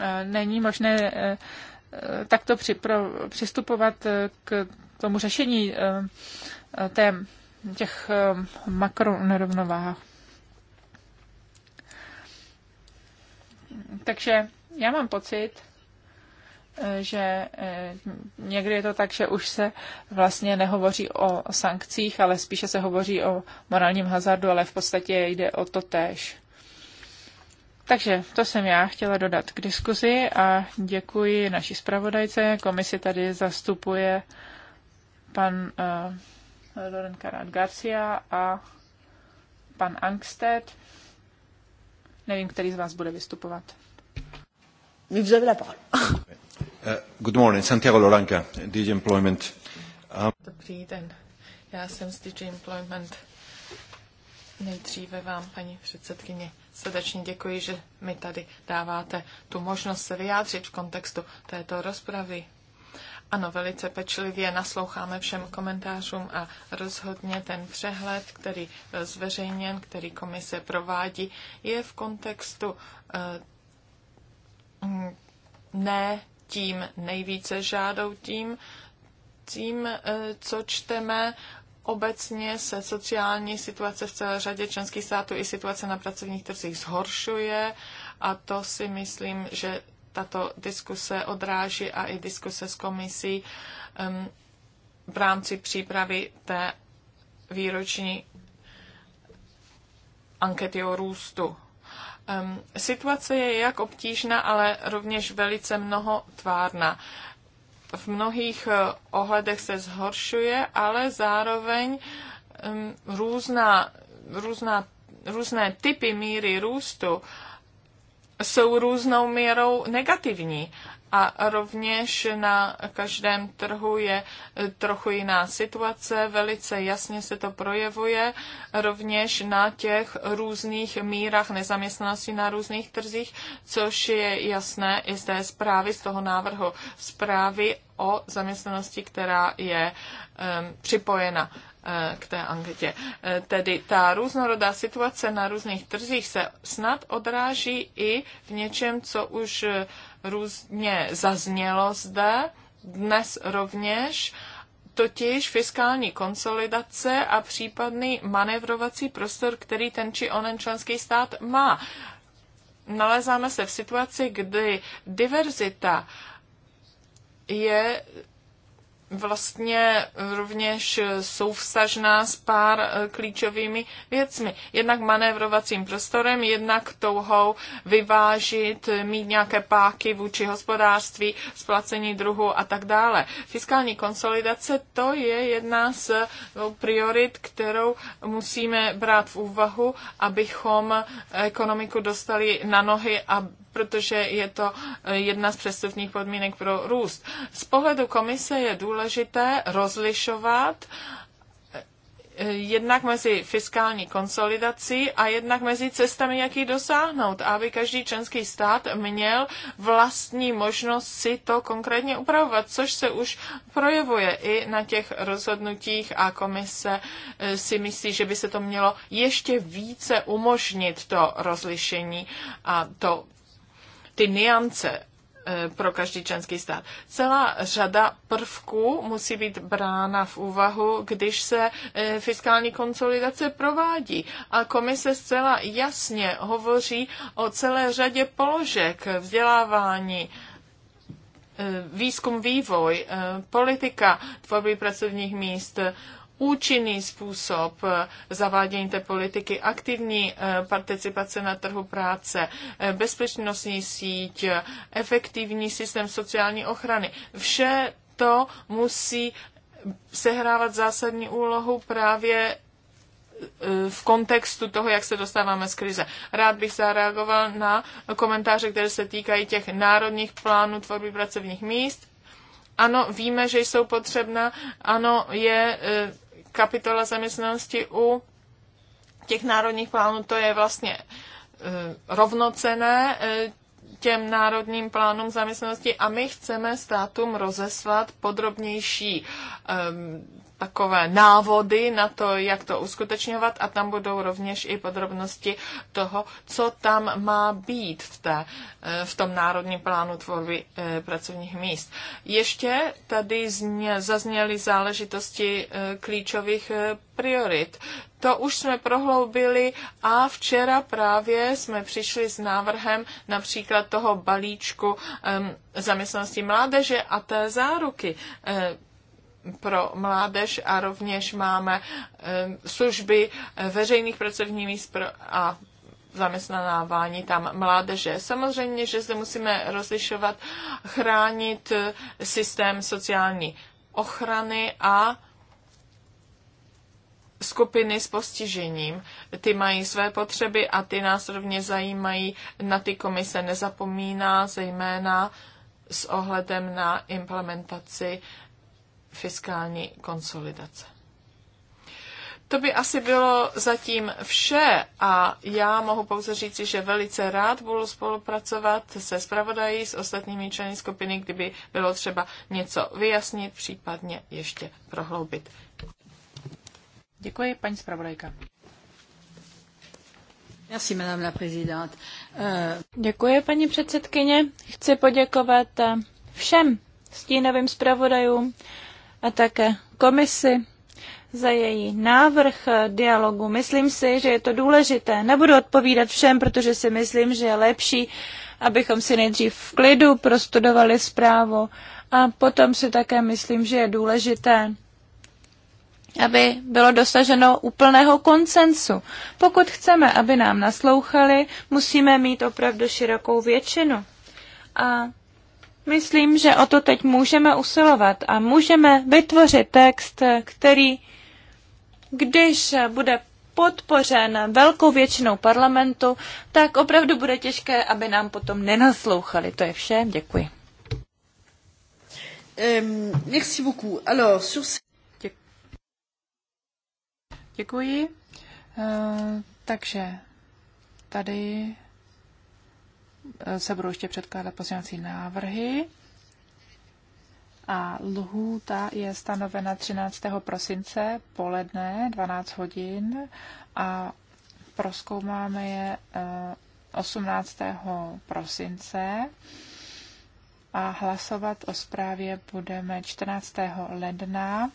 [SPEAKER 1] Eh, není možné eh, takto přistupovat k tomu řešení té, těch makro nerovnováh. Takže já mám pocit, eh, že eh, někdy je to tak, že už se vlastně nehovoří o sankcích, ale spíše se hovoří o morálním hazardu, ale v podstatě jde o to též. Takže to jsem já chtěla dodat k diskuzi a děkuji naší zpravodajce. Komisi tady zastupuje pan uh, Loren Karad Garcia a pan Angstedt. Nevím, který z vás bude vystupovat. Mais vous la parole.
[SPEAKER 2] Eh, good morning, Santiago Loranca, DG Employment. Um...
[SPEAKER 1] Dobrý den,
[SPEAKER 3] já jsem z DG Employment. Nejdříve vám, paní předsedkyně, srdečně děkuji, že mi tady dáváte tu možnost se vyjádřit v kontextu této rozpravy. Ano, velice pečlivě nasloucháme všem komentářům a rozhodně ten přehled, který byl eh, zveřejněn, který komise provádí, je v kontextu eh, mm, ne tím nejvíce žádoutím, tím, eh, co čteme, obecně se sociální situace v celé řadě členských států i situace na pracovních trzích zhoršuje a to si myslím, že tato diskuse odráží a i diskuse s komisí v rámci přípravy té výroční ankety o růstu. Situace je jak obtížná, ale rovněž velice mnohotvárná v mnohých eh, ohledech se zhoršuje, ale zároveň různá, různá, různé typy míry růstu jsou různou měrou negativní a rovněž na každém trhu je eh, trochu jiná situace, velice jasně se to projevuje, rovněž na těch různých mírách nezaměstnanosti na různých trzích, což je jasné i z té zprávy, z toho návrhu zprávy o zaměstnanosti, která je um, připojena Eh, k té anketě. Eh, tedy ta různorodá situace na různých trzích se snad odráží i v něčem, co už eh, různě zaznělo zde, dnes rovněž, totiž fiskální konsolidace a případný manevrovací prostor, který ten či onen členský stát má. Nalezáme se v situaci, kdy diverzita je vlastně rovněž souvstažná s pár eh, klíčovými věcmi. Jednak manévrovacím prostorem, jednak touhou vyvážit, eh, mít nějaké páky vůči hospodářství, splacení druhu a tak dále. Fiskální konsolidace to je jedna z eh, priorit, kterou musíme brát v úvahu, abychom ekonomiku dostali na nohy a protože je to jedna z přestupních podmínek pro růst. Z pohledu komise je důležité, důležité rozlišovat eh, jednak mezi fiskální konsolidací a jednak mezi cestami, jak ji dosáhnout, aby každý členský stát měl vlastní možnost si to konkrétně upravovat, což se už projevuje i na těch rozhodnutích a komise eh, si myslí, že by se to mělo ještě více umožnit to rozlišení a to ty niance E, pro každý členský stát. Celá řada prvků musí být brána v úvahu, když se e, fiskální konsolidace provádí. A komise zcela jasně hovoří o celé řadě položek vzdělávání, e, výzkum, vývoj, politika tvorby pracovních míst, účinný způsob eh, zavádění té politiky, aktivní eh, participace na trhu práce, eh, bezpečnostní síť, efektivní systém sociální ochrany. Vše to musí sehrávat zásadní úlohu právě v kontextu toho, jak se dostáváme z krize. Rád bych zareagoval na komentáře, které se týkají těch národních plánů tvorby pracovních míst. Ano, víme, že jsou potřebná, ano, je kapitola zaměstnanosti u těch národních plánů, to je vlastně e, rovnocené e, těm národním plánům zaměstnanosti a my chceme státům rozeslat podrobnější takové návody na to, jak to uskutečňovat a tam budou rovněž i podrobnosti toho, co tam má být v, té, eh, v tom Národním plánu tvorby eh, pracovních míst. Ještě tady zazněly záležitosti eh, klíčových priorit. To už jsme prohloubili a včera právě jsme přišli s návrhem například toho balíčku um, zaměstnanosti mládeže a té záruky. Um, pro mládež a rovněž máme služby veřejných pracovních míst a zaměstnanávání tam mládeže. Samozřejmě, že zde musíme rozlišovat, chránit eh, systém sociální ochrany a skupiny s postižením. Ty mají své potřeby a ty nás rovně zajímají. Na ty komise nezapomíná, zejména s ohledem na implementaci fiskální konsolidace. To by asi bylo zatím vše a já mohu pouze říci, že velice rád budu spolupracovat se zpravodají s ostatními členy skupiny, kdyby bylo třeba něco vyjasnit, případně ještě prohloubit.
[SPEAKER 2] Děkuji, paní zpravodajka. Euh, Děkuji, paní předsedkyně. Chci poděkovat eh, všem stínovým zpravodajům, a také komisi za její návrh dialogu. Myslím si, že je to důležité. Nebudu odpovídat všem, protože si myslím, že je lepší, abychom si nejdřív v klidu prostudovali zprávu a potom si také myslím, že je důležité aby bylo dosaženo úplného konsensu. Pokud chceme, aby nám naslouchali, musíme mít opravdu širokou většinu. A Myslím, že o to teď můžeme usilovat a můžeme vytvořit text, který, když bude podpořen velkou většinou parlamentu, tak opravdu bude těžké, aby nám potom nenaslouchali. To je vše. Děkuji. Um, merci beaucoup. Alors, sur...
[SPEAKER 1] Děkuji. Uh, takže tady se budou ještě předkládat pozměňovací návrhy. A lhůta je stanovena 13. prosince poledne 12 hodin a proskoumáme je eh, 18. prosince a hlasovat o zprávě budeme 14. ledna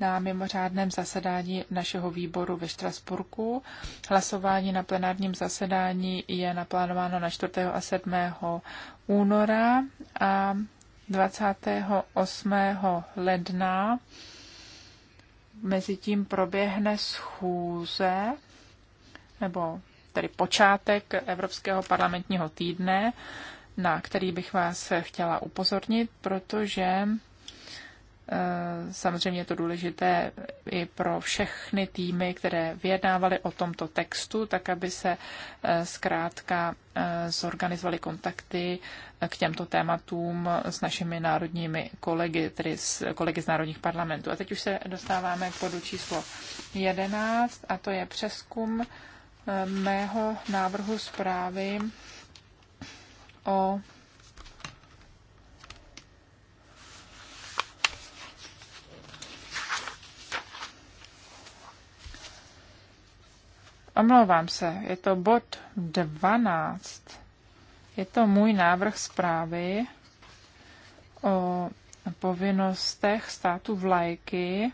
[SPEAKER 1] na mimořádném zasedání našeho výboru ve Štrasburku. Hlasování na plenárním zasedání je naplánováno na 4. a 7. února a 28. ledna mezitím proběhne schůze nebo tedy počátek Evropského parlamentního týdne, na který bych vás chtěla upozornit, protože Eh, samozřejmě je to důležité i pro všechny týmy, které vyjednávaly o tomto textu, tak aby se eh, zkrátka eh, zorganizovaly kontakty k těmto tématům s našimi národními kolegy, tedy s kolegy z národních parlamentů. A teď už se dostáváme k bodu číslo 11 a to je přeskum mého návrhu zprávy o Omlouvám se, je to bod 12. Je to můj návrh zprávy o povinnostech státu vlajky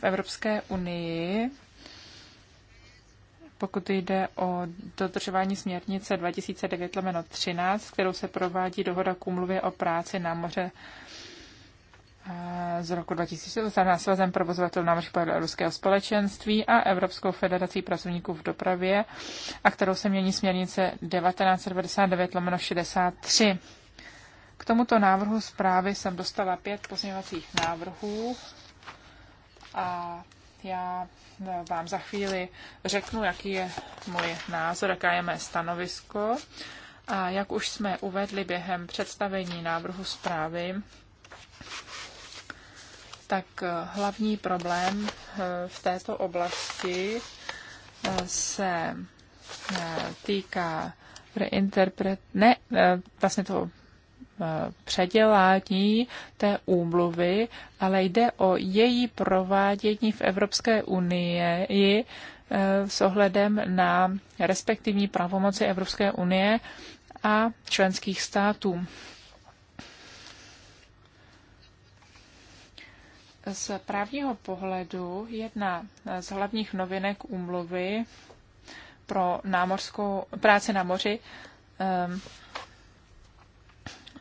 [SPEAKER 1] v Evropské unii, pokud jde o dodržování směrnice 2009-13, kterou se provádí dohoda k úmluvě o práci na moře Eh, z roku 2017 svazem provozovatel návrh ruského společenství a Evropskou federací pracovníků v dopravě, a kterou se mění směrnice 1999 lomeno 63. K tomuto návrhu zprávy jsem dostala pět pozměňovacích návrhů a já eh, vám za chvíli řeknu, jaký je můj názor, jaká je mé stanovisko. A jak už jsme uvedli během představení návrhu zprávy, tak eh, hlavní problém eh, v této oblasti eh, se týká reinterpret, ne, vlastně toho předělání té úmluvy, ale jde o její provádění v Evropské unii s ohledem na respektivní pravomoci Evropské unie a členských států. Z právního pohledu jedna z hlavních novinek úmluvy pro námořskou, práci na moři ehm,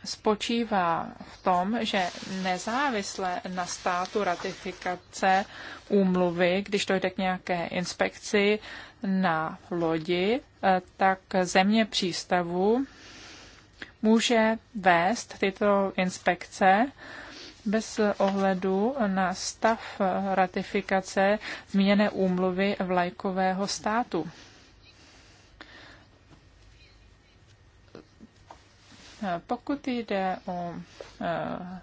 [SPEAKER 1] spočívá v tom, že nezávisle na státu ratifikace úmluvy, když dojde k nějaké inspekci na lodi, eh, tak země přístavu může vést tyto inspekce bez ohledu na stav ratifikace zmíněné úmluvy vlajkového státu. Pokud jde o eh,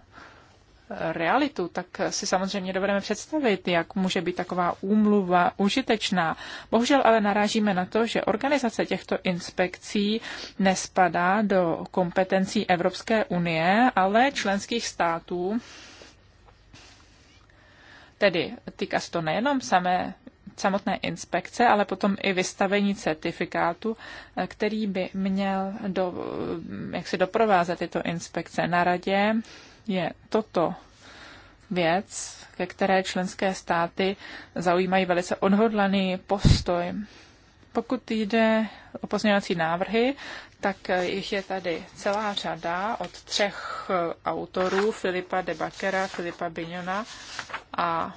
[SPEAKER 1] realitu, tak si samozřejmě dovedeme představit, jak může být taková úmluva užitečná. Bohužel ale narážíme na to, že organizace těchto inspekcí nespadá do kompetencí Evropské unie, ale členských států. Tedy týká se to nejenom samé samotné inspekce, ale potom i vystavení certifikátu, který by měl do, jak si doprovázet tyto inspekce na radě je toto věc, ke které členské státy zaujímají velice odhodlaný postoj. Pokud jde o pozměňovací návrhy, tak jich je tady celá řada od třech autorů, Filipa de Bakera, Filipa Bignona a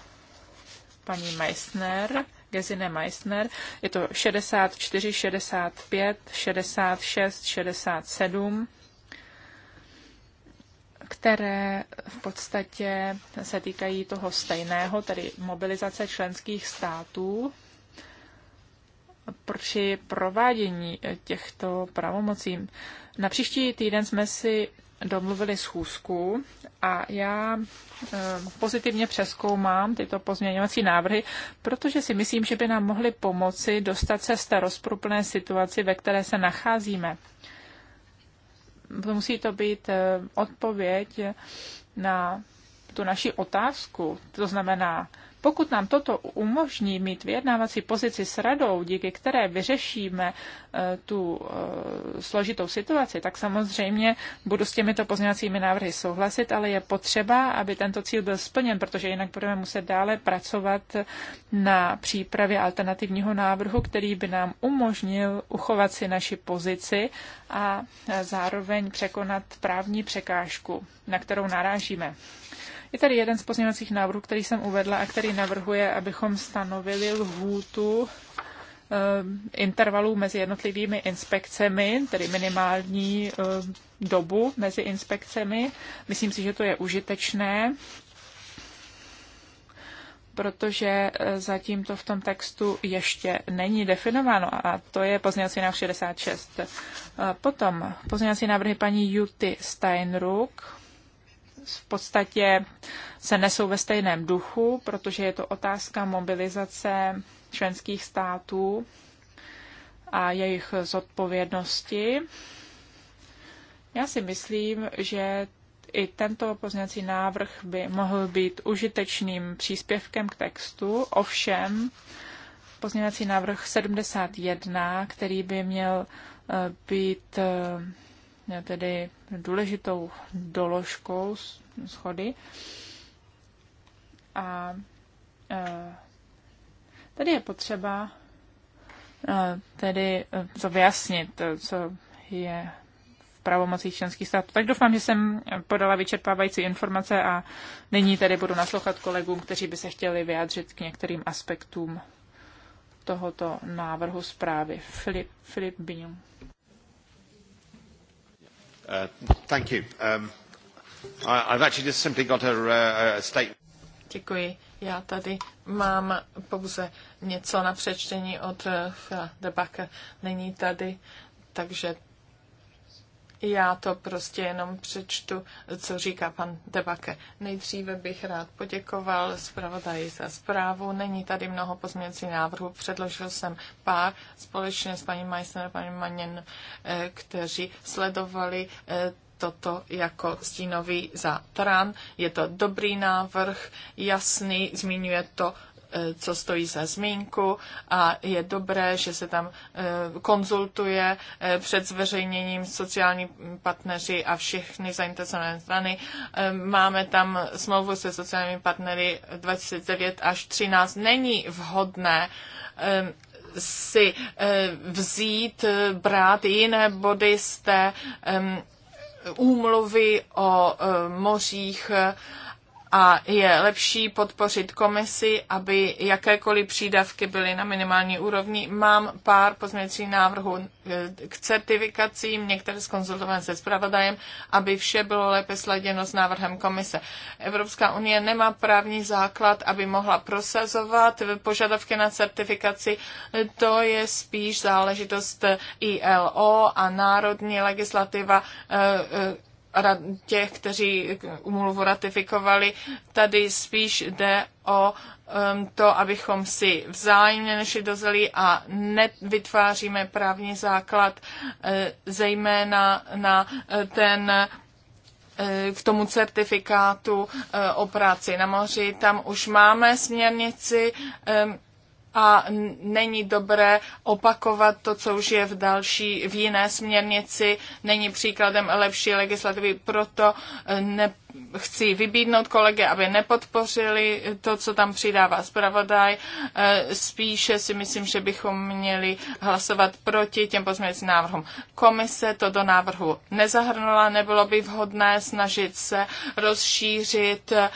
[SPEAKER 1] paní Meissner, Gesine Meissner. Je to 64, 65, 66, 67, které v podstatě se týkají toho stejného, tedy mobilizace členských států při provádění těchto pravomocí. Na příští týden jsme si domluvili schůzku a já eh, pozitivně přeskoumám tyto pozměňovací návrhy, protože si myslím, že by nám mohly pomoci dostat se z té rozpruplné situaci, ve které se nacházíme musí to být eh, odpověď na tu naši otázku. To znamená, pokud nám toto umožní mít vyjednávací pozici s radou, díky které vyřešíme eh, tu eh, složitou situaci, tak samozřejmě budu s těmito pozměňovacími návrhy souhlasit, ale je potřeba, aby tento cíl byl splněn, protože jinak budeme muset dále pracovat na přípravě alternativního návrhu, který by nám umožnil uchovat si naši pozici a zároveň překonat právní překážku, na kterou narážíme. Je tady jeden z pozměňovacích návrhů, který jsem uvedla a který navrhuje, abychom stanovili lhůtu eh, intervalů mezi jednotlivými inspekcemi, tedy minimální eh, dobu mezi inspekcemi. Myslím si, že to je užitečné, protože eh, zatím to v tom textu ještě není definováno a to je pozměňovací návrh 66. Potom pozměňovací návrhy paní Juty Steinruck v podstatě se nesou ve stejném duchu, protože je to otázka mobilizace členských států a jejich zodpovědnosti. Já si myslím, že i tento pozněcí návrh by mohl být užitečným příspěvkem k textu, ovšem pozněcí návrh 71, který by měl eh, být eh, tedy důležitou doložkou schody. A e, tady je potřeba e, tedy to e, vyjasnit, co je v pravomocích členských států. Tak doufám, že jsem podala vyčerpávající informace a nyní tedy budu naslouchat kolegům, kteří by se chtěli vyjádřit k některým aspektům tohoto návrhu zprávy. Filip, Filip Binion.
[SPEAKER 3] Děkuji. Já tady mám pouze něco na přečtení od uh, debaka. Není tady, takže já to prostě jenom přečtu, co říká pan Debake. Nejdříve bych rád poděkoval zpravodaji za zprávu. Není tady mnoho pozměňovacích návrhů. Předložil jsem pár společně s paní Majsner a paní Manin, eh, kteří sledovali eh, toto jako stínový za Je to dobrý návrh, jasný, zmiňuje to Eh, co stojí za zmínku a je dobré, že se tam eh, konzultuje eh, před zveřejněním sociální partneři a všechny zainteresované strany. Máme tam smlouvu se sociálními partnery 29 až 13. Není vhodné si vzít, brát jiné body z té úmluvy o mořích, a je lepší podpořit komisi, aby jakékoliv přídavky byly na minimální úrovni. Mám pár pozměňovacích návrhů eh, k certifikacím, některé skonzultované se zpravodajem, aby vše bylo lépe sladěno s návrhem komise. Evropská unie nemá právní základ, aby mohla prosazovat požadavky na certifikaci. To je spíš záležitost ILO a národní legislativa eh, eh, těch, kteří umluvu ratifikovali. Tady spíš jde o um, to, abychom si vzájemně naši dozeli a nevytváříme právní základ eh, zejména na eh, ten eh, k tomu certifikátu o práci na moři. Tam už máme směrnici a není dobré opakovat to, co už je v další, v jiné směrnici, není příkladem lepší legislativy, proto e, ne chci vybídnout kolegy, aby nepodpořili to, co tam přidává zpravodaj. E, spíše si myslím, že bychom měli hlasovat proti těm pozměňovacím návrhům. Komise to do návrhu nezahrnula, nebylo by vhodné snažit se rozšířit e,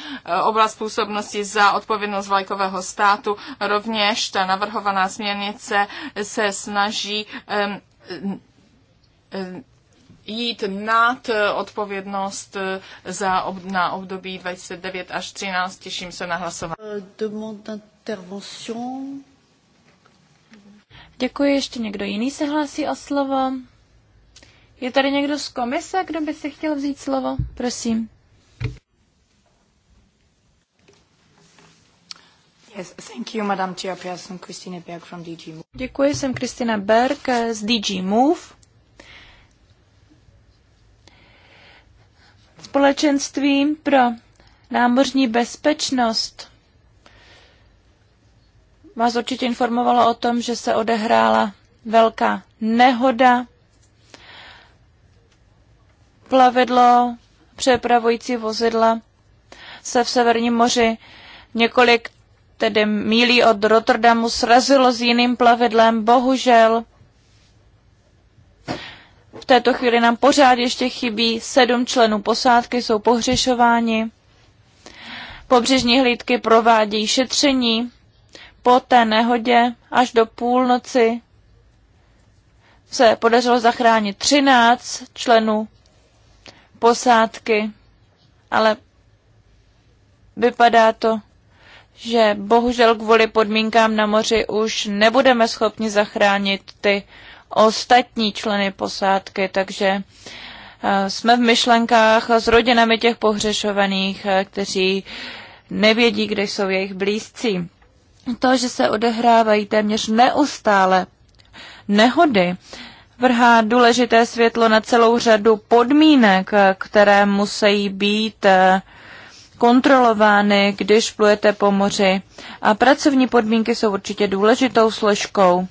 [SPEAKER 3] oblast působnosti za odpovědnost vlajkového státu. Rovněž ta navrhovaná směrnice se snaží e, jít nad eh, odpovědnost eh, za ob, na období 29 až 13. Těším se na
[SPEAKER 2] hlasování. Euh, Děkuji. Ještě někdo jiný se hlásí o slovo? Je tady někdo z komise, kdo by si chtěl vzít slovo? Prosím. Yes, thank you, Madam Chairperson, Berg from DG Move. Děkuji, jsem Kristina Berg eh, z DG Move. společenstvím pro námořní bezpečnost vás určitě informovalo o tom, že se odehrála velká nehoda. Plavidlo přepravující vozidla se v Severním moři několik tedy mílí od Rotterdamu srazilo s jiným plavidlem. Bohužel v této chvíli nám pořád ještě chybí sedm členů posádky, jsou pohřešováni. Pobřežní hlídky provádějí šetření po té nehodě až do půlnoci se podařilo zachránit 13 členů posádky, ale vypadá to, že bohužel kvůli podmínkám na moři už nebudeme schopni zachránit ty ostatní členy posádky, takže eh, jsme v myšlenkách s rodinami těch pohřešovaných, eh, kteří nevědí, kde jsou jejich blízcí. To, že se odehrávají téměř neustále nehody, vrhá důležité světlo na celou řadu podmínek, eh, které musí být kontrolovány, když plujete po moři. A pracovní podmínky jsou určitě důležitou složkou.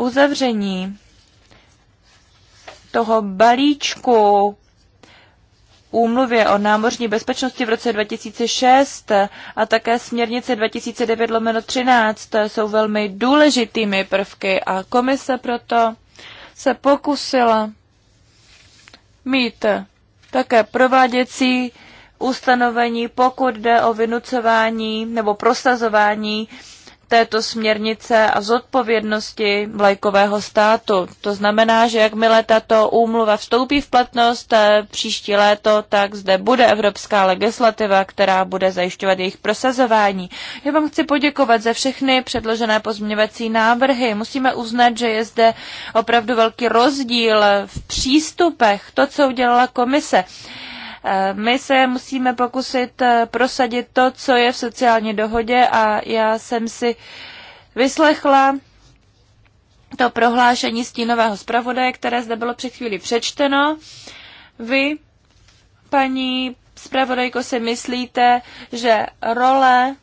[SPEAKER 2] uzavření toho balíčku úmluvě o námořní bezpečnosti v roce 2006 a také směrnice 2009-13 jsou velmi důležitými prvky a komise proto se pokusila mít také prováděcí ustanovení, pokud jde o vynucování nebo prosazování této směrnice a zodpovědnosti vlajkového státu. To znamená, že jakmile tato úmluva vstoupí v platnost eh, příští léto, tak zde bude evropská legislativa, která bude zajišťovat jejich prosazování. Já vám chci poděkovat za všechny předložené pozměňovací návrhy. Musíme uznat, že je zde opravdu velký rozdíl v přístupech, to, co udělala komise. Eh, my se musíme pokusit eh, prosadit to, co je v sociální dohodě a já jsem si vyslechla to prohlášení stínového zpravodaje, které zde bylo před chvíli přečteno. Vy, paní zpravodajko, si myslíte, že role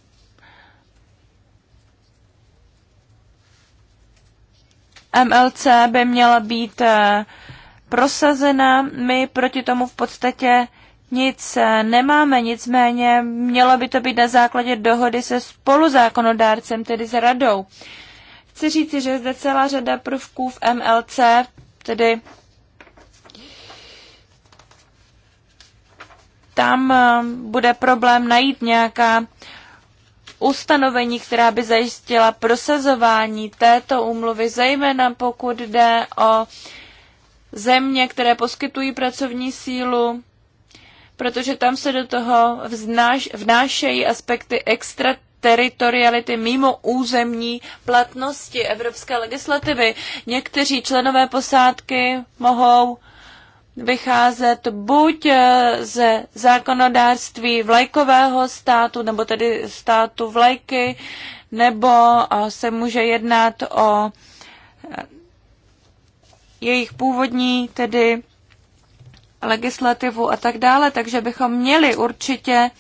[SPEAKER 2] MLC by měla být eh, prosazena. My proti tomu v podstatě nic eh, nemáme, nicméně mělo by to být na základě dohody se spoluzákonodárcem, tedy s radou. Chci říci, že zde celá řada prvků v MLC, tedy tam eh, bude problém najít nějaká ustanovení, která by zajistila prosazování této úmluvy, zejména pokud jde o země, které poskytují pracovní sílu, protože tam se do toho vznáš, vnášejí aspekty extra teritoriality mimo územní platnosti evropské legislativy. Někteří členové posádky mohou vycházet buď eh, ze zákonodárství vlajkového státu, nebo tedy státu vlajky, nebo eh, se může jednat o eh, jejich původní, tedy legislativu a tak dále, takže bychom měli určitě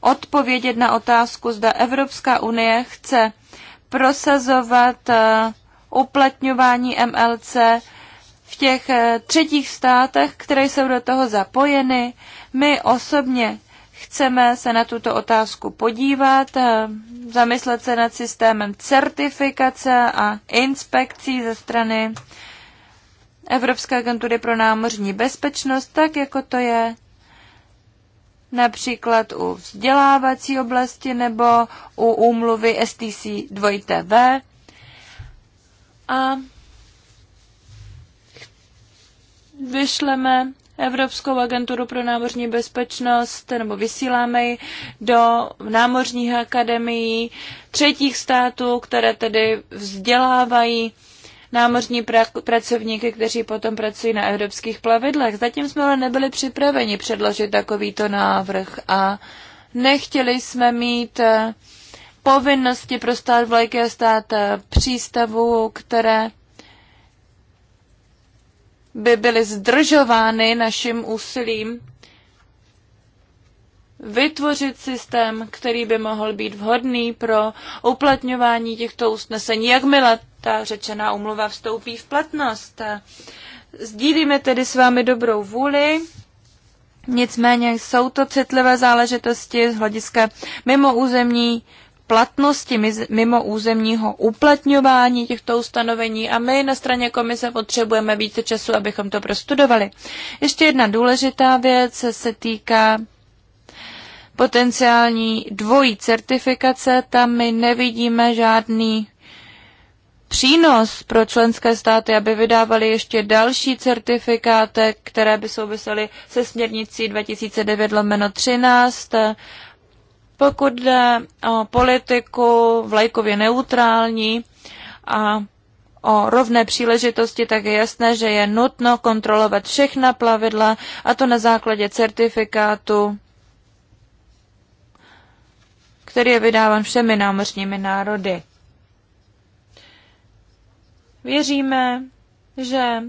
[SPEAKER 2] odpovědět na otázku, zda Evropská unie chce prosazovat eh, uplatňování MLC v těch eh, třetích státech, které jsou do toho zapojeny. My osobně chceme se na tuto otázku podívat, eh, zamyslet se nad systémem certifikace a inspekcí ze strany Evropské agentury pro námořní bezpečnost, tak jako to je například u vzdělávací oblasti nebo u úmluvy STC 2TV. A vyšleme Evropskou agenturu pro námořní bezpečnost, nebo vysíláme ji do námořních akademií třetích států, které tedy vzdělávají námořní pra- pracovníky, kteří potom pracují na evropských plavidlech. Zatím jsme ale nebyli připraveni předložit takovýto návrh a nechtěli jsme mít eh, povinnosti pro stát vlajky a stát eh, přístavu, které by byly zdržovány naším úsilím vytvořit systém, který by mohl být vhodný pro uplatňování těchto usnesení, jakmile ta řečená umluva vstoupí v platnost. Sdílíme tedy s vámi dobrou vůli, nicméně jsou to citlivé záležitosti z hlediska mimo územní platnosti mimo územního uplatňování těchto ustanovení a my na straně komise potřebujeme více času, abychom to prostudovali. Ještě jedna důležitá věc se týká potenciální dvojí certifikace, tam my nevidíme žádný přínos pro členské státy, aby vydávali ještě další certifikáty, které by souvisely se směrnicí 2009-13. Pokud jde o politiku vlajkově neutrální a o rovné příležitosti, tak je jasné, že je nutno kontrolovat všechna plavidla, a to na základě certifikátu který je vydáván všemi námořními národy. Věříme, že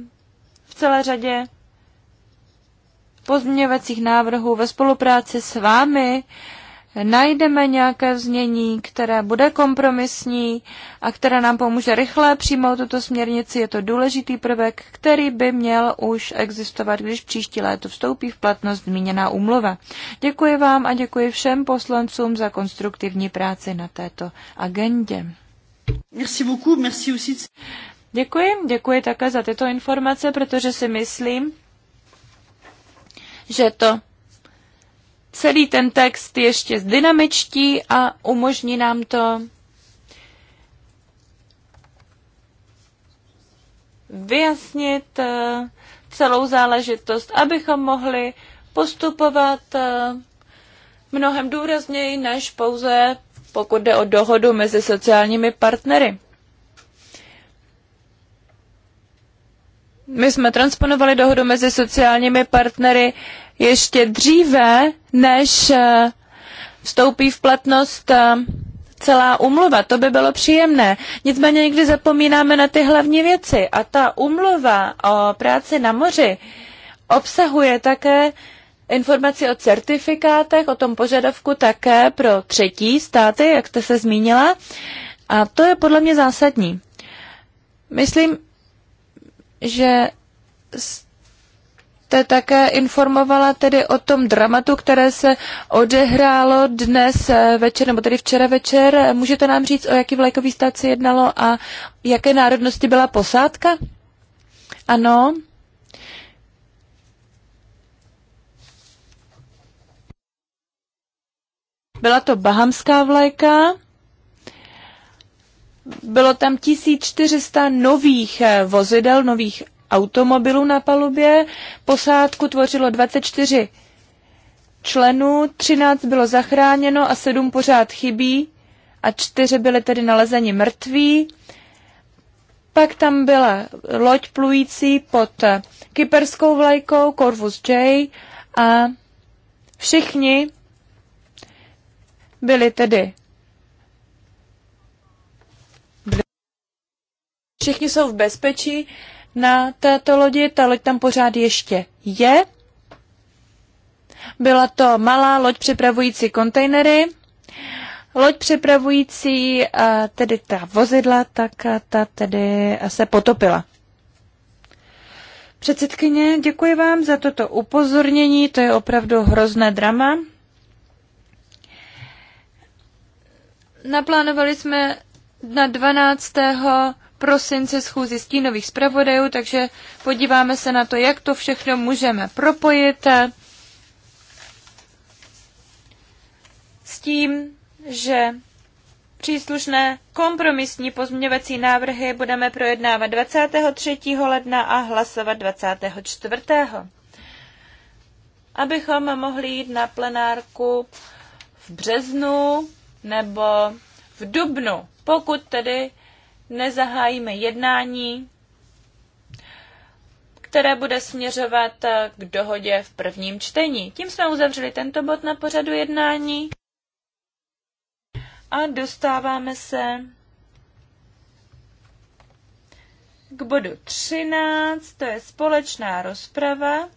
[SPEAKER 2] v celé řadě pozměňovacích návrhů ve spolupráci s vámi najdeme nějaké znění, které bude kompromisní a které nám pomůže rychle přijmout tuto směrnici. Je to důležitý prvek, který by měl už existovat, když příští léto vstoupí v platnost zmíněná úmluva. Děkuji vám a děkuji všem poslancům za konstruktivní práci na této agendě. Merci beaucoup, merci aussi. Děkuji, děkuji také za tyto informace, protože si myslím, že to celý ten text ještě zdynamičtí a umožní nám to vyjasnit eh, celou záležitost, abychom mohli postupovat eh, mnohem důrazněji než pouze pokud jde o dohodu mezi sociálními partnery. My jsme transponovali dohodu mezi sociálními partnery ještě dříve, než eh, vstoupí v platnost eh, celá umluva. To by bylo příjemné. Nicméně někdy zapomínáme na ty hlavní věci. A ta umluva o práci na moři obsahuje také informaci o certifikátech, o tom požadavku také pro třetí státy, jak jste se zmínila. A to je podle mě zásadní. Myslím, že jste také informovala tedy o tom dramatu, které se odehrálo dnes eh, večer, nebo tedy včera večer. Můžete nám říct, o jaký vlajkový stát se jednalo a jaké národnosti byla posádka? Ano. Byla to bahamská vlajka. Bylo tam 1400 nových eh, vozidel, nových automobilů na palubě. Posádku tvořilo 24 členů, 13 bylo zachráněno a 7 pořád chybí a 4 byly tedy nalezeni mrtví. Pak tam byla loď plující pod kyperskou vlajkou Corvus J a všichni byli tedy Všichni jsou v bezpečí na této lodi. Ta loď tam pořád ještě je. Byla to malá loď přepravující kontejnery. Loď přepravující eh, tedy ta vozidla, tak eh, ta tedy eh, se potopila. Předsedkyně, děkuji vám za toto upozornění, to je opravdu hrozné drama. Naplánovali jsme na 12 prosince schůzi stínových zpravodajů, takže podíváme se na to, jak to všechno můžeme propojit eh, s tím, že příslušné kompromisní pozměňovací návrhy budeme projednávat 23. ledna a hlasovat 24. Abychom mohli jít na plenárku v březnu nebo v dubnu, pokud tedy nezahájíme jednání, které bude směřovat eh, k dohodě v prvním čtení. Tím jsme uzavřeli tento bod na pořadu jednání a dostáváme se k bodu 13, to je společná rozprava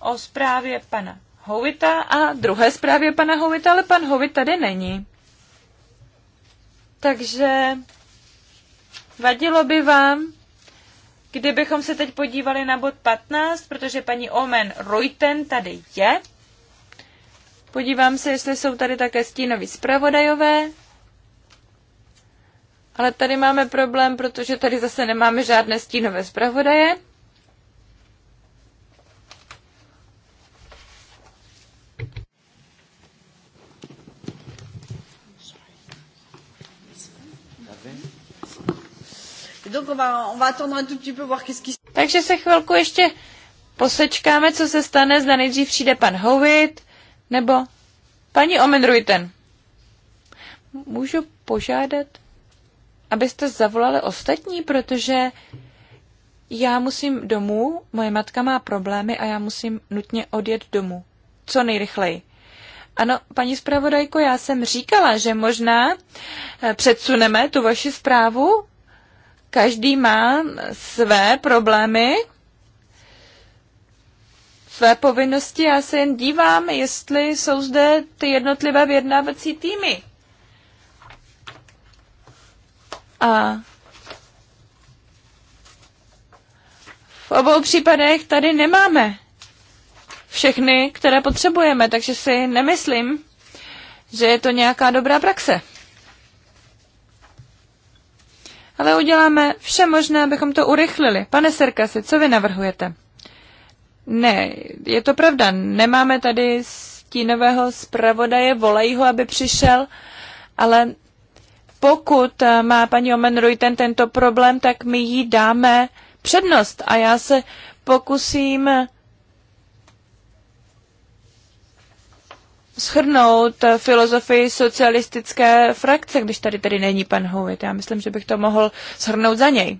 [SPEAKER 2] o zprávě pana Hovita a druhé zprávě pana Hovita, ale pan Hovit tady není. Takže Vadilo by vám, kdybychom se teď podívali na bod 15, protože paní Omen Reuten tady je. Podívám se, jestli jsou tady také stínoví zpravodajové. Ale tady máme problém, protože tady zase nemáme žádné stínové zpravodaje. Takže se chvilku ještě posečkáme, co se stane, zda nejdřív přijde pan Hovit, nebo paní Omenruiten. Můžu požádat, abyste zavolali ostatní, protože já musím domů, moje matka má problémy a já musím nutně odjet domů. Co nejrychleji. Ano, paní zpravodajko, já jsem říkala, že možná eh, předsuneme tu vaši zprávu Každý má své problémy, své povinnosti. Já se jen dívám, jestli jsou zde ty jednotlivé vyjednávací týmy. A v obou případech tady nemáme všechny, které potřebujeme, takže si nemyslím, že je to nějaká dobrá praxe ale uděláme vše možné, abychom to urychlili. Pane Serkasi, co vy navrhujete? Ne, je to pravda, nemáme tady stínového zpravodaje, volají ho, aby přišel, ale pokud eh, má paní ten tento problém, tak my jí dáme přednost a já se pokusím shrnout eh, filozofii socialistické frakce, když tady tedy není pan Howitt. Já myslím, že bych to mohl shrnout za něj.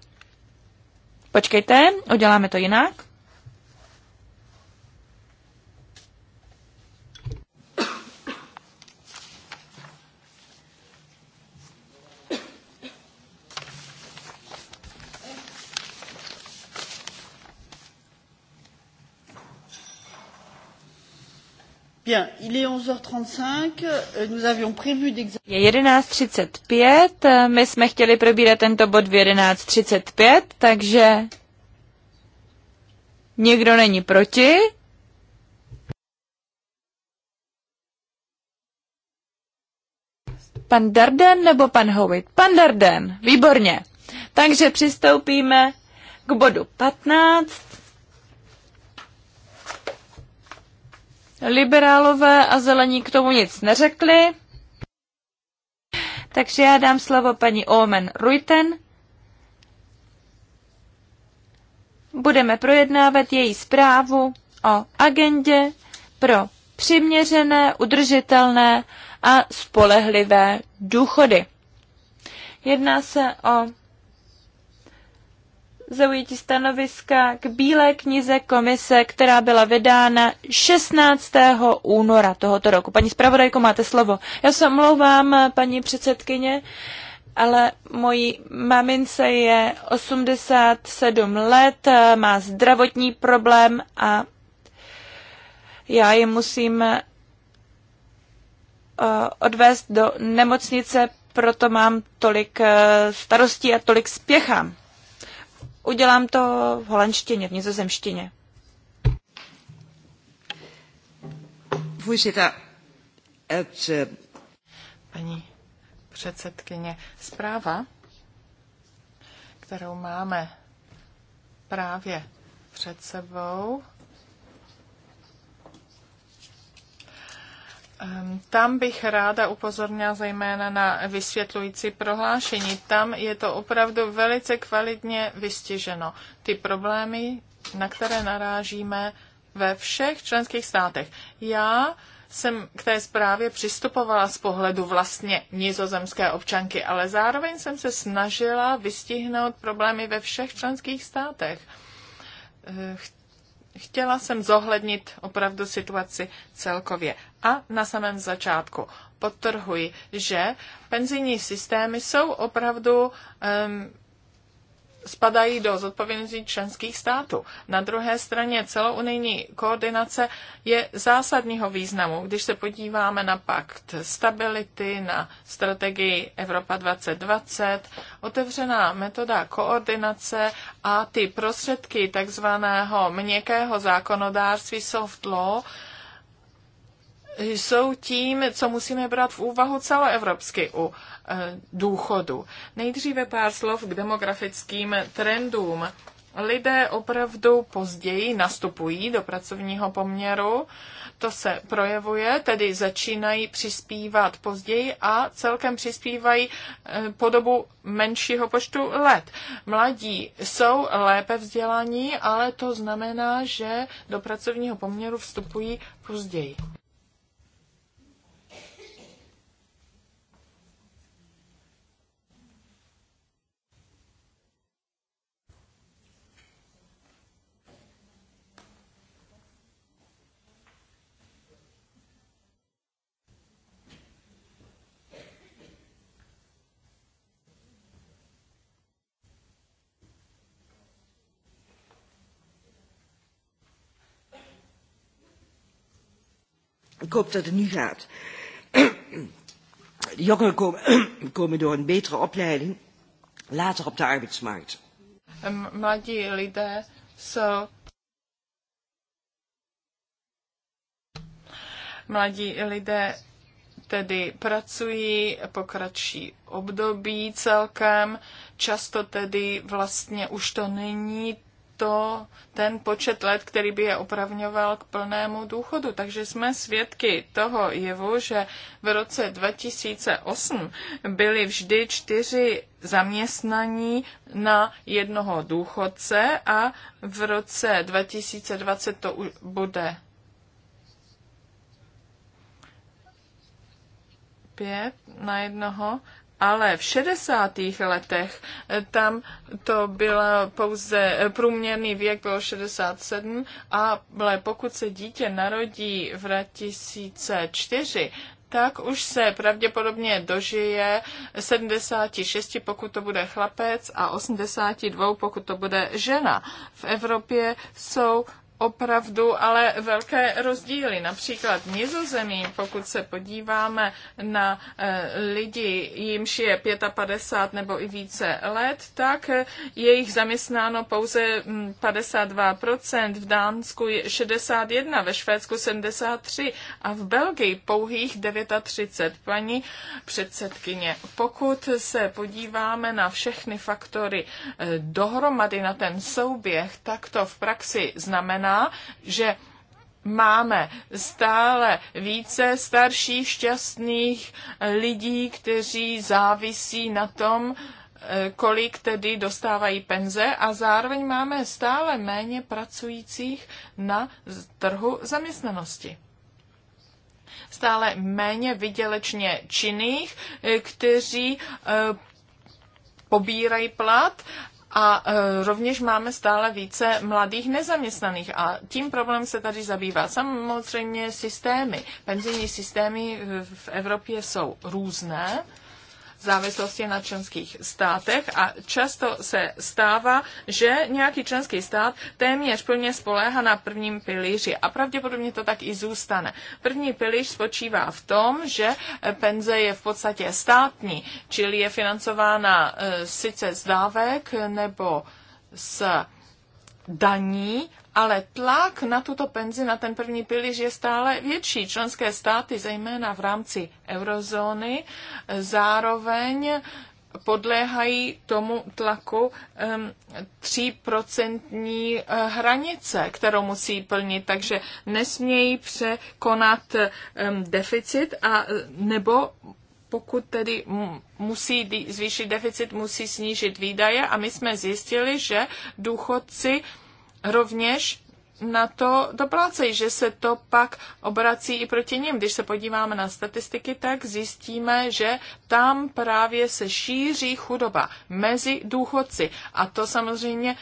[SPEAKER 2] Počkejte, uděláme to jinak. Euh, Je 11.35, euh, my jsme chtěli probírat tento bod v 11.35, takže někdo není proti. Pan Darden nebo pan Howitt? Pan Darden, výborně. Takže přistoupíme k bodu 15 Liberálové a zelení k tomu nic neřekli. Takže já dám slovo paní Omen Ruiten. Budeme projednávat její zprávu o agendě pro přiměřené, udržitelné a spolehlivé důchody. Jedná se o zaujetí stanoviska k Bílé knize komise, která byla vydána 16. února tohoto roku. Paní zpravodajko, máte slovo. Já se omlouvám, paní předsedkyně, ale mojí mamince je 87 let, má zdravotní problém a já ji musím eh, odvést do nemocnice, proto mám tolik eh, starostí a tolik spěchám. Udělám to v holandštině, v nizozemštině. Eh, Paní
[SPEAKER 3] předsedkyně, zpráva, kterou máme právě před sebou, Ehm, tam bych ráda upozornila zejména na vysvětlující prohlášení. Tam je to opravdu velice kvalitně vystěženo. Ty problémy, na které narážíme ve všech členských státech. Já jsem k té zprávě přistupovala z pohledu vlastně nizozemské občanky, ale zároveň jsem se snažila vystihnout problémy ve všech členských státech ehm, Chtěla jsem zohlednit opravdu situaci celkově. A na samém začátku podtrhuji, že penzijní systémy jsou opravdu um, spadají do zodpovědnosti členských států. Na druhé straně celounijní koordinace je zásadního významu, když se podíváme na pakt stability, na strategii Evropa 2020, otevřená metoda koordinace a ty prostředky takzvaného měkkého zákonodárství soft law jsou tím, co musíme brát v úvahu celoevropsky u eh, důchodu. Nejdříve pár slov k demografickým trendům. Lidé opravdu později nastupují do pracovního poměru, to se projevuje, tedy začínají přispívat později a celkem přispívají eh, po dobu menšího počtu let. Mladí jsou lépe vzdělaní, ale to znamená, že do pracovního poměru vstupují později.
[SPEAKER 2] Ik hoop dat het nu gaat. De jongeren komen, door een betere opleiding later op de arbeidsmarkt.
[SPEAKER 3] Ehm, mladí lidé tedy pracují po kratší období celkem, často tedy vlastně už to není to ten počet let, který by je opravňoval k plnému důchodu. Takže jsme svědky toho jevu, že v roce 2008 byly vždy čtyři zaměstnaní na jednoho důchodce a v roce 2020 to už bude pět na jednoho ale v 60. letech eh, tam to byl pouze eh, průměrný věk byl 67, ale pokud se dítě narodí v 2004, tak už se pravděpodobně dožije 76, pokud to bude chlapec, a 82, pokud to bude žena. V Evropě jsou opravdu ale velké rozdíly. Například v Nizozemí, pokud se podíváme na eh, lidi, jimž je 55 nebo i více let, tak je jich zaměstnáno pouze 52%, hm, v Dánsku je 61, ve Švédsku 73 a v Belgii pouhých 39. Paní předsedkyně, pokud se podíváme na všechny faktory eh, dohromady, na ten souběh, tak to v praxi znamená, znamená, že máme stále více starších šťastných eh, lidí, kteří závisí na tom, eh, kolik tedy dostávají penze a zároveň máme stále méně pracujících na trhu zaměstnanosti stále méně vydělečně činných, eh, kteří pobírají plat a e, rovněž máme stále více mladých nezaměstnaných a tím problém se tady zabývá. Samozřejmě systémy, penzijní systémy v Evropě jsou různé, závislosti na členských státech a často se stává, že nějaký členský stát téměř plně spoléhá na prvním pilíři a pravděpodobně to tak i zůstane. První pilíř spočívá v tom, že penze je v podstatě státní, čili je financována e, sice z dávek nebo s daní, ale tlak na tuto penzi, na ten první pilíř je stále větší. Členské státy, zejména v rámci eurozóny, zároveň podléhají tomu tlaku tříprocentní eh, hranice, kterou musí plnit, takže nesmějí překonat deficit a nebo pokud tedy musí zvýšit deficit, musí snížit výdaje a my jsme zjistili, že důchodci rovněž na to doplácejí, že se to pak obrací i proti ním. Když se podíváme na statistiky, tak zjistíme, že tam právě se šíří chudoba mezi důchodci. A to samozřejmě uh,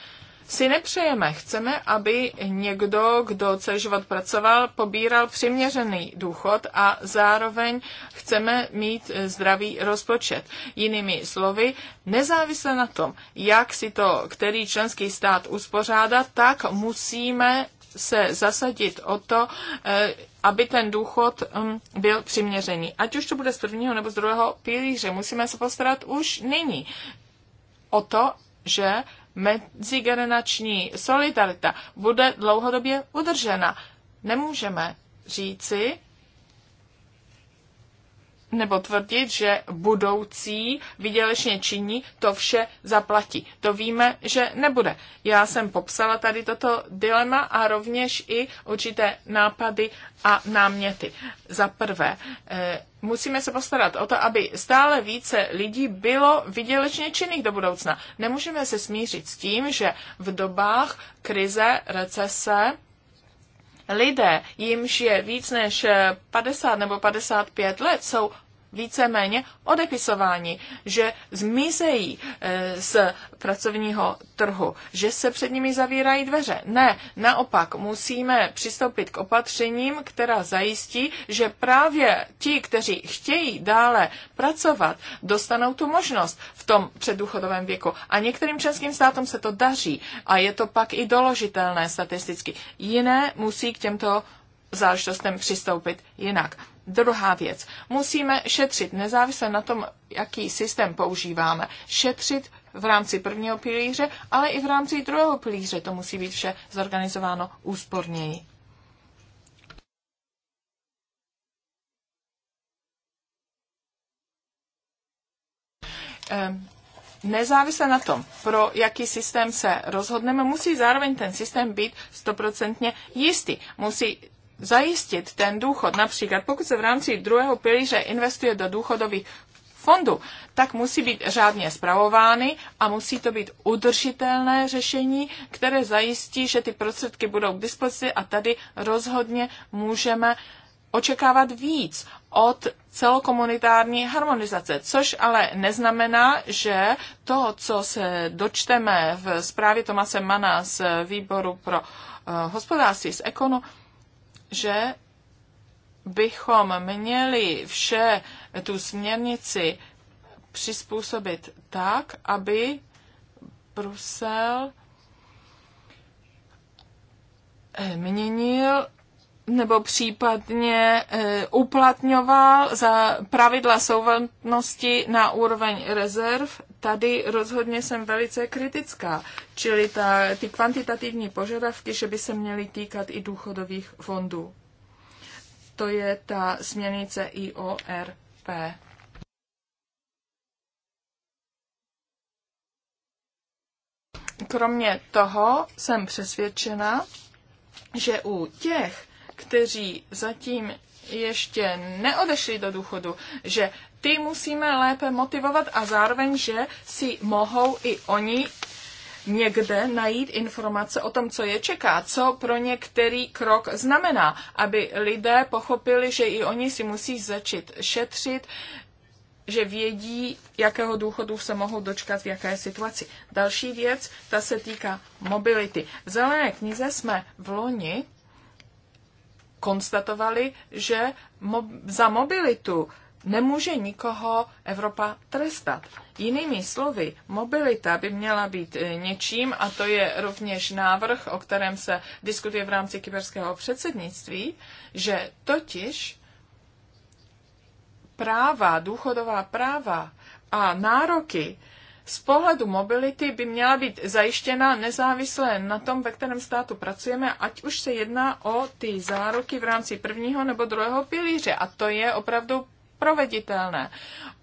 [SPEAKER 3] si nepřejeme. Chceme, aby někdo, kdo celý život pracoval, pobíral přiměřený důchod a zároveň chceme mít eh, zdravý rozpočet. Jinými slovy, nezávisle na tom, jak si to který členský stát uspořádá, tak musíme se zasadit o to, eh, aby ten důchod mm, byl přiměřený. Ať už to bude z prvního nebo z druhého pilíře, musíme se postarat už nyní o to, že mezigenerační solidarita bude dlouhodobě udržena. Nemůžeme říci, nebo tvrdit, že budoucí vydělečně činní to vše zaplatí. To víme, že nebude. Já jsem popsala tady toto dilema a rovněž i určité nápady a náměty. Za prvé, eh, musíme se postarat o to, aby stále více lidí bylo vydělečně činných do budoucna. Nemůžeme se smířit s tím, že v dobách krize, recese, lidé, jimž je víc než 50 nebo 55 let, jsou víceméně odepisováni, že zmizejí eh, z pracovního trhu, že se před nimi zavírají dveře. Ne, naopak musíme přistoupit k opatřením, která zajistí, že právě ti, kteří chtějí dále pracovat, dostanou tu možnost v tom předdůchodovém věku. A některým českým státům se to daří a je to pak i doložitelné statisticky. Jiné musí k těmto záležitostem přistoupit jinak. Druhá věc. Musíme šetřit, nezávisle na tom, jaký systém používáme, šetřit v rámci prvního pilíře, ale i v rámci druhého pilíře. To musí být vše zorganizováno úsporněji. Ehm, nezávisle na tom, pro jaký systém se rozhodneme, musí zároveň ten systém být stoprocentně jistý. Musí zajistit ten důchod, například pokud se v rámci druhého pilíře investuje do důchodových fondu, tak musí být řádně zpravovány a musí to být udržitelné řešení, které zajistí, že ty prostředky budou k dispozici a tady rozhodně můžeme očekávat víc od celokomunitární harmonizace, což ale neznamená, že to, co se dočteme v zprávě Tomase Mana z výboru pro eh, hospodářství, z ekonu, že bychom měli vše tu směrnici přizpůsobit tak, aby Brusel eh, měnil nebo případně eh, uplatňoval za pravidla souvatnosti na úroveň rezerv tady rozhodně jsem velice kritická, čili ta, ty kvantitativní požadavky, že by se měly týkat i důchodových fondů. To je ta směrnice IORP. Kromě toho jsem přesvědčena, že u těch, kteří zatím ještě neodešli do důchodu, že ty musíme lépe motivovat a zároveň, že si mohou i oni někde najít informace o tom, co je čeká, co pro některý krok znamená, aby lidé pochopili, že i oni si musí začít šetřit, že vědí, jakého důchodu se mohou dočkat v jaké situaci. Další věc, ta se týká mobility. V zelené knize jsme v loni konstatovali, že mo- za mobilitu nemůže nikoho Evropa trestat. Jinými slovy, mobilita by měla být e, něčím, a to je rovněž návrh, o kterém se diskutuje v rámci kyberského předsednictví, že totiž práva, důchodová práva a nároky z pohledu mobility by měla být zajištěna nezávisle na tom, ve kterém státu pracujeme, ať už se jedná o ty záruky v rámci prvního nebo druhého pilíře. A to je opravdu proveditelné.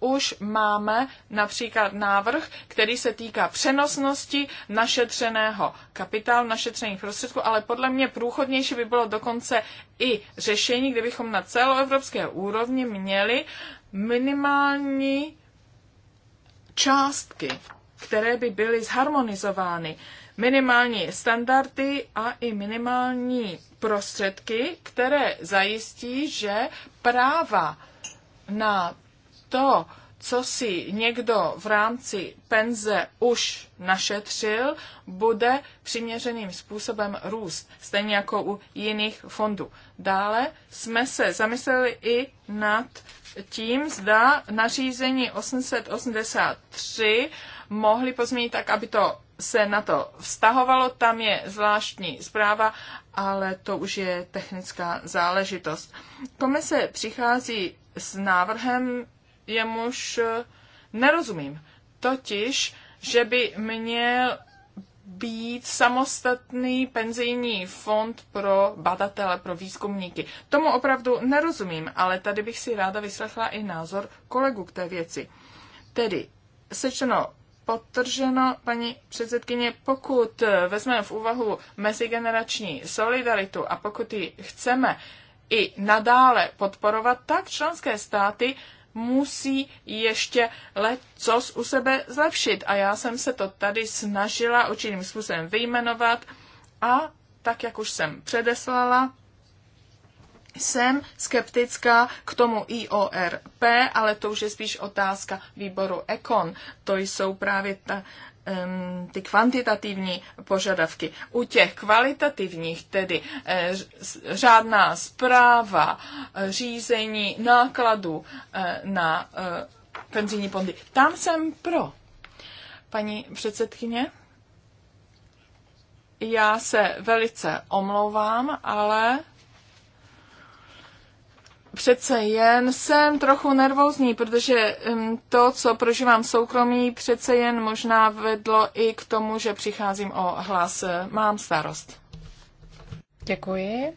[SPEAKER 3] Už máme například návrh, který se týká přenosnosti našetřeného kapitálu, našetřených prostředků, ale podle mě průchodnější by bylo dokonce i řešení, kdybychom na celoevropské úrovni měli minimální částky, které by byly zharmonizovány, minimální standardy a i minimální prostředky, které zajistí, že práva na to, co si někdo v rámci penze už našetřil, bude přiměřeným způsobem růst, stejně jako u jiných fondů. Dále jsme se zamysleli i nad tím, zda nařízení 883 mohli pozměnit tak, aby to se na to vztahovalo, tam je zvláštní zpráva, ale to už je technická záležitost. Komise přichází s návrhem, jemuž nerozumím. Totiž, že by měl být samostatný penzijní fond pro badatele, pro výzkumníky. Tomu opravdu nerozumím, ale tady bych si ráda vyslechla i názor kolegu k té věci. Tedy, sečeno potrženo, paní předsedkyně, pokud vezmeme v úvahu mezigenerační solidaritu a pokud ji chceme i nadále podporovat, tak členské státy musí ještě lecos u sebe zlepšit. A já jsem se to tady snažila určitým způsobem vyjmenovat a tak, jak už jsem předeslala, jsem skeptická k tomu IORP, ale to už je spíš otázka výboru Ekon. To jsou právě ta um, ty kvantitativní požadavky. U těch kvalitativních, tedy e, řádná zpráva, e, řízení nákladů e, na e, penzijní fondy, tam jsem pro. Paní předsedkyně? Já se velice omlouvám, ale přece jen jsem trochu nervózní, protože to, co prožívám soukromí, přece jen možná vedlo i k tomu, že přicházím o hlas. Mám
[SPEAKER 1] starost. Děkuji.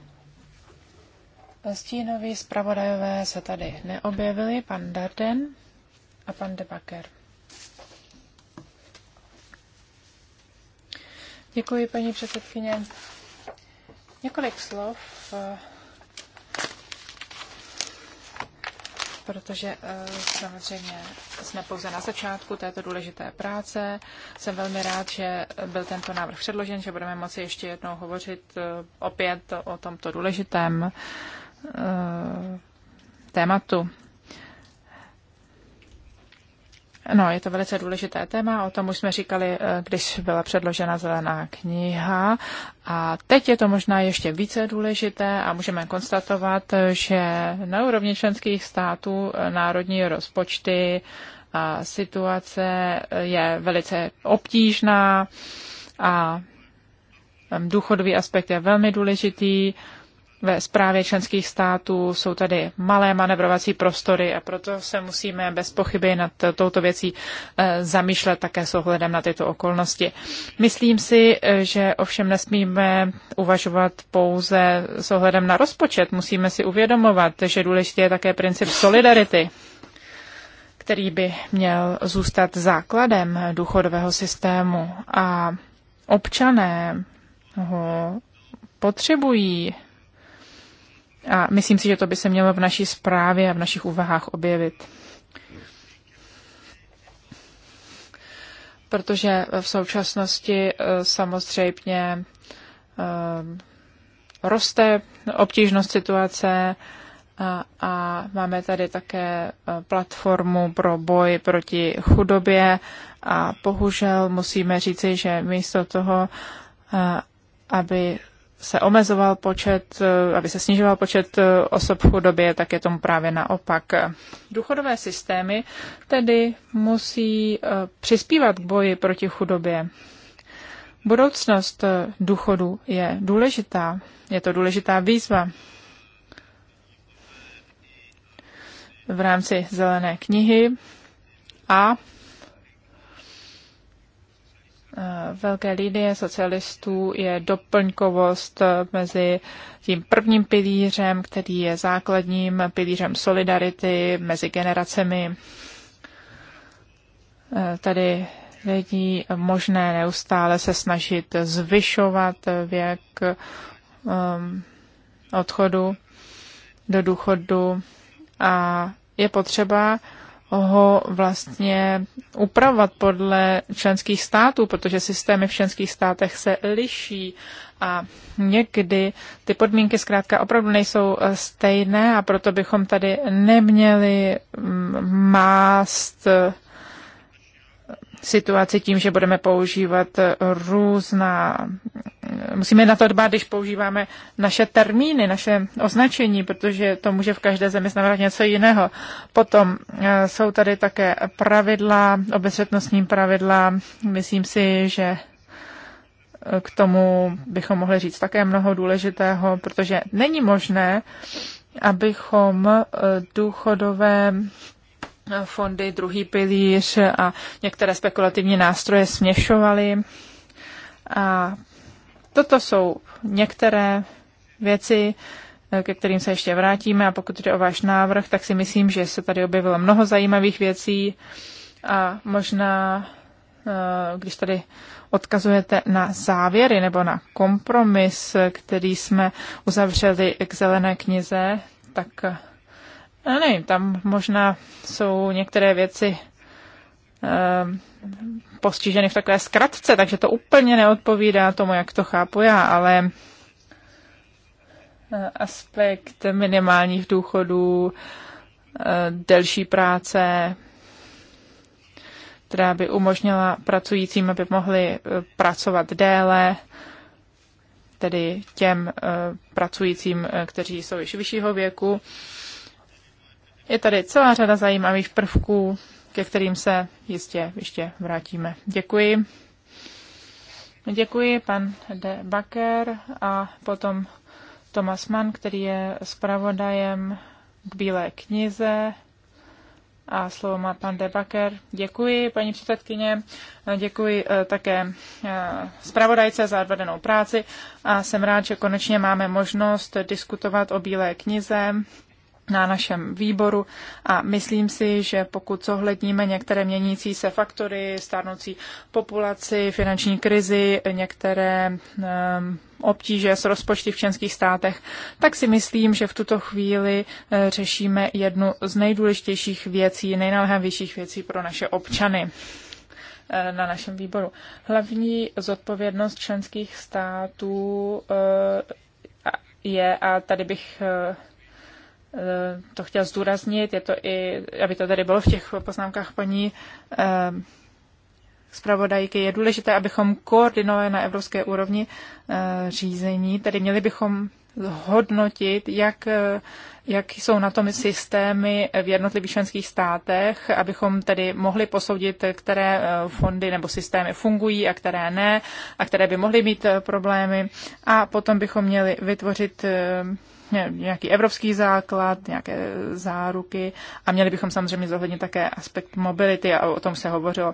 [SPEAKER 1] Stínoví zpravodajové se tady neobjevili, pan Darden a pan Debaker. Děkuji, paní předsedkyně. Několik slov eh, protože eh, samozřejmě jsme pouze na začátku této důležité práce. Jsem velmi rád, že byl tento návrh předložen, že budeme moci ještě jednou hovořit eh, opět o tomto důležitém eh, tématu. No, je to velice důležité téma, o tom už jsme říkali, eh, když byla předložena zelená kniha a teď je to možná ještě více důležité a můžeme konstatovat, že na úrovni členských států eh, národní rozpočty a situace eh, je velice obtížná a důchodový aspekt je velmi důležitý ve zprávě členských států jsou tady malé manevrovací prostory a proto se musíme bez pochyby nad touto věcí eh, zamýšlet také s ohledem na tyto okolnosti. Myslím si, eh, že ovšem nesmíme uvažovat pouze s ohledem na rozpočet. Musíme si uvědomovat, že důležitý je také princip solidarity který by měl zůstat základem důchodového systému a občané ho potřebují a myslím si, že to by se mělo v naší zprávě a v našich úvahách objevit. Protože v současnosti eh, samozřejmě eh, roste obtížnost situace a, a máme tady také eh, platformu pro boj proti chudobě a bohužel musíme říci, že místo toho, aby se omezoval počet, eh, aby se snižoval počet eh, osob v chudobě, tak je tomu právě naopak. Důchodové systémy tedy musí eh, přispívat k boji proti chudobě. Budoucnost důchodu je důležitá, je to důležitá výzva. V rámci zelené knihy a Eh, velké linie socialistů je doplňkovost eh, mezi tím prvním pilířem, který je základním pilířem solidarity mezi generacemi. Eh, tady lidí možné neustále se snažit zvyšovat věk ehm, odchodu do důchodu a je potřeba ho vlastně upravovat podle členských států, protože systémy v členských státech se liší a někdy ty podmínky zkrátka opravdu nejsou eh, stejné a proto bychom tady neměli mm, mást eh, situaci tím, že budeme používat eh, různá musíme na to dbát, když používáme naše termíny, naše označení, protože to může v každé zemi znamenat něco jiného. Potom eh, jsou tady také pravidla, obezřetnostní pravidla. Myslím si, že eh, k tomu bychom mohli říct také mnoho důležitého, protože není možné, abychom eh, důchodové fondy, druhý pilíř a některé spekulativní nástroje směšovali a Toto jsou některé věci, eh, ke kterým se ještě vrátíme a pokud jde o váš návrh, tak si myslím, že se tady objevilo mnoho zajímavých věcí a možná, eh, když tady odkazujete na závěry nebo na kompromis, který jsme uzavřeli k zelené knize, tak eh, nevím, tam možná jsou některé věci Eh, postiženy v takové zkratce, takže to úplně neodpovídá tomu, jak to chápu já, ale eh, aspekt minimálních důchodů, eh, delší práce, která by umožnila pracujícím, aby mohli pracovat déle, tedy těm pracujícím, kteří jsou již vyššího věku. Je tady celá řada zajímavých prvků, ke kterým se jistě ještě vrátíme. Děkuji. Děkuji pan De Baker a potom Thomas Mann, který je zpravodajem k Bílé knize. A slovo má pan de Baker. Děkuji, paní předsedkyně. Děkuji eh, také eh, zpravodajce za odvedenou práci a jsem rád, že konečně máme možnost diskutovat o Bílé knize na našem výboru a myslím si, že pokud zohledníme některé měnící se faktory, stárnoucí populaci, finanční krizi, některé ehm, obtíže s rozpočty v členských státech, tak si myslím, že v tuto chvíli eh, řešíme jednu z nejdůležitějších věcí, nejnalhavějších věcí pro naše občany eh, na našem výboru. Hlavní zodpovědnost členských států eh, je, a tady bych Eh, to chtěl zdůraznit, je to i, aby to tady bylo v těch poznámkách paní eh, zpravodajky, je důležité, abychom koordinovali na evropské úrovni eh, řízení, tedy měli bychom hodnotit, jak, jak jsou na tom systémy v jednotlivých členských státech, abychom tedy mohli posoudit, které fondy nebo systémy fungují a které ne, a které by mohly mít problémy. A potom bychom měli vytvořit nějaký evropský základ, nějaké záruky a měli bychom samozřejmě zohlednit také aspekt mobility a o tom se hovořilo.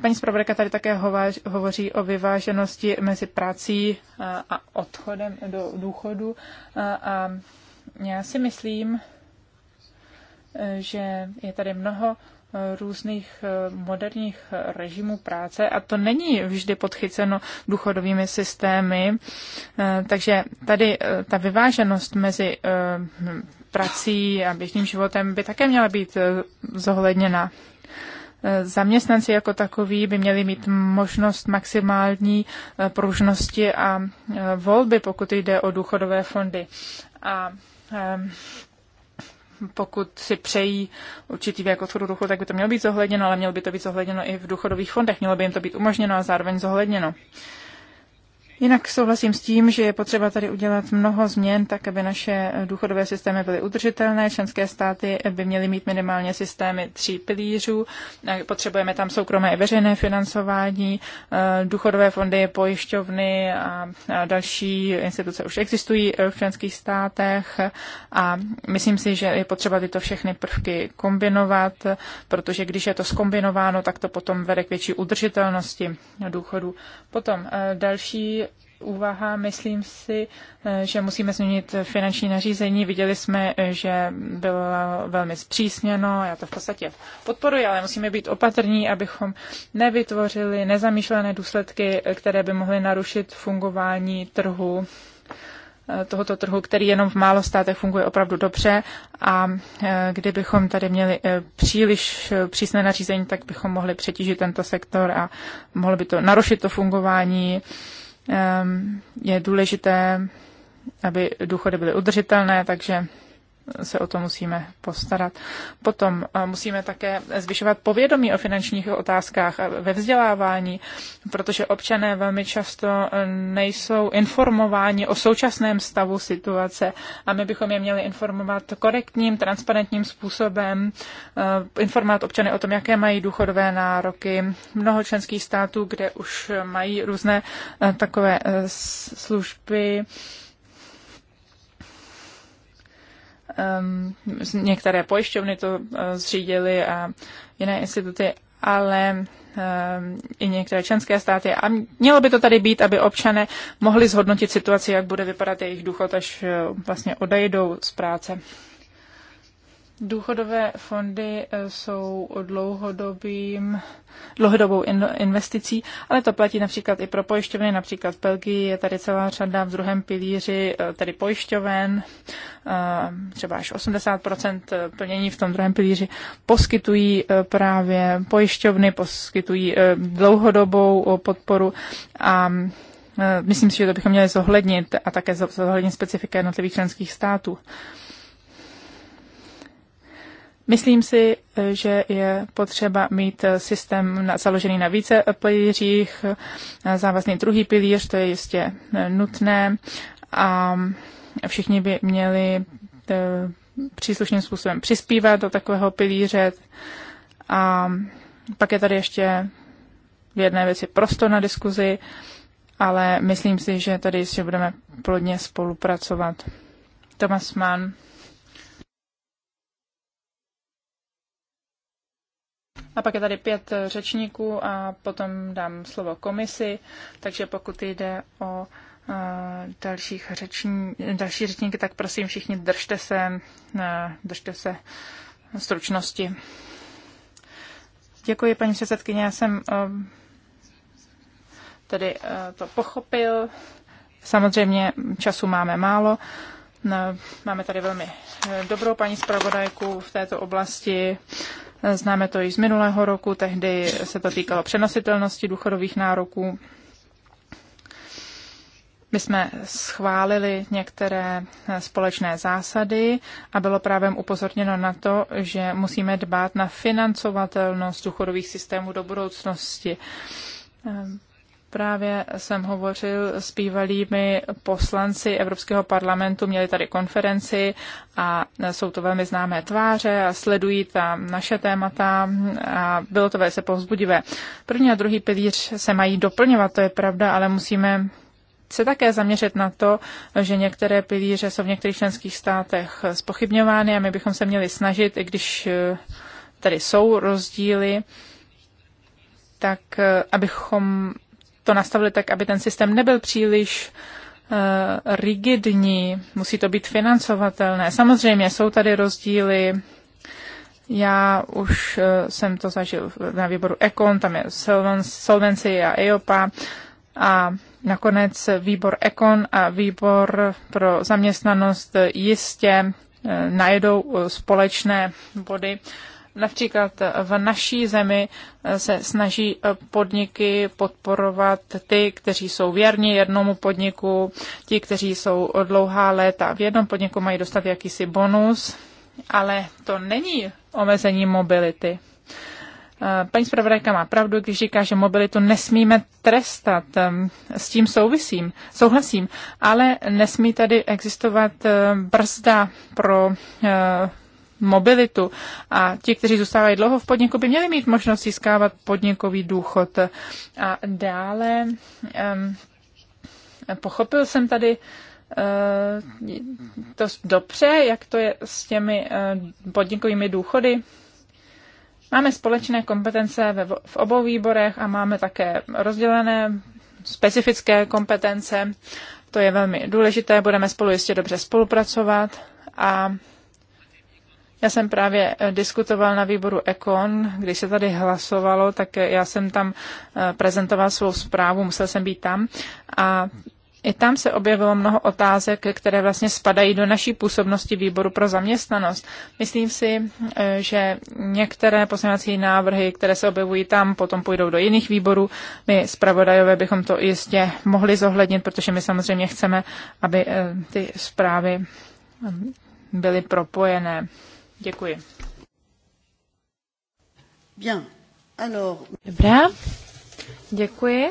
[SPEAKER 1] Paní zpravodajka tady také hovoří o vyváženosti mezi prací a odchodem do důchodu a já si myslím, že je tady mnoho různých eh, moderních režimů práce a to není vždy podchyceno důchodovými systémy. Eh, takže tady eh, ta vyváženost mezi prací a běžným životem by také měla být zohledněna. Zaměstnanci jako takoví by měli mít možnost maximální pružnosti a volby, pokud jde o důchodové fondy. A pokud si přejí určitý věk odchodu důchodu, tak by to mělo být zohledněno, ale mělo by to být zohledněno i v důchodových fondech, mělo by jim to být umožněno a zároveň zohledněno. Jinak souhlasím s tím, že je potřeba tady udělat mnoho změn, tak aby naše důchodové systémy byly udržitelné. Členské státy by měly mít minimálně systémy tří pilířů. Potřebujeme tam soukromé i veřejné financování. Eh, důchodové fondy, pojišťovny a další instituce už existují eh, v členských státech a myslím si, že je potřeba tyto všechny prvky kombinovat, protože když je to skombinováno, tak to potom vede k větší udržitelnosti důchodu. Potom eh, další úvaha. Myslím si, eh, že musíme změnit finanční nařízení. Viděli jsme, eh, že bylo velmi zpřísněno, já to v podstatě podporuji, ale musíme být opatrní, abychom nevytvořili nezamýšlené důsledky, eh, které by mohly narušit fungování trhu tohoto trhu, který jenom v málo státech funguje opravdu dobře a kdybychom tady měli příliš přísné nařízení, tak bychom mohli přetížit tento sektor a mohlo by to narušit to fungování Ehm, je důležité, aby důchody byly udržitelné, takže se o to musíme postarat. Potom eh, musíme také zvyšovat povědomí o finančních otázkách ve vzdělávání, protože občané velmi často eh, nejsou informováni o současném stavu situace a my bychom je měli informovat korektním, transparentním způsobem, eh, informovat občany o tom, jaké mají důchodové nároky. Mnoho členských států, kde už mají různé takové služby, Ehm, některé pojišťovny to eh, zřídily a jiné instituty, ale ehm, i některé členské státy. A mělo by to tady být, aby občané mohli zhodnotit situaci, jak bude vypadat jejich důchod, až eh, vlastně odejdou z práce. Důchodové fondy eh, jsou dlouhodobým, dlouhodobou investicí, ale to platí například i pro pojišťovny. Například v Belgii je tady celá řada v druhém pilíři, eh, tedy pojišťoven, eh, třeba až 80% plnění v tom druhém pilíři poskytují právě pojišťovny, poskytují dlouhodobou podporu a myslím si, že to bychom měli zohlednit a také zohlednit specifika jednotlivých členských států. Myslím si, eh, že je potřeba mít eh, systém založený na více eh, pilířích, závazný druhý pilíř, to je jistě nutné a mm, všichni by měli příslušným způsobem přispívat do takového pilíře. A mm, pak je tady ještě v jedné věci prostor na diskuzi, ale myslím si, že tady ještě budeme plodně spolupracovat. Thomas Mann. A pak je tady pět řečníků a potom dám slovo komisi, takže pokud jde o eh, dalších řeční, další řečníky, tak prosím všichni držte se, eh, držte se stručnosti. Děkuji, paní předsedkyně, já jsem eh, tedy to pochopil. Samozřejmě času máme málo Máme tady velmi eh, dobrou paní zpravodajku v této oblasti. Známe to i z minulého roku, tehdy se to týkalo přenositelnosti důchodových nároků. My jsme schválili některé eh, společné zásady a bylo právem upozorněno na to, že musíme dbát na financovatelnost důchodových systémů do budoucnosti. Ehm, Právě jsem hovořil s bývalými poslanci Evropského parlamentu, měli tady konferenci a jsou to velmi známé tváře a sledují tam naše témata a bylo to velice povzbudivé. První a druhý pilíř se mají doplňovat, to je pravda, ale musíme se také zaměřit na to, že některé pilíře jsou v některých členských státech spochybňovány a my bychom se měli snažit, i když eh, tady jsou rozdíly, tak eh, abychom to nastavili tak, aby ten systém nebyl příliš eh, rigidní, musí to být financovatelné. Samozřejmě jsou tady rozdíly. Já už eh, jsem to zažil na výboru Econ, tam je Solvency a EOPA a nakonec výbor Econ a výbor pro zaměstnanost jistě eh, najedou společné body Například v naší zemi eh, se snaží eh, podniky podporovat ty, kteří jsou věrní jednomu podniku, ti, kteří jsou dlouhá léta v jednom podniku, mají dostat jakýsi bonus, ale to není omezení mobility. Eh, paní zpravodajka má pravdu, když říká, že mobilitu nesmíme trestat. Ehm, s tím souvisím, souhlasím, ale nesmí tady existovat brzda pro mobilitu. A ti, kteří zůstávají dlouho v podniku, by měli mít možnost získávat podnikový důchod. A dále um, pochopil jsem tady uh, to dobře, jak to je s těmi uh, podnikovými důchody. Máme společné kompetence ve, v obou výborech a máme také rozdělené specifické kompetence. To je velmi důležité, budeme spolu jistě dobře spolupracovat a já jsem právě eh, diskutoval na výboru Ekon, když se tady hlasovalo, tak eh, já jsem tam eh, prezentoval svou zprávu, musel jsem být tam. A i tam se objevilo mnoho otázek, které vlastně spadají do naší působnosti výboru pro zaměstnanost. Myslím si, že některé poslanecké návrhy, které se objevují tam, potom půjdou do jiných výborů. My zpravodajové bychom to jistě mohli zohlednit, protože my samozřejmě chceme, aby ty zprávy byly propojené.
[SPEAKER 2] Děkuji. Bien. Dobrá, děkuji.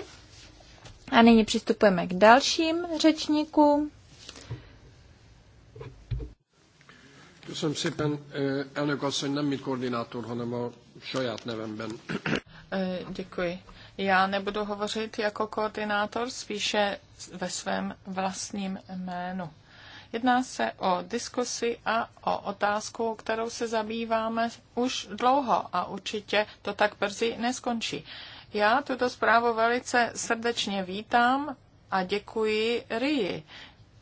[SPEAKER 2] A nyní přistupujeme k dalším řečníkům. Köszönöm szépen, eh, elnök asszony, nem mint koordinátor, hanem a saját nevemben.
[SPEAKER 3] Eh, děkuji. Já nebudu hovořit jako koordinátor, spíše ve svém vlastním jménu. Jedná se o diskusi a o otázku, kterou se zabýváme už dlouho a určitě to tak brzy neskončí. Já tuto zprávu velice srdečně vítám a děkuji Rii.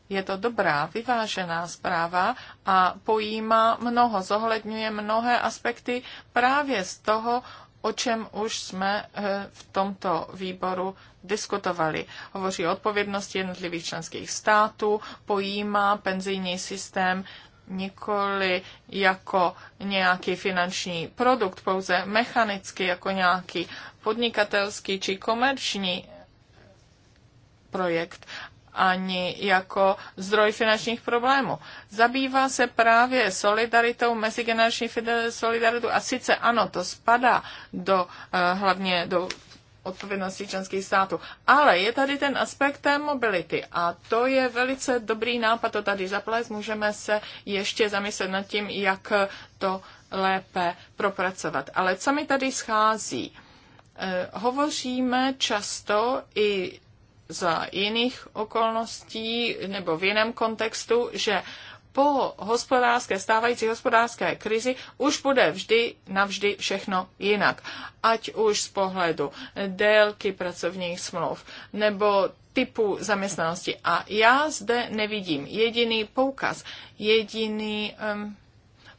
[SPEAKER 3] Je to dobrá, vyvážená zpráva a pojímá mnoho, zohledňuje mnohé aspekty právě z toho o čem už jsme eh, v tomto výboru diskutovali. Hovoří o odpovědnosti jednotlivých členských států, pojímá penzijní systém nikoli jako nějaký finanční produkt, pouze mechanicky jako nějaký podnikatelský či komerční projekt ani jako zdroj finančních problémů. Zabývá se právě solidaritou, mezigenerační solidaritu a sice ano, to spadá do, eh, hlavně do odpovědnosti členských států. Ale je tady ten aspekt té mobility a to je velice dobrý nápad, to tady zaplést, můžeme se ještě zamyslet nad tím, jak to lépe propracovat. Ale co mi tady schází? Eh, hovoříme často i za jiných okolností nebo v jiném kontextu, že po hospodářské, stávající hospodářské krizi už bude vždy navždy všechno jinak. Ať už z pohledu délky pracovních smluv nebo typu zaměstnanosti. A já zde nevidím jediný poukaz, jediný um,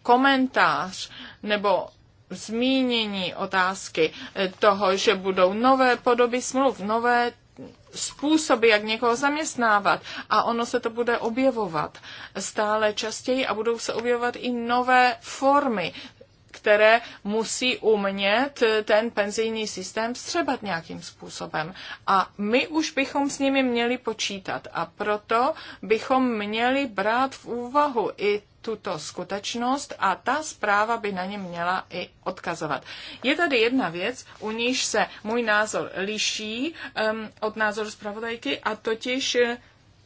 [SPEAKER 3] komentář nebo zmínění otázky toho, že budou nové podoby smluv, nové způsoby, jak někoho zaměstnávat a ono se to bude objevovat stále častěji a budou se objevovat i nové formy, které musí umět ten penzijní systém střebat nějakým způsobem. A my už bychom s nimi měli počítat a proto bychom měli brát v úvahu i tuto skutečnost a ta zpráva by na ně měla i odkazovat. Je tady jedna věc, u níž se můj názor liší um, od názoru zpravodajky a totiž eh,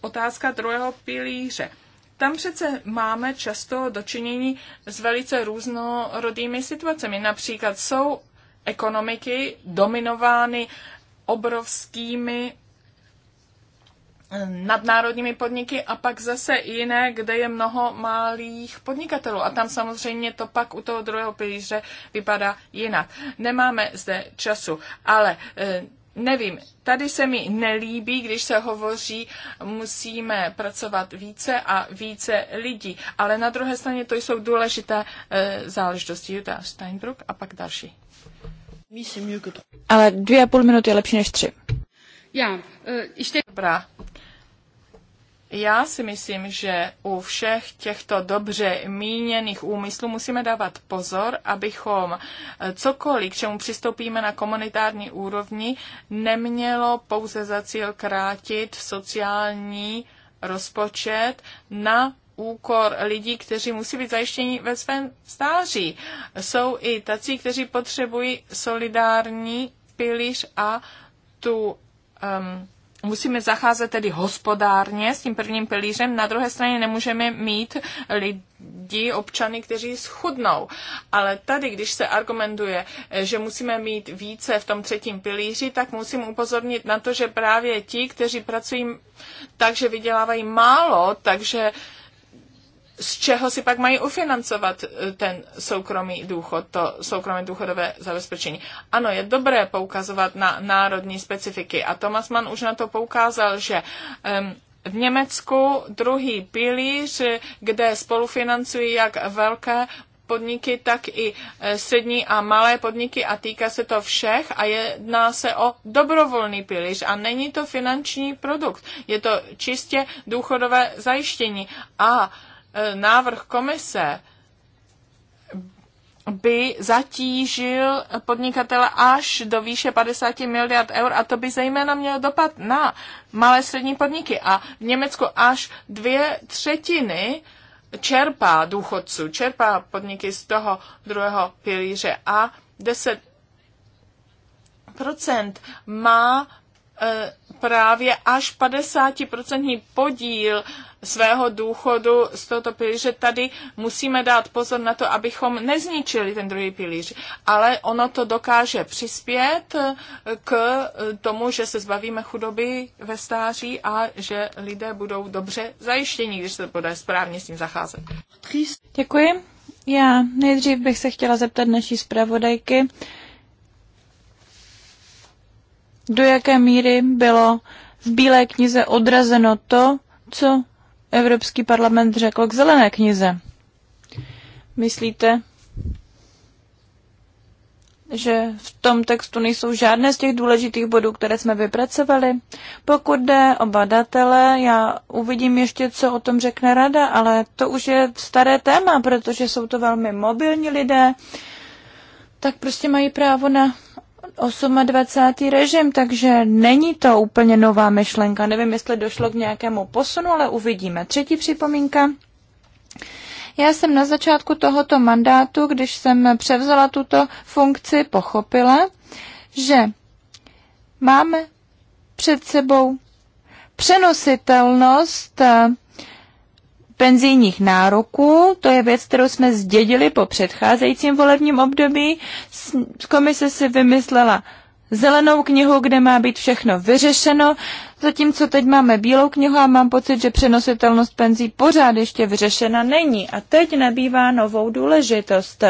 [SPEAKER 3] otázka druhého pilíře. Tam přece máme často dočinění s velice různorodými situacemi. Například jsou ekonomiky dominovány obrovskými nadnárodními podniky a pak zase jiné, kde je mnoho malých podnikatelů. A tam samozřejmě to pak u toho druhého pilíře vypadá jinak. Nemáme zde času, ale e, nevím, tady se mi nelíbí, když se hovoří, musíme pracovat více a více lidí. Ale na druhé straně to jsou důležité e, záležitosti. Jutta Steinbrück a pak další.
[SPEAKER 2] Ale dvě a půl minuty je lepší než tři.
[SPEAKER 3] Já, e, ještě... Dobrá. Já si myslím, že u všech těchto dobře míněných úmyslů musíme dávat pozor, abychom cokoliv, k čemu přistoupíme na komunitární úrovni, nemělo pouze za cíl krátit sociální rozpočet na úkor lidí, kteří musí být zajištěni ve svém stáří. Jsou i tací, kteří potřebují solidární pilíř a tu um, musíme zacházet tedy hospodárně s tím prvním pilířem, na druhé straně nemůžeme mít lidi, občany, kteří schudnou. Ale tady, když se argumentuje, že musíme mít více v tom třetím pilíři, tak musím upozornit na to, že právě ti, kteří pracují tak, že vydělávají málo, takže uh, z čeho si pak mají ufinancovat eh, ten soukromý důchod, to soukromé důchodové zabezpečení. Ano, je dobré poukazovat na národní specifiky a Thomas Mann už na to poukázal, že um, v Německu druhý pilíř, kde spolufinancují jak velké podniky, tak i eh, střední a malé podniky a týká se to všech a jedná se o dobrovolný pilíř a není to finanční produkt. Je to čistě důchodové zajištění a Eh, návrh komise by zatížil podnikatele až do výše 50 miliard eur a to by zejména mělo dopad na malé střední podniky. A v Německu až dvě třetiny čerpá důchodců, čerpá podniky z toho druhého pilíře a 10 má eh, právě až 50% podíl svého důchodu z tohoto pilíře, tady musíme dát pozor na to, abychom nezničili ten druhý pilíř. Ale ono to dokáže přispět eh, k eh, tomu, že se zbavíme chudoby ve stáří a že lidé budou dobře zajištěni, když se bude správně s tím zacházet.
[SPEAKER 2] Děkuji. Já nejdřív bych se chtěla zeptat naší zpravodajky, do jaké míry bylo v Bílé knize odrazeno to, co Evropský parlament řekl k zelené knize. Myslíte, že v tom textu nejsou žádné z těch důležitých bodů, které jsme vypracovali. Pokud jde o badatele, já uvidím ještě, co o tom řekne rada, ale to už je staré téma, protože jsou to velmi mobilní lidé, tak prostě mají právo na 28. režim, takže není to úplně nová myšlenka. Nevím, jestli došlo k nějakému posunu, ale uvidíme. Třetí připomínka. Já jsem na začátku tohoto mandátu, když jsem převzala tuto funkci, pochopila, že máme před sebou přenositelnost eh, penzijních nároků. To je věc, kterou jsme zdědili po předcházejícím volebním období. Komise si vymyslela zelenou knihu, kde má být všechno vyřešeno, zatímco teď máme bílou knihu a mám pocit, že přenositelnost penzí pořád ještě vyřešena není. A teď nabývá novou důležitost.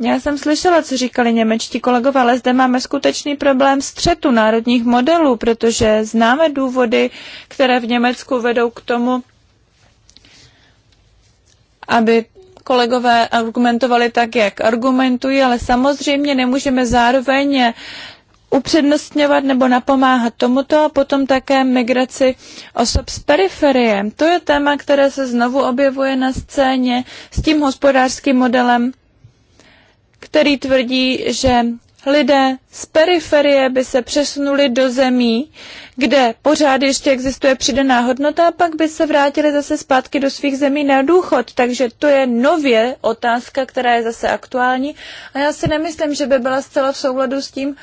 [SPEAKER 2] Já jsem slyšela, co říkali němečtí kolegové, ale zde máme skutečný problém střetu národních modelů, protože známe důvody, které v Německu vedou k tomu, aby kolegové argumentovali tak, jak argumentují, ale samozřejmě nemůžeme zároveň upřednostňovat nebo napomáhat tomuto a potom také migraci osob z periferie. To je téma, které se znovu objevuje na scéně s tím hospodářským modelem, který tvrdí, že lidé z periferie by se přesunuli do zemí, kde pořád ještě existuje přidaná hodnota a pak by se vrátili zase zpátky do svých zemí na důchod. Takže to je nově otázka, která je zase aktuální a já si nemyslím, že by byla zcela v souladu s tím,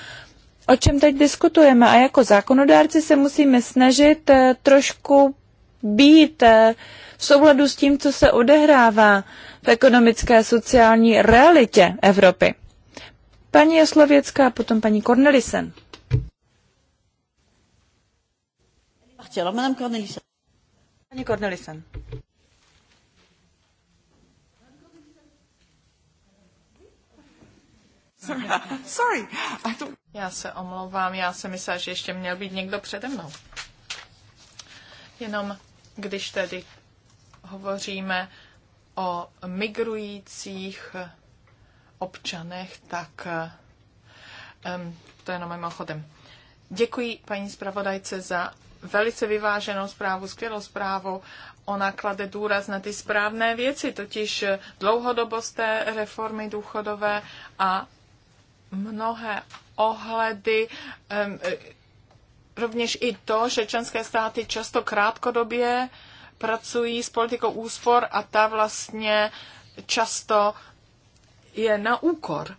[SPEAKER 2] o čem teď diskutujeme. A jako zákonodárci se musíme snažit eh, trošku být eh, v souladu s tím, co se odehrává v ekonomické a sociální realitě Evropy. Paní Jaslověcká a potom paní Cornelisen. Paní Cornelisen. Sorry, I don't...
[SPEAKER 3] Já se omlouvám, já jsem myslela, že ještě měl být někdo přede mnou. Jenom když tedy hovoříme o migrujících občanech, tak to je jenom mimochodem. Děkuji paní zpravodajce za velice vyváženou zprávu, skvělou zprávu. Ona klade důraz na ty správné věci, totiž dlouhodobost té reformy důchodové a mnohé ohledy, rovněž i to, že členské státy často krátkodobě pracují s politikou úspor a ta vlastně často je na úkor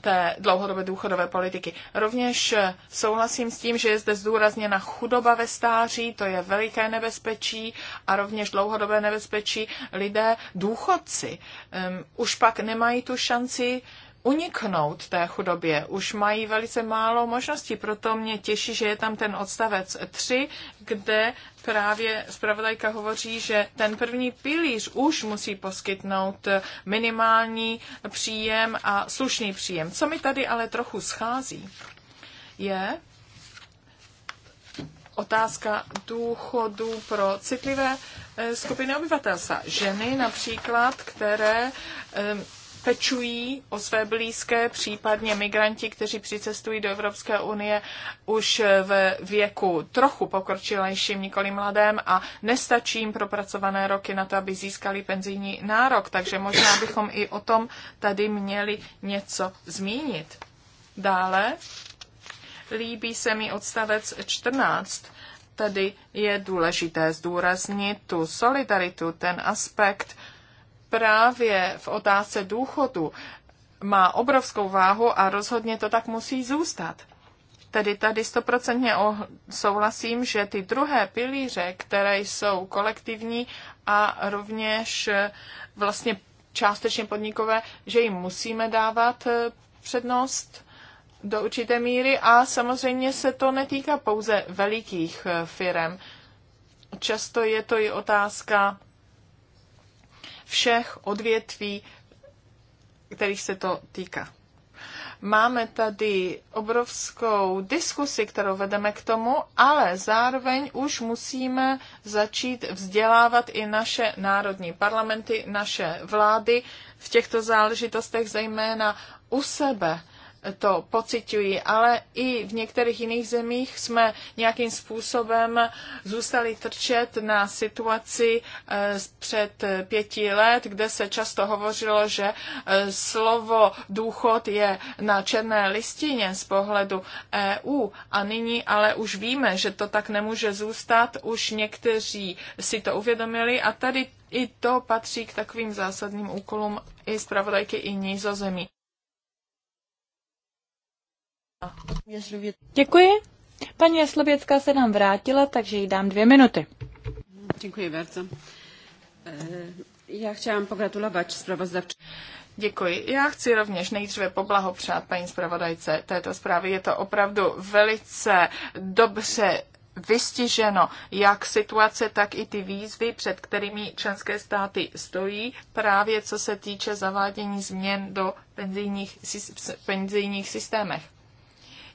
[SPEAKER 3] té dlouhodobé důchodové politiky. Rovněž eh, souhlasím s tím, že je zde zdůrazněna chudoba ve stáří, to je veliké nebezpečí a rovněž dlouhodobé nebezpečí lidé, důchodci, um, už pak nemají tu šanci uniknout té chudobě. Už mají velice málo možností, proto mě těší, že je tam ten odstavec 3, kde právě zpravodajka hovoří, že ten první pilíř už musí poskytnout minimální příjem a slušný příjem. Co mi tady ale trochu schází, je otázka důchodu pro citlivé eh, skupiny obyvatelstva. Ženy například, které eh, pečují o své blízké, případně migranti, kteří přicestují do Evropské unie už ve věku trochu pokročilejším, nikoli mladém a nestačí jim propracované roky na to, aby získali penzijní nárok. Takže možná bychom i o tom tady měli něco zmínit. Dále líbí se mi odstavec 14 tedy je důležité zdůraznit tu solidaritu, ten aspekt právě v otázce důchodu má obrovskou váhu a rozhodně to tak musí zůstat. Tedy tady stoprocentně souhlasím, že ty druhé pilíře, které jsou kolektivní a rovněž eh, vlastně částečně podnikové, že jim musíme dávat eh, přednost do určité míry a samozřejmě se to netýká pouze velikých eh, firm. Často je to i otázka všech odvětví, kterých se to týká. Máme tady obrovskou diskusi, kterou vedeme k tomu, ale zároveň už musíme začít vzdělávat i naše národní parlamenty, naše vlády v těchto záležitostech, zejména u sebe to pocitují, ale i v některých jiných zemích jsme nějakým způsobem zůstali trčet na situaci eh, před pěti let, kde se často hovořilo, že eh, slovo důchod je na černé listině z pohledu EU a nyní ale už víme, že to tak nemůže zůstat, už někteří si to uvědomili a tady i to patří k takovým zásadním úkolům i zpravodajky i nízozemí.
[SPEAKER 2] Děkuji. Paní Jaslověcká se nám vrátila, takže jí dám dvě minuty.
[SPEAKER 1] Děkuji bardzo. Eh, já chtěla pogratulovat
[SPEAKER 3] zpravodajce. Děkuji. Já chci rovněž nejdříve poblahopřát paní zpravodajce této zprávy. Je to opravdu velice dobře vystiženo jak situace, tak i ty výzvy, před kterými členské státy stojí, právě co se týče zavádění změn do penzijních, penzijních systémech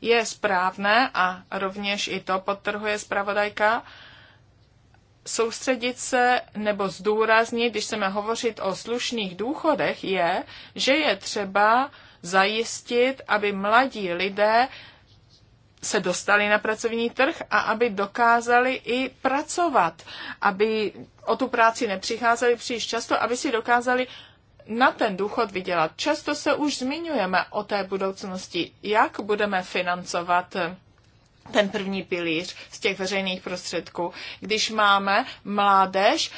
[SPEAKER 3] je správné a rovněž i to podtrhuje zpravodajka, soustředit se nebo zdůraznit, když chceme hovořit o slušných důchodech, je, že je třeba zajistit, aby mladí lidé se dostali na pracovní trh a aby dokázali i pracovat, aby o tu práci nepřicházeli příliš často, aby si dokázali na ten důchod vydělat. Často se už zmiňujeme o té budoucnosti, jak budeme financovat ten první pilíř z těch veřejných prostředků. Když máme mládež,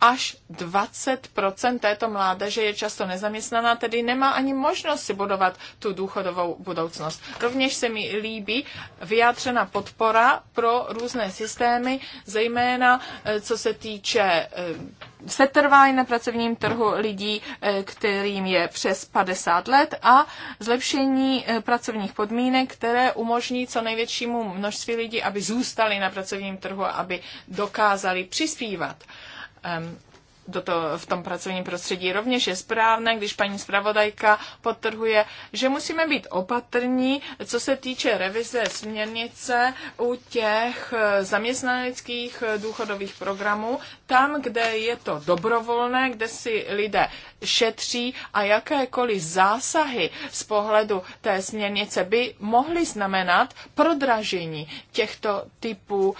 [SPEAKER 3] až 20% této mládeže je často nezaměstnaná, tedy nemá ani možnost si budovat tu důchodovou budoucnost. Rovněž se mi líbí vyjádřena podpora pro různé systémy, zejména eh, co se týče eh, setrvání na pracovním trhu lidí, eh, kterým je přes 50 let a zlepšení pracovních podmínek, které umožní co největšímu množství lidí, aby zůstali na pracovním trhu a aby dokázali přispívat do to, v tom pracovním prostředí. Rovněž je správné, když paní zpravodajka podtrhuje, že musíme být opatrní, co se týče revize směrnice u těch eh, zaměstnaneckých eh, důchodových programů, tam, kde je to dobrovolné, kde si lidé šetří a jakékoliv zásahy z pohledu té směrnice by mohly znamenat prodražení těchto typů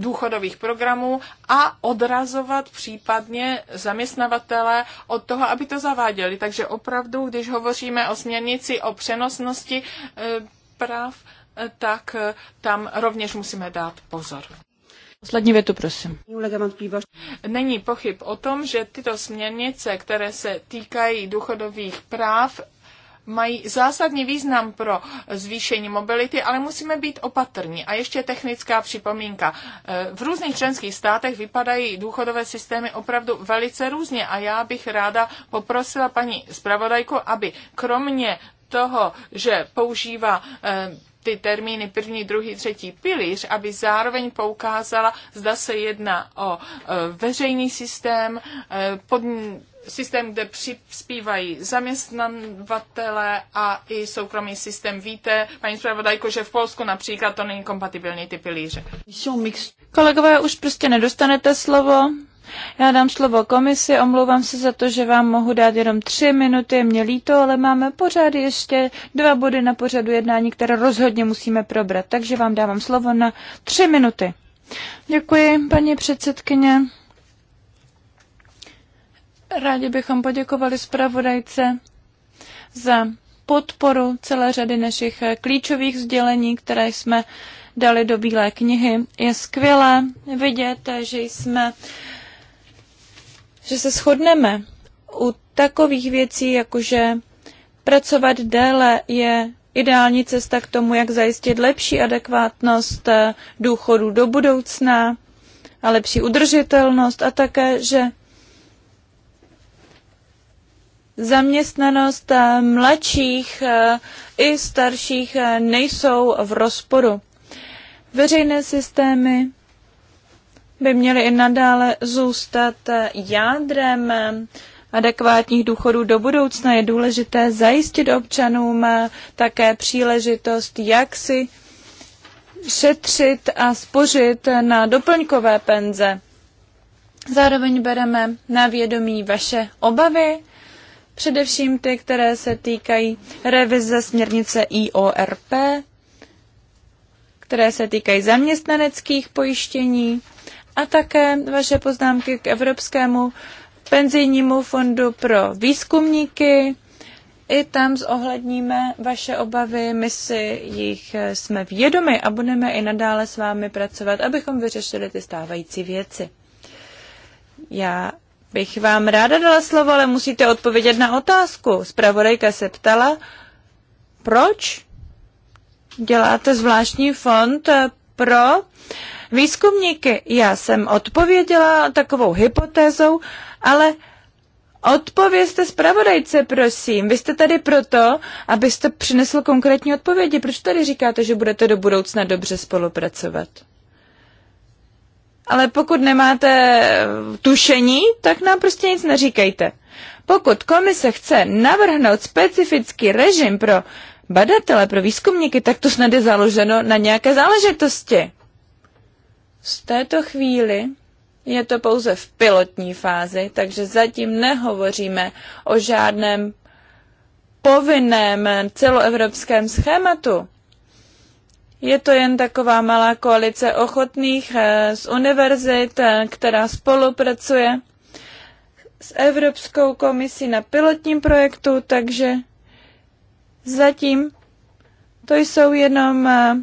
[SPEAKER 3] důchodových programů a odrazovat případně zaměstnavatele od toho, aby to zaváděli. Takže opravdu, když hovoříme o směrnici o přenosnosti eh, práv, eh, tak eh, tam rovněž musíme dát pozor.
[SPEAKER 2] Poslední větu, prosím.
[SPEAKER 3] Není pochyb o tom, že tyto směrnice, které se týkají důchodových práv, mají zásadní význam pro zvýšení mobility, ale musíme být opatrní. A ještě technická připomínka. E, v různých členských státech vypadají důchodové systémy opravdu velice různě a já bych ráda poprosila paní zpravodajku, aby kromě toho, že používá e, ty termíny první, druhý, třetí pilíř, aby zároveň poukázala, zda se jedná o e, veřejný systém, e, pod, systém, kde přispívají zaměstnavatele a i soukromý systém. Víte, paní zpravodajko, že v Polsku například to není kompatibilní ty pilíře.
[SPEAKER 2] Kolegové, už prostě nedostanete slovo. Já dám slovo komisi, omlouvám se za to, že vám mohu dát jenom tři minuty, mě líto, ale máme pořád ještě dva body na pořadu jednání, které rozhodně musíme probrat, takže vám dávám slovo na tři minuty. Děkuji, paní předsedkyně. Rádi bychom poděkovali zpravodajce za podporu celé řady našich klíčových sdělení, které jsme dali do Bílé knihy. Je skvělé vidět, že jsme uh, že se shodneme u takových věcí, jakože pracovat déle je ideální cesta k tomu, jak zajistit lepší adekvátnost eh, důchodů do budoucna a lepší udržitelnost a také, že zaměstnanost eh, mladších eh, i starších nejsou v rozporu. Veřejné systémy by měly i nadále zůstat jádrem adekvátních důchodů do budoucna. Je důležité zajistit občanům také příležitost, jak si šetřit a spořit na doplňkové penze. Zároveň bereme na vědomí vaše obavy, především ty, které se týkají revize směrnice IORP, které se týkají zaměstnaneckých pojištění a také vaše poznámky k Evropskému penzijnímu fondu pro výzkumníky. I tam zohledníme vaše obavy, my si jich eh, jsme vědomi a budeme i nadále s vámi pracovat, abychom vyřešili ty stávající věci. Já bych vám ráda dala slovo, ale musíte odpovědět na otázku. Spravodajka se ptala, proč děláte zvláštní fond eh, pro výzkumníky. Já jsem odpověděla takovou hypotézou, ale Odpovězte zpravodajce, prosím. Vy jste tady proto, abyste přinesl konkrétní odpovědi. Proč tady říkáte, že budete do budoucna dobře spolupracovat? Ale pokud nemáte eh, tušení, tak nám prostě nic neříkejte. Pokud komise chce navrhnout specifický režim pro badatele, pro výzkumníky, tak to snad je založeno na nějaké záležitosti. Z této chvíli je to pouze v pilotní fázi, takže zatím nehovoříme o žádném povinném celoevropském schématu. Je to jen taková malá koalice ochotných eh, z univerzit, eh, která spolupracuje s Evropskou komisí na pilotním projektu, takže zatím to jsou jenom eh,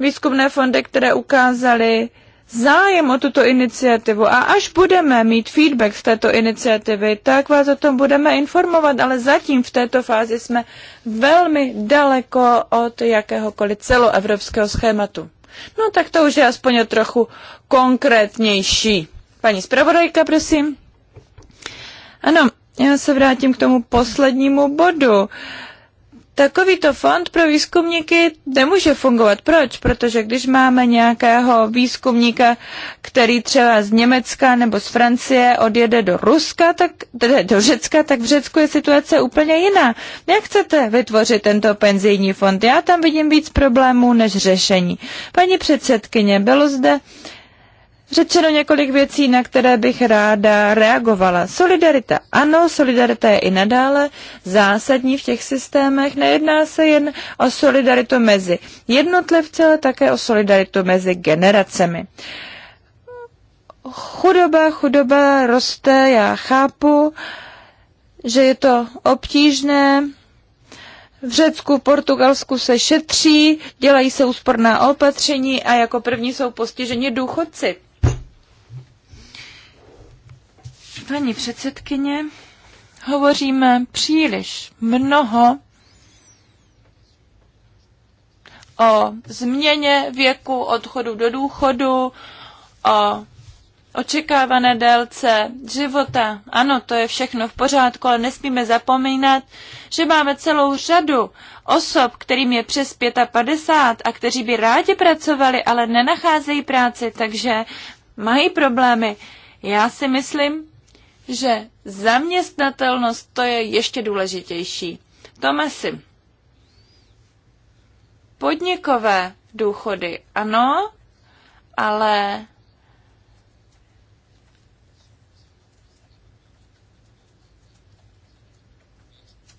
[SPEAKER 2] výzkumné fondy, které ukázaly zájem o tuto iniciativu. A až budeme mít feedback z této iniciativy, tak vás o tom budeme informovat, ale zatím v této fázi jsme velmi daleko od jakéhokoliv celoevropského schématu. No tak to už je aspoň trochu konkrétnější. Paní zpravodajka, prosím. Ano, já se vrátím k tomu poslednímu bodu. Uh, Takovýto fond pro výzkumníky nemůže fungovat. Proč? Protože když máme nějakého výzkumníka, který třeba z Německa nebo z Francie odjede do Ruska, tak, tedy do Řecka, tak v Řecku je situace úplně jiná. Jak chcete vytvořit tento penzijní fond? Já tam vidím víc problémů než řešení. Paní předsedkyně, bylo zde řečeno několik věcí, na které bych ráda reagovala. Solidarita. Ano, solidarita je i nadále zásadní v těch systémech. Nejedná se jen o solidaritu mezi jednotlivci, ale také o solidaritu mezi generacemi. Chudoba, chudoba roste, já chápu, že je to obtížné, v Řecku, Portugalsku se šetří, dělají se úsporná opatření a jako první jsou postiženi důchodci. paní předsedkyně, hovoříme příliš mnoho o změně věku odchodu do důchodu, o očekávané délce života. Ano, to je všechno v pořádku, ale nesmíme zapomínat, že máme celou řadu osob, kterým je přes 55 a kteří by rádi pracovali, ale nenacházejí práci, takže mají problémy. Já si myslím, že zaměstnatelnost to je ještě důležitější. Tomasi, podnikové důchody, ano, ale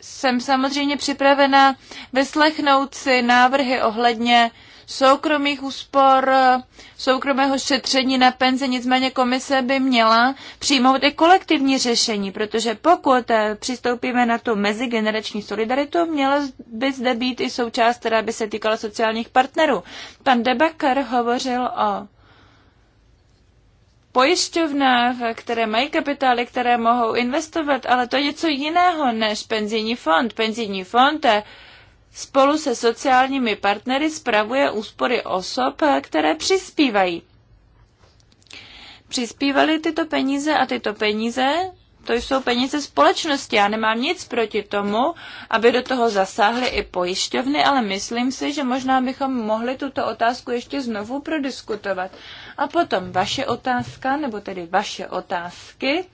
[SPEAKER 2] jsem samozřejmě připravena vyslechnout si návrhy ohledně uh, soukromých úspor, soukromého šetření na penze, nicméně komise by měla přijmout i kolektivní řešení, protože pokud eh, přistoupíme na tu mezigenerační solidaritu, měla by zde být i součást, která by se týkala sociálních partnerů. Pan Debaker hovořil o pojišťovnách, které mají kapitály, které mohou investovat, ale to je něco jiného než penzijní fond. Penzijní fond je eh, spolu se sociálními partnery spravuje úspory osob, které přispívají. Přispívaly tyto peníze a tyto peníze, to jsou peníze společnosti. Já nemám nic proti tomu, aby do toho zasáhly i pojišťovny, ale myslím si, že možná bychom mohli tuto otázku ještě znovu prodiskutovat. A potom vaše otázka, nebo tedy vaše otázky.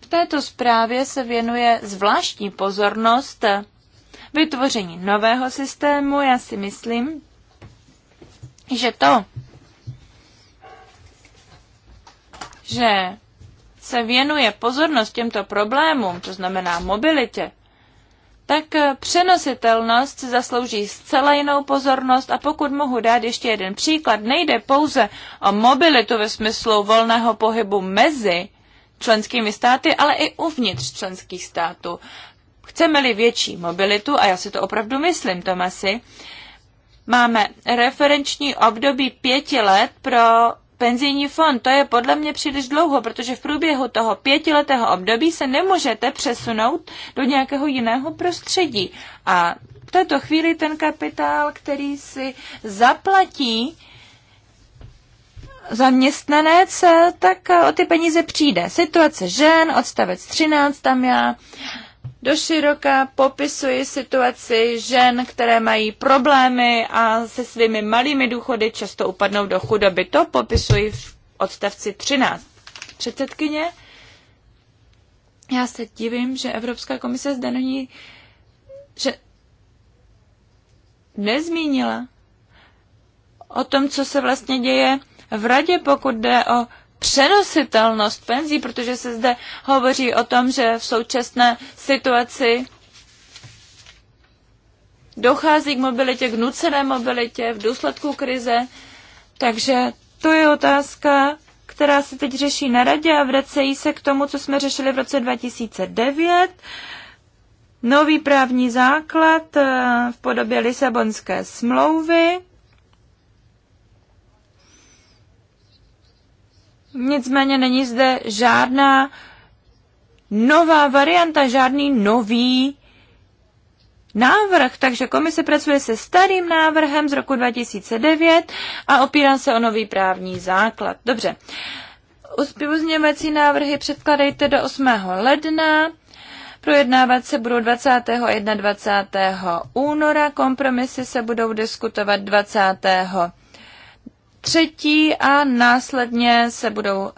[SPEAKER 2] V této zprávě se věnuje zvláštní pozornost vytvoření nového systému. Já si myslím, že to, že se věnuje pozornost těmto problémům, to znamená mobilitě, tak přenositelnost si zaslouží zcela jinou pozornost a pokud mohu dát ještě jeden příklad, nejde pouze o mobilitu ve smyslu volného pohybu mezi členskými státy, ale i uvnitř členských států. Chceme-li větší mobilitu, a já si to opravdu myslím, Tomasi, máme referenční období pěti let pro penzijní fond. To je podle mě příliš dlouho, protože v průběhu toho pětiletého období se nemůžete přesunout do nějakého jiného prostředí. A v této chvíli ten kapitál, který si zaplatí zaměstnanec, tak o ty peníze přijde. Situace žen, odstavec 13 tam já doširoka popisuji situaci žen, které mají problémy a se svými malými důchody často upadnou do chudoby. To popisuji v odstavci 13. Předsedkyně, já se divím, že Evropská komise zde není, že nezmínila o tom, co se vlastně děje v radě, pokud jde o přenositelnost penzí, protože se zde hovoří o tom, že v současné situaci dochází k mobilitě, k nucené mobilitě v důsledku krize. Takže to je otázka, která se teď řeší na radě a vracejí se k tomu, co jsme řešili v roce 2009. Nový právní základ eh, v podobě Lisabonské smlouvy Nicméně není zde žádná nová varianta, žádný nový návrh, takže komise pracuje se starým návrhem z roku 2009 a opírá se o nový právní základ. Dobře. Uspěvozněvací návrhy předkladejte do 8. ledna. Projednávat se budou 20. a 21. února, kompromisy se budou diskutovat 20 třetí a následně se budou uh,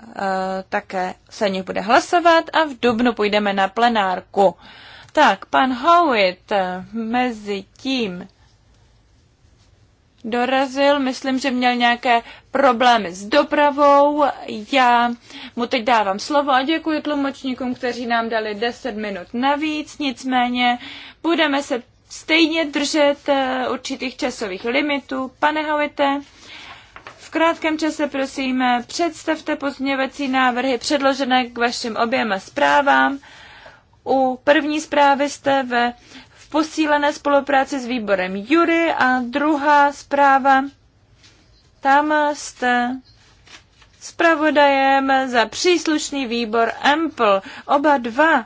[SPEAKER 2] také, se nich bude hlasovat a v dubnu půjdeme na plenárku. Tak, pan Howitt eh, mezi tím dorazil, myslím, že měl nějaké problémy s dopravou. Já mu teď dávám slovo a děkuji tlumočníkům, kteří nám dali 10 minut navíc, nicméně budeme se stejně držet eh, určitých časových limitů. Pane Howite, krátkém čase, prosím, představte pozměňovací návrhy předložené k vašim oběma zprávám. U první zprávy jste ve v posílené spolupráci s výborem Jury a druhá zpráva, tam jste zpravodajem za příslušný výbor EMPL. Oba dva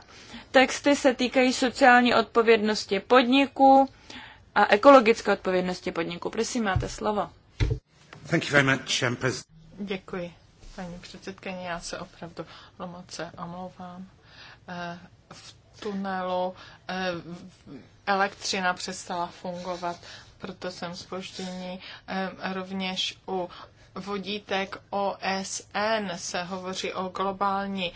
[SPEAKER 2] texty se týkají sociální odpovědnosti podniků a ekologické odpovědnosti podniků. Prosím, máte slovo. Thank you very much, um, Děkuji,
[SPEAKER 3] paní předsedkyně. Já se opravdu hluboce omlouvám. Eh, v tunelu eh, elektřina přestala fungovat, proto jsem spoždění. Eh, rovněž u vodítek OSN se hovoří o globální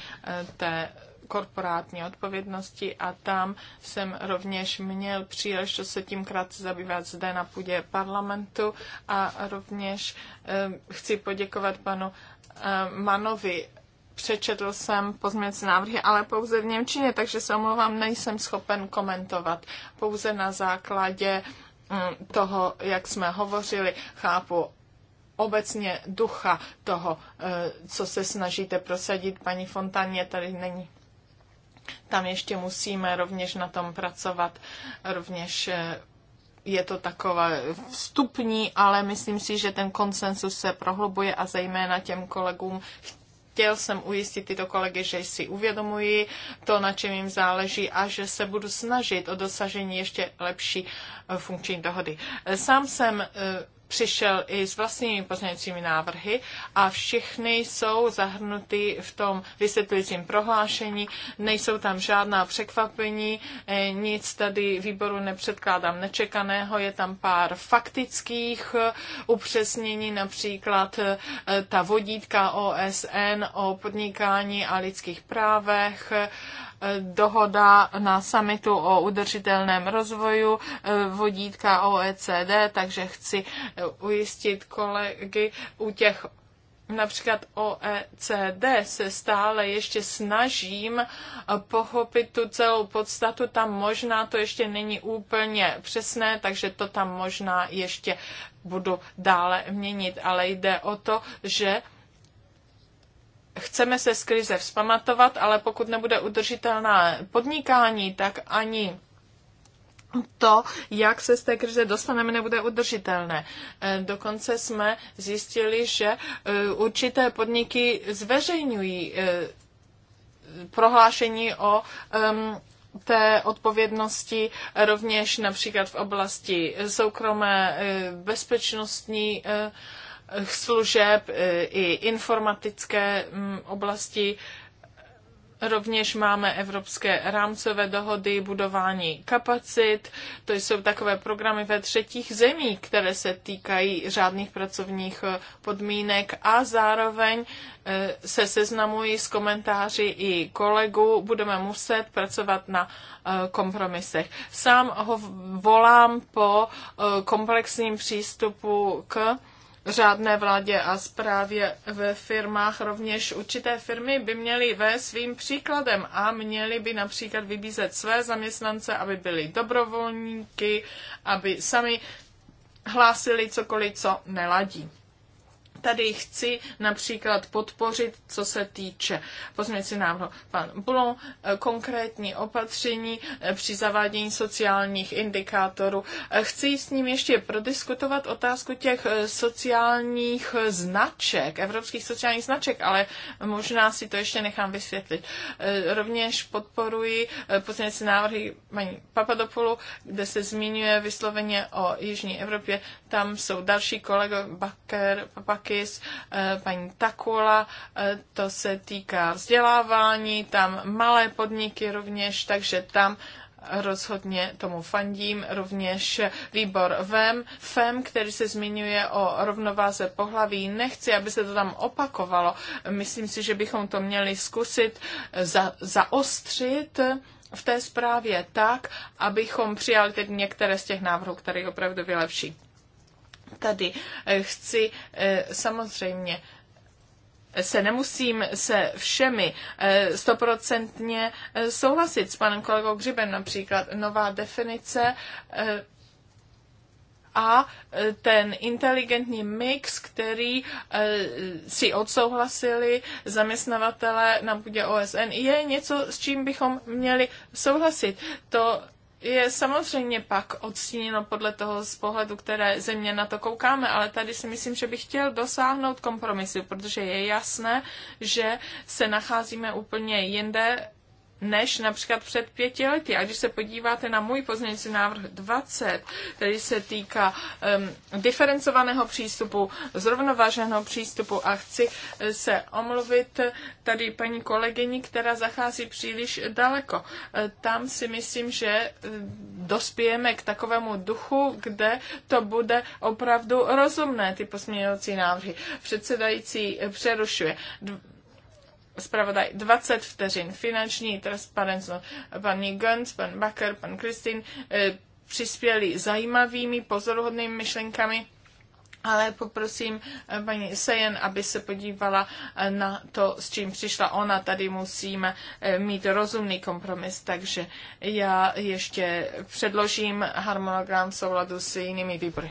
[SPEAKER 3] té korporátní odpovědnosti a tam jsem rovněž měl příležitost se tím krátce zabývat zde na půdě parlamentu a rovněž eh, chci poděkovat panu eh, Manovi. Přečetl jsem pozměnce návrhy, ale pouze v Němčině, takže se omlouvám, nejsem schopen komentovat. Pouze na základě mm, toho, jak jsme hovořili, chápu obecně ducha toho, eh, co se snažíte prosadit. Paní Fontaně tady není. Tam ještě musíme rovněž na tom pracovat, rovněž eh, je to takové vstupní, ale myslím si, že ten konsensus se prohlubuje a zejména těm kolegům chtěl jsem ujistit tyto kolegy, že si uvědomuji to, na čem jim záleží a že se budu snažit o dosažení ještě lepší eh, funkční dohody. Eh, sám jsem přišel i s vlastními pozměňovacími návrhy a všechny jsou zahrnuty v tom vysvětlujícím prohlášení. Nejsou tam žádná překvapení, eh, nic tady výboru nepředkládám nečekaného. Je tam pár faktických eh, upřesnění, například eh, ta vodítka OSN o podnikání a lidských právech dohoda na samitu o udržitelném rozvoju, eh, vodítka OECD, takže chci eh, ujistit kolegy u těch například OECD se stále ještě snažím eh, pochopit tu celou podstatu, tam možná to ještě není úplně přesné, takže to tam možná ještě budu dále měnit, ale jde o to, že chceme se z krize vzpamatovat, ale pokud nebude udržitelná podnikání, tak ani to, jak se z té krize dostaneme, nebude udržitelné. E, dokonce jsme zjistili, že e, určité podniky zveřejňují e, prohlášení o té odpovědnosti rovněž například v oblasti soukromé bezpečnostní služeb e, i informatické mm, oblasti. Rovněž máme evropské rámcové dohody, budování kapacit. To jsou takové programy ve třetích zemích, které se týkají řádných pracovních e, podmínek a zároveň e, se seznamují s komentáři i kolegů. Budeme muset pracovat na kompromisech. Sám ho volám po komplexním přístupu k řádné vládě a zprávě ve firmách. Rovněž určité firmy by měly ve svým příkladem a měly by například vybízet své zaměstnance, aby byli dobrovolníky, aby sami hlásili cokoliv, co neladí tady chci například podpořit, co se týče pozměňující návrhu pan Bulon, eh, konkrétní opatření eh, při zavádění sociálních indikátorů. Eh, chci s ním ještě prodiskutovat otázku těch sociálních značek, evropských sociálních značek, ale možná si to ještě nechám vysvětlit. Rovněž podporuji pozměňující návrhy paní Papadopoulu, kde se zmiňuje vysloveně o Jižní Evropě. Tam jsou další kolego Baker, Baky, Merkis, eh, paní Takula, eh, to se týká vzdělávání, tam malé podniky rovněž, takže tam rozhodně tomu fandím. Rovněž výbor VEM, FEM, který se zmiňuje o rovnováze pohlaví. Nechci, aby se to tam opakovalo. Myslím si, že bychom to měli zkusit eh, za, zaostřit v té zprávě tak, abychom přijali tedy některé z těch návrhů, které opravdu vylepší tady eh, chci eh, samozřejmě se nemusím se všemi eh, stoprocentně souhlasit s panem kolegou Gřibem, například nová definice a ten inteligentní mix, který si odsouhlasili zaměstnavatele na půdě OSN, je něco, s čím bychom měli souhlasit. To je samozřejmě pak odstíněno podle toho z pohledu, které země na to koukáme, ale tady si myslím, že bych chtěl dosáhnout kompromisu, protože je jasné, že se nacházíme úplně jinde než například před pěti lety. A když se podíváte na můj pozměňující návrh 20, který se týká um, diferencovaného přístupu, zrovnovaženého přístupu a chci eh, se omluvit tady paní kolegyni, která zachází příliš daleko. Eh, tam si myslím, že eh, dospějeme k takovému duchu, kde to bude opravdu rozumné, ty pozměňovací návrhy. Předsedající přerušuje zpravodaj 20 vteřin. Finanční transparentnost. Paní Gönz, pan Bakker, pan Kristin eh, přispěli zajímavými, pozoruhodnými myšlenkami, ale poprosím eh, paní Sejen, aby se podívala eh, na to, s čím přišla ona. Tady musíme mít rozumný kompromis, takže já ještě předložím harmonogram v souladu s jinými
[SPEAKER 2] výbory.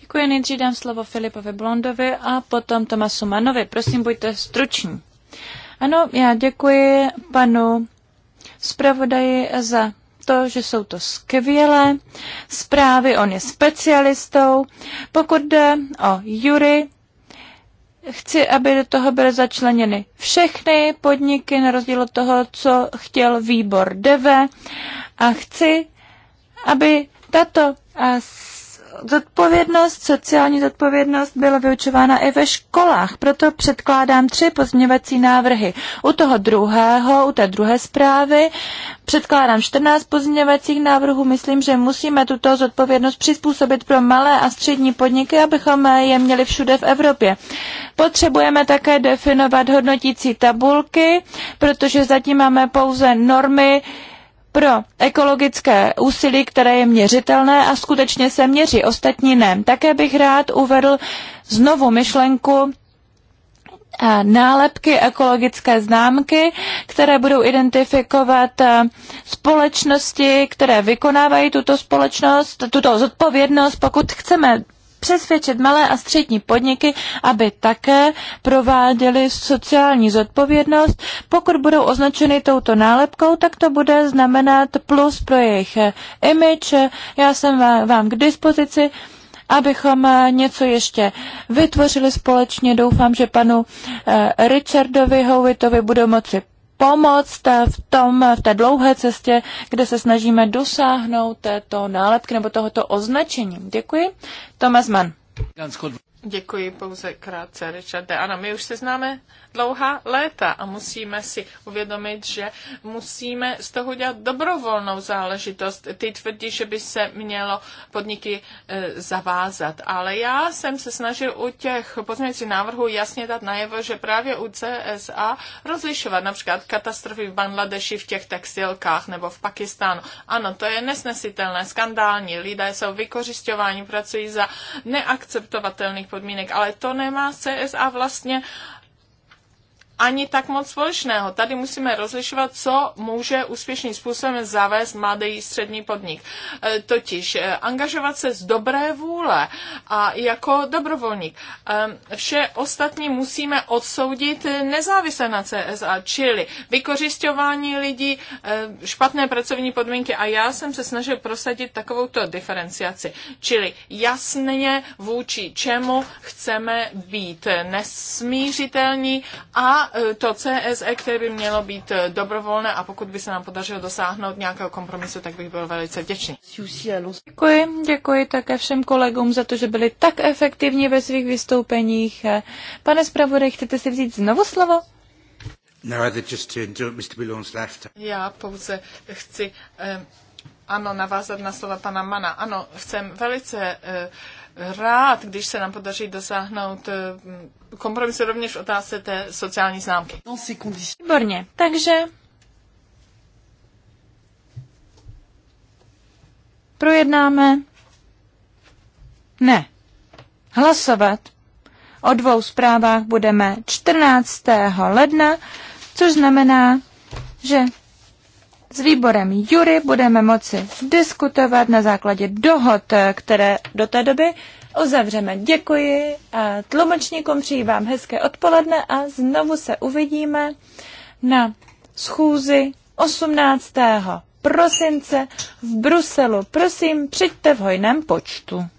[SPEAKER 2] Děkuji, nejdřív dám slovo Filipovi Blondovi a potom Tomasu Manovi. Prosím, buďte struční. Ano, já děkuji panu zpravodaji za to, že jsou to skvělé zprávy, on je specialistou. Pokud jde o Jury, chci, aby do toho byly začleněny všechny podniky, na rozdíl od toho, co chtěl výbor DEVE. A chci, aby tato zodpovědnost, sociální zodpovědnost byla vyučována i ve školách, proto předkládám tři pozměňovací návrhy. U toho druhého, u té druhé zprávy, předkládám 14 pozměňovacích návrhů. Myslím, že musíme tuto zodpovědnost přizpůsobit pro malé a střední podniky, abychom je měli všude v Evropě. Potřebujeme také definovat hodnotící tabulky, protože zatím máme pouze normy, pro ekologické úsilí, které je měřitelné a skutečně se měří, ostatní ne. Také bych rád uvedl znovu myšlenku eh, nálepky, ekologické známky, které budou identifikovat eh, společnosti, které vykonávají tuto společnost, tuto zodpovědnost, pokud chceme přesvědčit malé a střední podniky, aby také prováděly sociální zodpovědnost. Pokud budou označeny touto nálepkou, tak to bude znamenat plus pro jejich eh, image. Já jsem vám k dispozici abychom eh, něco ještě vytvořili společně. Doufám, že panu eh, Richardovi Howitovi budou moci pomoct v, tom, v té dlouhé cestě, kde se snažíme dosáhnout této nálepky nebo tohoto označení. Děkuji. Thomas Mann.
[SPEAKER 3] Děkuji pouze krátce, Richarde. Ano, my už se známe dlouhá léta a musíme si uvědomit, že musíme z toho dělat dobrovolnou záležitost. Ty tvrdí, že by se mělo podniky e, zavázat, ale já jsem se snažil u těch pozměňovacích návrhů jasně dát najevo, že právě u CSA rozlišovat například katastrofy v Bangladeši v těch textilkách nebo v Pakistánu. Ano, to je nesnesitelné, skandální. Lidé jsou vykořišťováni, pracují za neakceptovatelných podmínek, ale to nemá CSA vlastně uh, ani tak moc společného. Tady musíme rozlišovat, co může úspěšným způsobem zavést mladý střední podnik. E, totiž e, angažovat se z dobré vůle a jako dobrovolník. E, vše ostatní musíme odsoudit nezávisle na CSA, čili vykořišťování lidí, špatné pracovní podmínky a já jsem se snažil prosadit takovouto diferenciaci, čili jasně vůči čemu chceme být nesmířitelní a E, to CSE, které by mělo být e, dobrovolné a pokud by se nám podařilo dosáhnout nějakého kompromisu, tak bych byl velice vděčný.
[SPEAKER 2] Děkuji, děkuji také všem kolegům za to, že byli tak efektivní ve svých vystoupeních. E, Pane zpravodaj, chcete si vzít znovu slovo? No, Já pouze
[SPEAKER 3] chci, ano, navázat na slova pana Mana. Ano, jsem velice uh, rád, když se nám podaří dosáhnout eh, kompromisu rovněž v otázce té sociální známky.
[SPEAKER 2] Výborně, takže projednáme ne. Hlasovat o dvou zprávách budeme 14. ledna, což znamená, že s výborem Jury budeme moci diskutovat na základě dohod, které do té doby uzavřeme. Děkuji a tlumočníkům přijí vám hezké odpoledne a znovu se uvidíme na schůzi 18. prosince v Bruselu. Prosím, přijďte v hojném počtu.